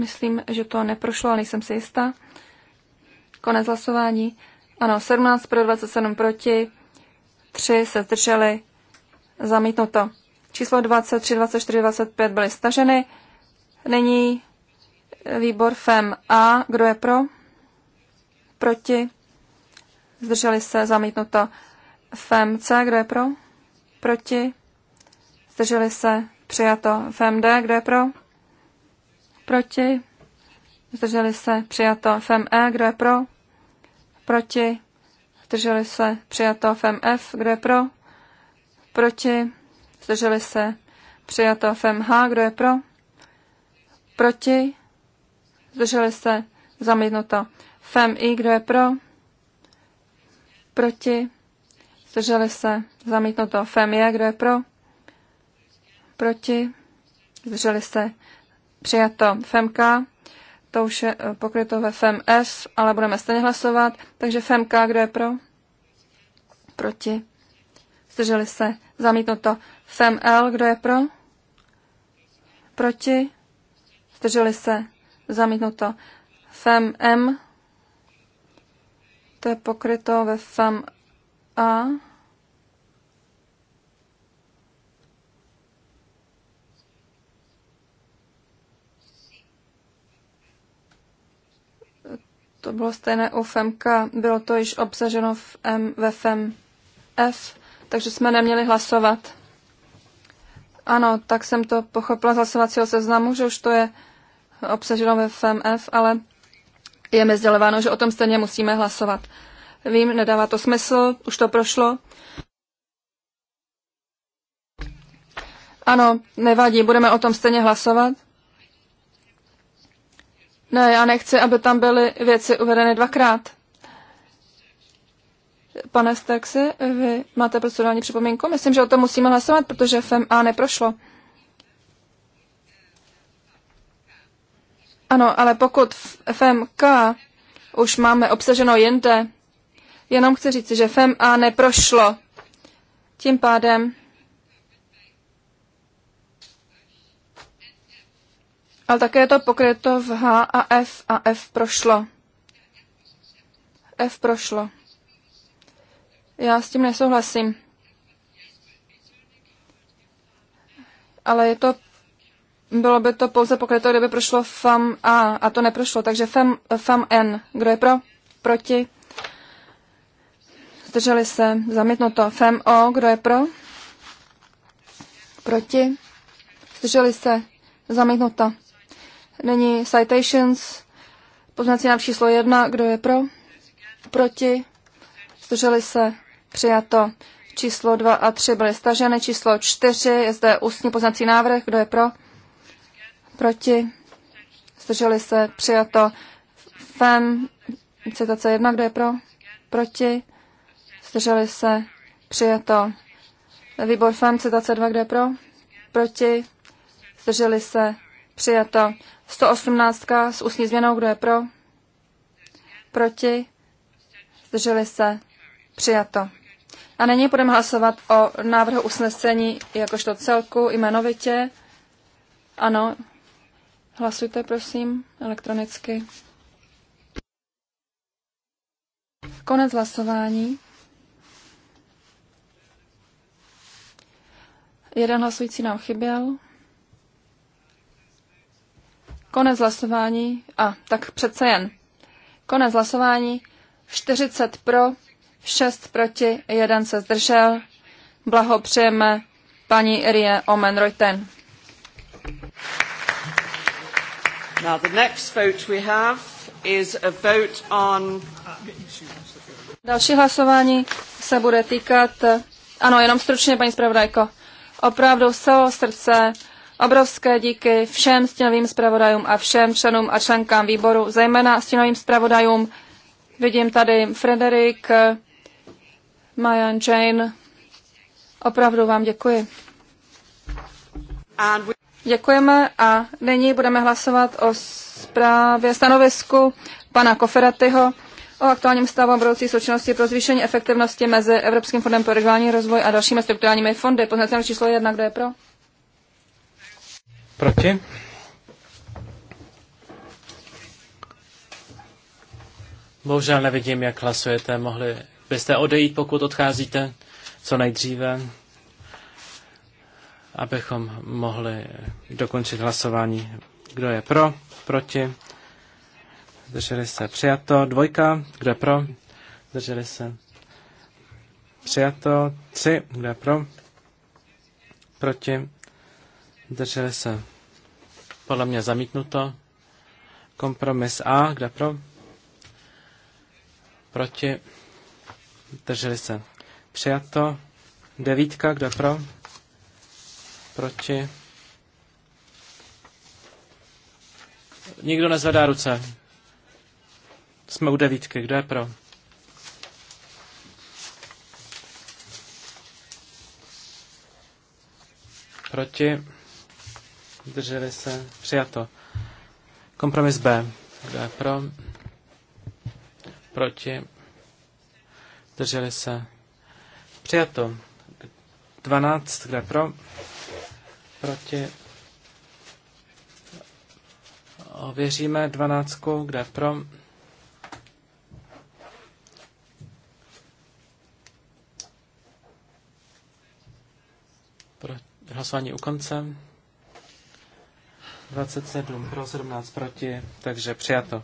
Myslím, že to neprošlo, ale nejsem si jistá. Konec hlasování. Ano, 17 pro 27 proti, 3 se zdrželi, zamítnuto. Číslo 23, 24, 25 byly staženy. Není výbor FEM A. Kdo je pro? Proti? Zdrželi se, zamítnuto. FEM C. Kdo je pro? Proti? Zdrželi se, přijato. FEM D. Kdo je pro? Proti? Zdrželi se? Přijato. FME. Kdo je pro? Proti? Zdrželi se? Přijato. FMF. Kdo je pro? Proti? Zdrželi se? Přijato. FMH. Kdo je pro? Proti? Zdrželi se? Zamítnuto. FMI. Kdo je pro? Proti? Zdrželi se? Zamítnuto. FEMIE. Kdo je pro? Proti? Zdrželi se? Přijato FMK, to už je eh, pokryto ve FMS, ale budeme stejně hlasovat. Takže FMK, kdo je pro? Proti. Zdrželi se. Zamítnuto. FML, kdo je pro? Proti. Zdrželi se. Zamítnuto. FMM, to je pokryto ve FMA. to bylo stejné u FMK, bylo to již obsaženo v M, ve FMF, takže jsme neměli hlasovat. Ano, tak jsem to pochopila z hlasovacího seznamu, že už to je obsaženo ve FMF, ale je mi sdělováno, že o tom stejně musíme hlasovat. Vím, nedává to smysl, už to prošlo. Ano, nevadí, budeme o tom stejně hlasovat. Ne, já nechci, aby tam byly věci uvedeny dvakrát. Pane Staxi, vy máte procedurální připomínku? Myslím, že o tom musíme hlasovat, protože FMA neprošlo. Ano, ale pokud FMK už máme obsaženo jinde, jenom chci říct, že FMA neprošlo. Tím pádem ale také je to pokryto v H a F a F prošlo. F prošlo. Já s tím nesouhlasím. Ale je to, bylo by to pouze pokryto, kdyby prošlo FAM A a to neprošlo. Takže FAM, FAM N. Kdo je pro? Proti? Zdrželi se. Zamítnuto. FAM O. Kdo je pro? Proti? Zdrželi se. Zamítnuto. Není citations. Poznací nám číslo jedna. Kdo je pro? Proti? Zdrželi se? Přijato. Číslo dva a tři byly staženy. Číslo čtyři je zde ústní poznací návrh. Kdo je pro? Proti? Zdrželi se? Přijato. FEM citace jedna, Kdo je pro? Proti? Zdrželi se? Přijato. Výbor FEM citace 2. Kdo je pro? Proti? Zdrželi se? Přijato. 118 s ústní změnou, kdo je pro? Proti? Zdrželi se? Přijato. A nyní budeme hlasovat o návrhu usnesení jakožto celku jmenovitě. Ano, hlasujte prosím elektronicky. Konec hlasování. Jeden hlasující nám chyběl. Konec hlasování. A tak přece jen. Konec hlasování. 40 pro, 6 proti, 1 se zdržel. Blahopřejeme paní Irie Omen Reuten. Now the next vote we have is a vote on... Další hlasování se bude týkat... Ano, jenom stručně, paní zpravodajko. Opravdu z celého srdce Obrovské díky všem stěnovým zpravodajům a všem členům a členkám výboru, zejména stěnovým zpravodajům. Vidím tady Frederik, Mayan, Jane. Opravdu vám děkuji. Děkujeme a nyní budeme hlasovat o zprávě stanovisku pana Koferatyho o aktuálním stavu a budoucí součinnosti pro zvýšení efektivnosti mezi Evropským fondem pro regionální rozvoj a dalšími strukturálními fondy. Poznatel číslo jedna, kdo je pro? Proti? Bohužel nevidím, jak hlasujete. Mohli byste odejít, pokud odcházíte, co nejdříve, abychom mohli dokončit hlasování. Kdo je pro? Proti? Zdrželi se. Přijato. Dvojka. Kdo je pro? Zdrželi se. Přijato. Tři. Kdo je pro? Proti? Zdrželi se podle mě zamítnuto. Kompromis A, kde pro? Proti. Drželi se. Přijato. Devítka, kde pro? Proti. Nikdo nezvedá ruce. Jsme u devítky. Kdo je pro? Proti zdrželi se, přijato. Kompromis B, kdo je pro, proti, zdrželi se, přijato. 12, kdo je pro, proti, ověříme 12, kdo je pro, hlasování u konce. 27 pro, 17 proti, takže přijato.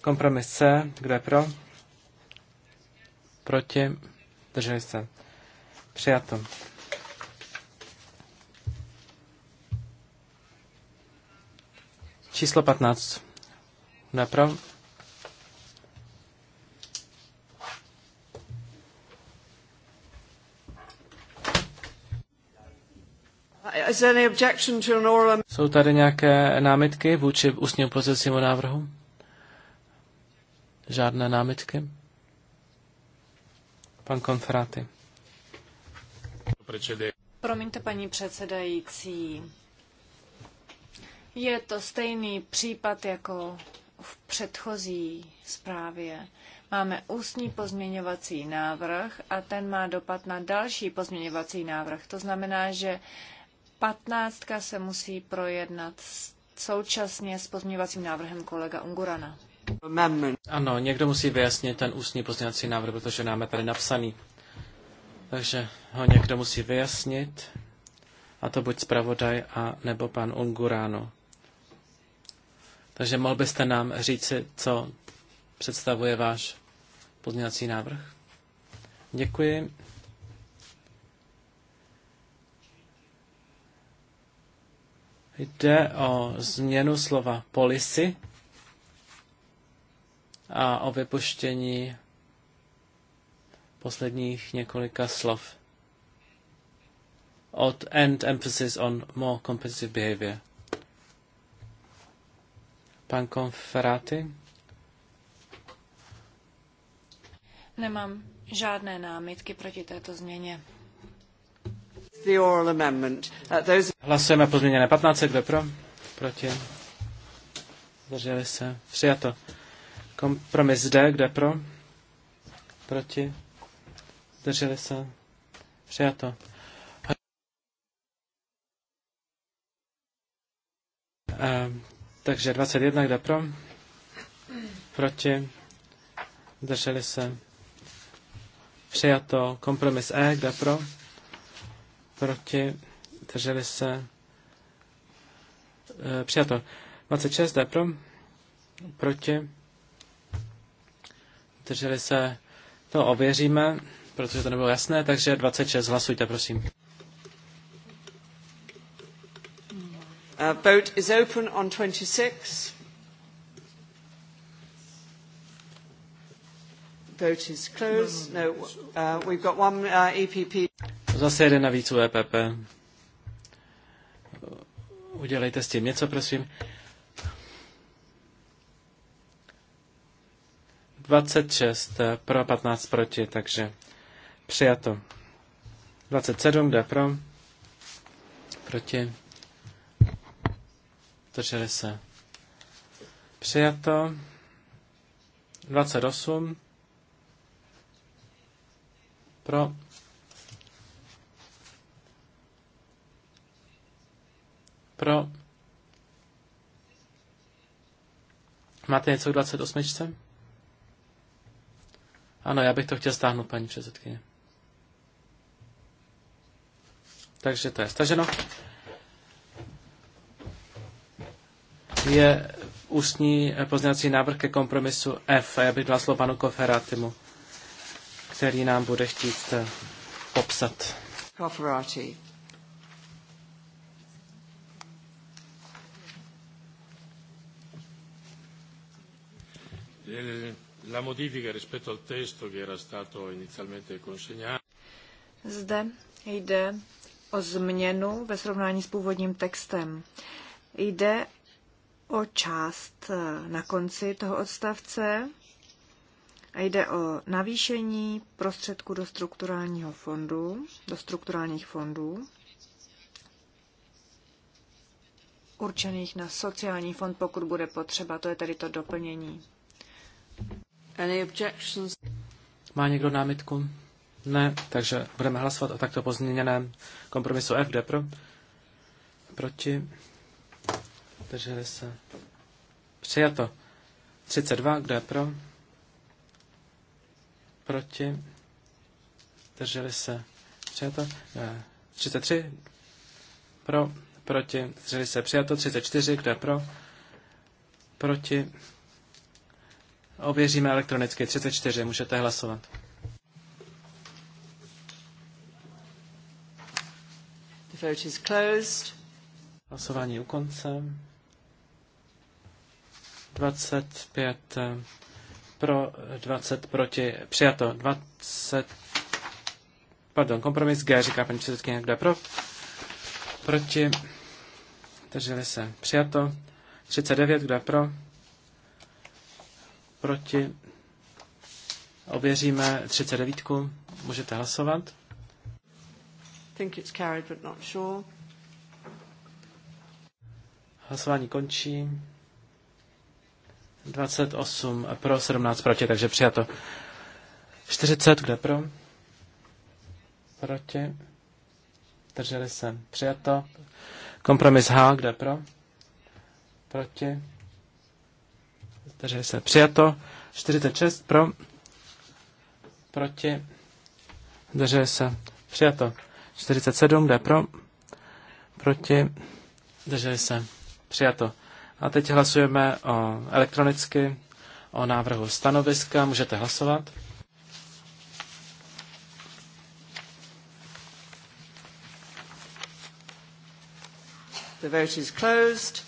Kompromis C, kdo je pro? Proti, drželi se. Přijato. Číslo 15. Kdo je pro? Jsou tady nějaké námitky vůči ústnímu pozicímu návrhu? Žádné námitky? Pan Konferáty. Promiňte, paní předsedající. Je to stejný případ jako v předchozí zprávě. Máme ústní pozměňovací návrh a ten má dopad na další pozměňovací návrh. To znamená, že Patnáctka se musí projednat současně s pozměňovacím návrhem kolega Ungurana. Ano, někdo musí vyjasnit ten ústní pozměňovací návrh, protože nám je tady napsaný. Takže ho někdo musí vyjasnit, a to buď zpravodaj a nebo pan Ungurano. Takže mohl byste nám říci, co představuje váš pozměňovací návrh? Děkuji. Jde o změnu slova policy a o vypuštění posledních několika slov od end emphasis on more competitive behavior. Pan Konferáty? Nemám žádné námitky proti této změně the oral uh, Hlasujeme pozměněné 15. Kdo pro? Proti? Zdrželi se. Přijato. Kompromis D. Kde pro? Proti? Zdrželi se. Přijato. E, takže 21. Kde pro? Proti? Zdrželi se. Přijato. Kompromis E. Kde pro? proti, drželi se, e, přijato. 26 jde pro, proti, drželi se, to ověříme, protože to nebylo jasné, takže 26 hlasujte, prosím. Uh, vote is open on 26. Vote is closed. No, uh, we've got one uh, EPP. Zase jeden na u EPP. Udělejte s tím něco, prosím. 26 eh, pro, 15 proti, takže přijato. 27 jde pro, proti, drželi se. Přijato. 28 pro. Pro. Máte něco k 28? Ano, já bych to chtěl stáhnout, paní předsedkyně. Takže to je staženo. Je ústní pozněvací návrh ke kompromisu F a já bych dala slovo panu Koferátimu který nám bude chtít eh, popsat. Cofferati. Eh, la modifica rispetto al testo che era stato inizialmente consegnato. Zde jde o změnu ve srovnání s původním textem. Jde o část eh, na konci toho odstavce, a jde o navýšení prostředků do strukturálního fondu, do strukturálních fondů, určených na sociální fond, pokud bude potřeba. To je tedy to doplnění. Any objections? Má někdo námitku? Ne, takže budeme hlasovat o takto pozměněném kompromisu F, pro? Proti? Drželi se. Přijato. 32, je pro? proti, drželi se přijato, 33 eh, pro, proti, drželi se přijato, 34, kdo je pro, proti, ověříme elektronicky, 34, můžete hlasovat. The vote is closed. Hlasování u konce. 25 pro, 20 proti, přijato 20, pardon, kompromis G, říká paní předsedkyně, kdo je pro, proti, drželi se, přijato 39, kdo je pro, proti, ověříme 39, můžete hlasovat. Think it's carried, but not sure. Hlasování končí. 28 pro, 17 proti, takže přijato. 40, kde pro? Proti. Drželi se. Přijato. Kompromis H, kde pro? Proti. Drželi se. Přijato. 46 pro. Proti. Drželi se. Přijato. 47, kde pro? Proti. Drželi se. Přijato. A teď hlasujeme o, elektronicky o návrhu stanoviska. Můžete hlasovat. The vote is closed.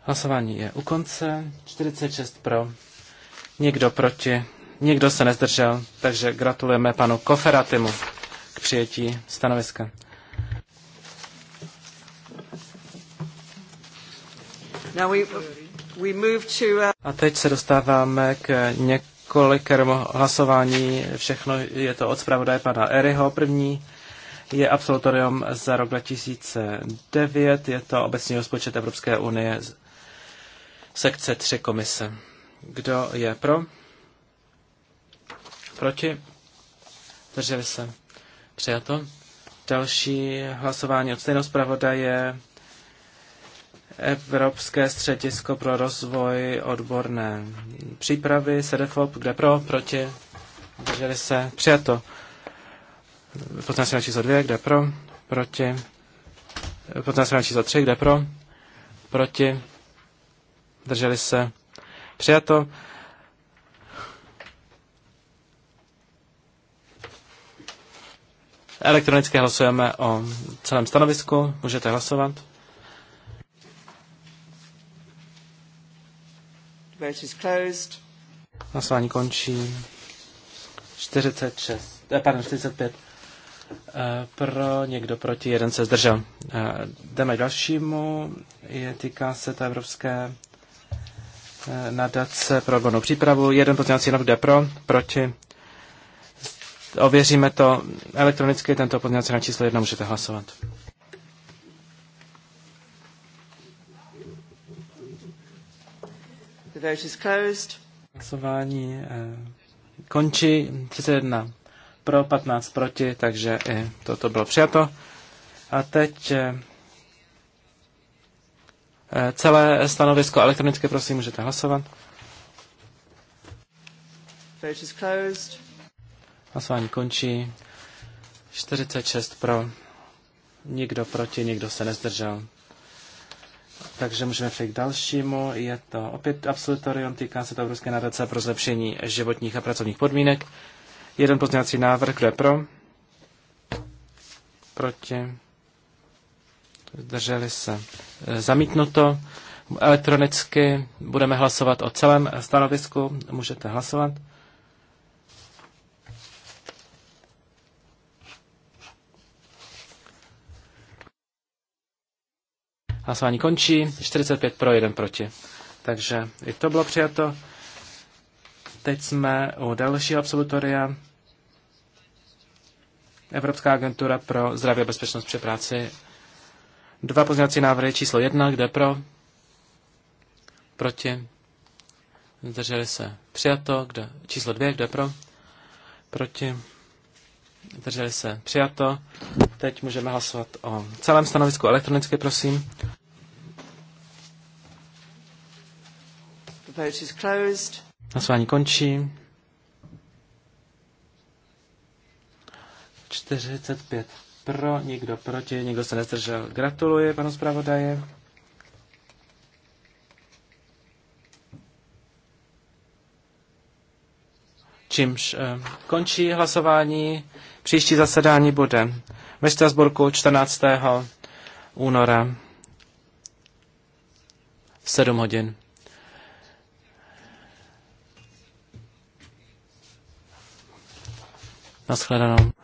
Hlasování je u konce. 46 pro, nikdo proti, nikdo se nezdržel, takže gratulujeme panu Koferatimu k přijetí stanoviska. Uh, A teď se dostáváme k několik hlasování. Všechno je to od zpravodaje pana Eryho. První je absolutorium za rok 2009. Je to obecní rozpočet Evropské unie sekce 3 komise. Kdo je pro? Proti? Drželi se. Přijato. Další hlasování od stejného zpravodaje Evropské středisko pro rozvoj odborné přípravy, SEDEFOP, kde pro, proti, drželi se, přijato. Poznací na číslo dvě, kde pro, proti, poznací na číslo tři, kde pro, proti, drželi se, přijato. Elektronicky hlasujeme o celém stanovisku, můžete hlasovat. Vote is closed. Hlasování končí. 46, eh, pardon, 45 eh, pro, někdo proti, jeden se zdržel. Eh, jdeme k dalšímu. Je, týká se té evropské eh, nadace pro odbornou přípravu. Jeden pozměňovací návrh jde pro, proti. Ověříme to elektronicky, tento pozměňovací na číslo 1 můžete hlasovat. vote is closed. Hlasování eh, končí 31 pro, 15 proti, takže i toto bylo přijato. A teď eh, eh, celé stanovisko elektronicky, prosím, můžete hlasovat. Vote is closed. Hlasování končí. 46 pro, nikdo proti, nikdo se nezdržel. Takže můžeme přejít k dalšímu. Je to opět absolutorium, týká se to Evropské nadace pro zlepšení životních a pracovních podmínek. Jeden pozměňovací návrh, kdo je pro? Proti? Zdrželi se. E, zamítnuto. Elektronicky budeme hlasovat o celém stanovisku. Můžete hlasovat. Hlasování končí. 45 pro, 1 proti. Takže i to bylo přijato. Teď jsme u dalšího absolutoria. Evropská agentura pro zdraví a bezpečnost při práci. Dva pozměňovací návrhy číslo jedna, kde pro, proti, zdrželi se přijato, kde, číslo dvě, kde pro, proti, Drželi se. Přijato. Teď můžeme hlasovat o celém stanovisku elektronicky, prosím. The vote is closed. Hlasování končí. 45 pro, nikdo proti, nikdo se nezdržel. Gratuluji panu zpravodaje. Čímž eh, končí hlasování. Příští zasedání bude ve Strasburku 14. února v 7 hodin. Naschledanou.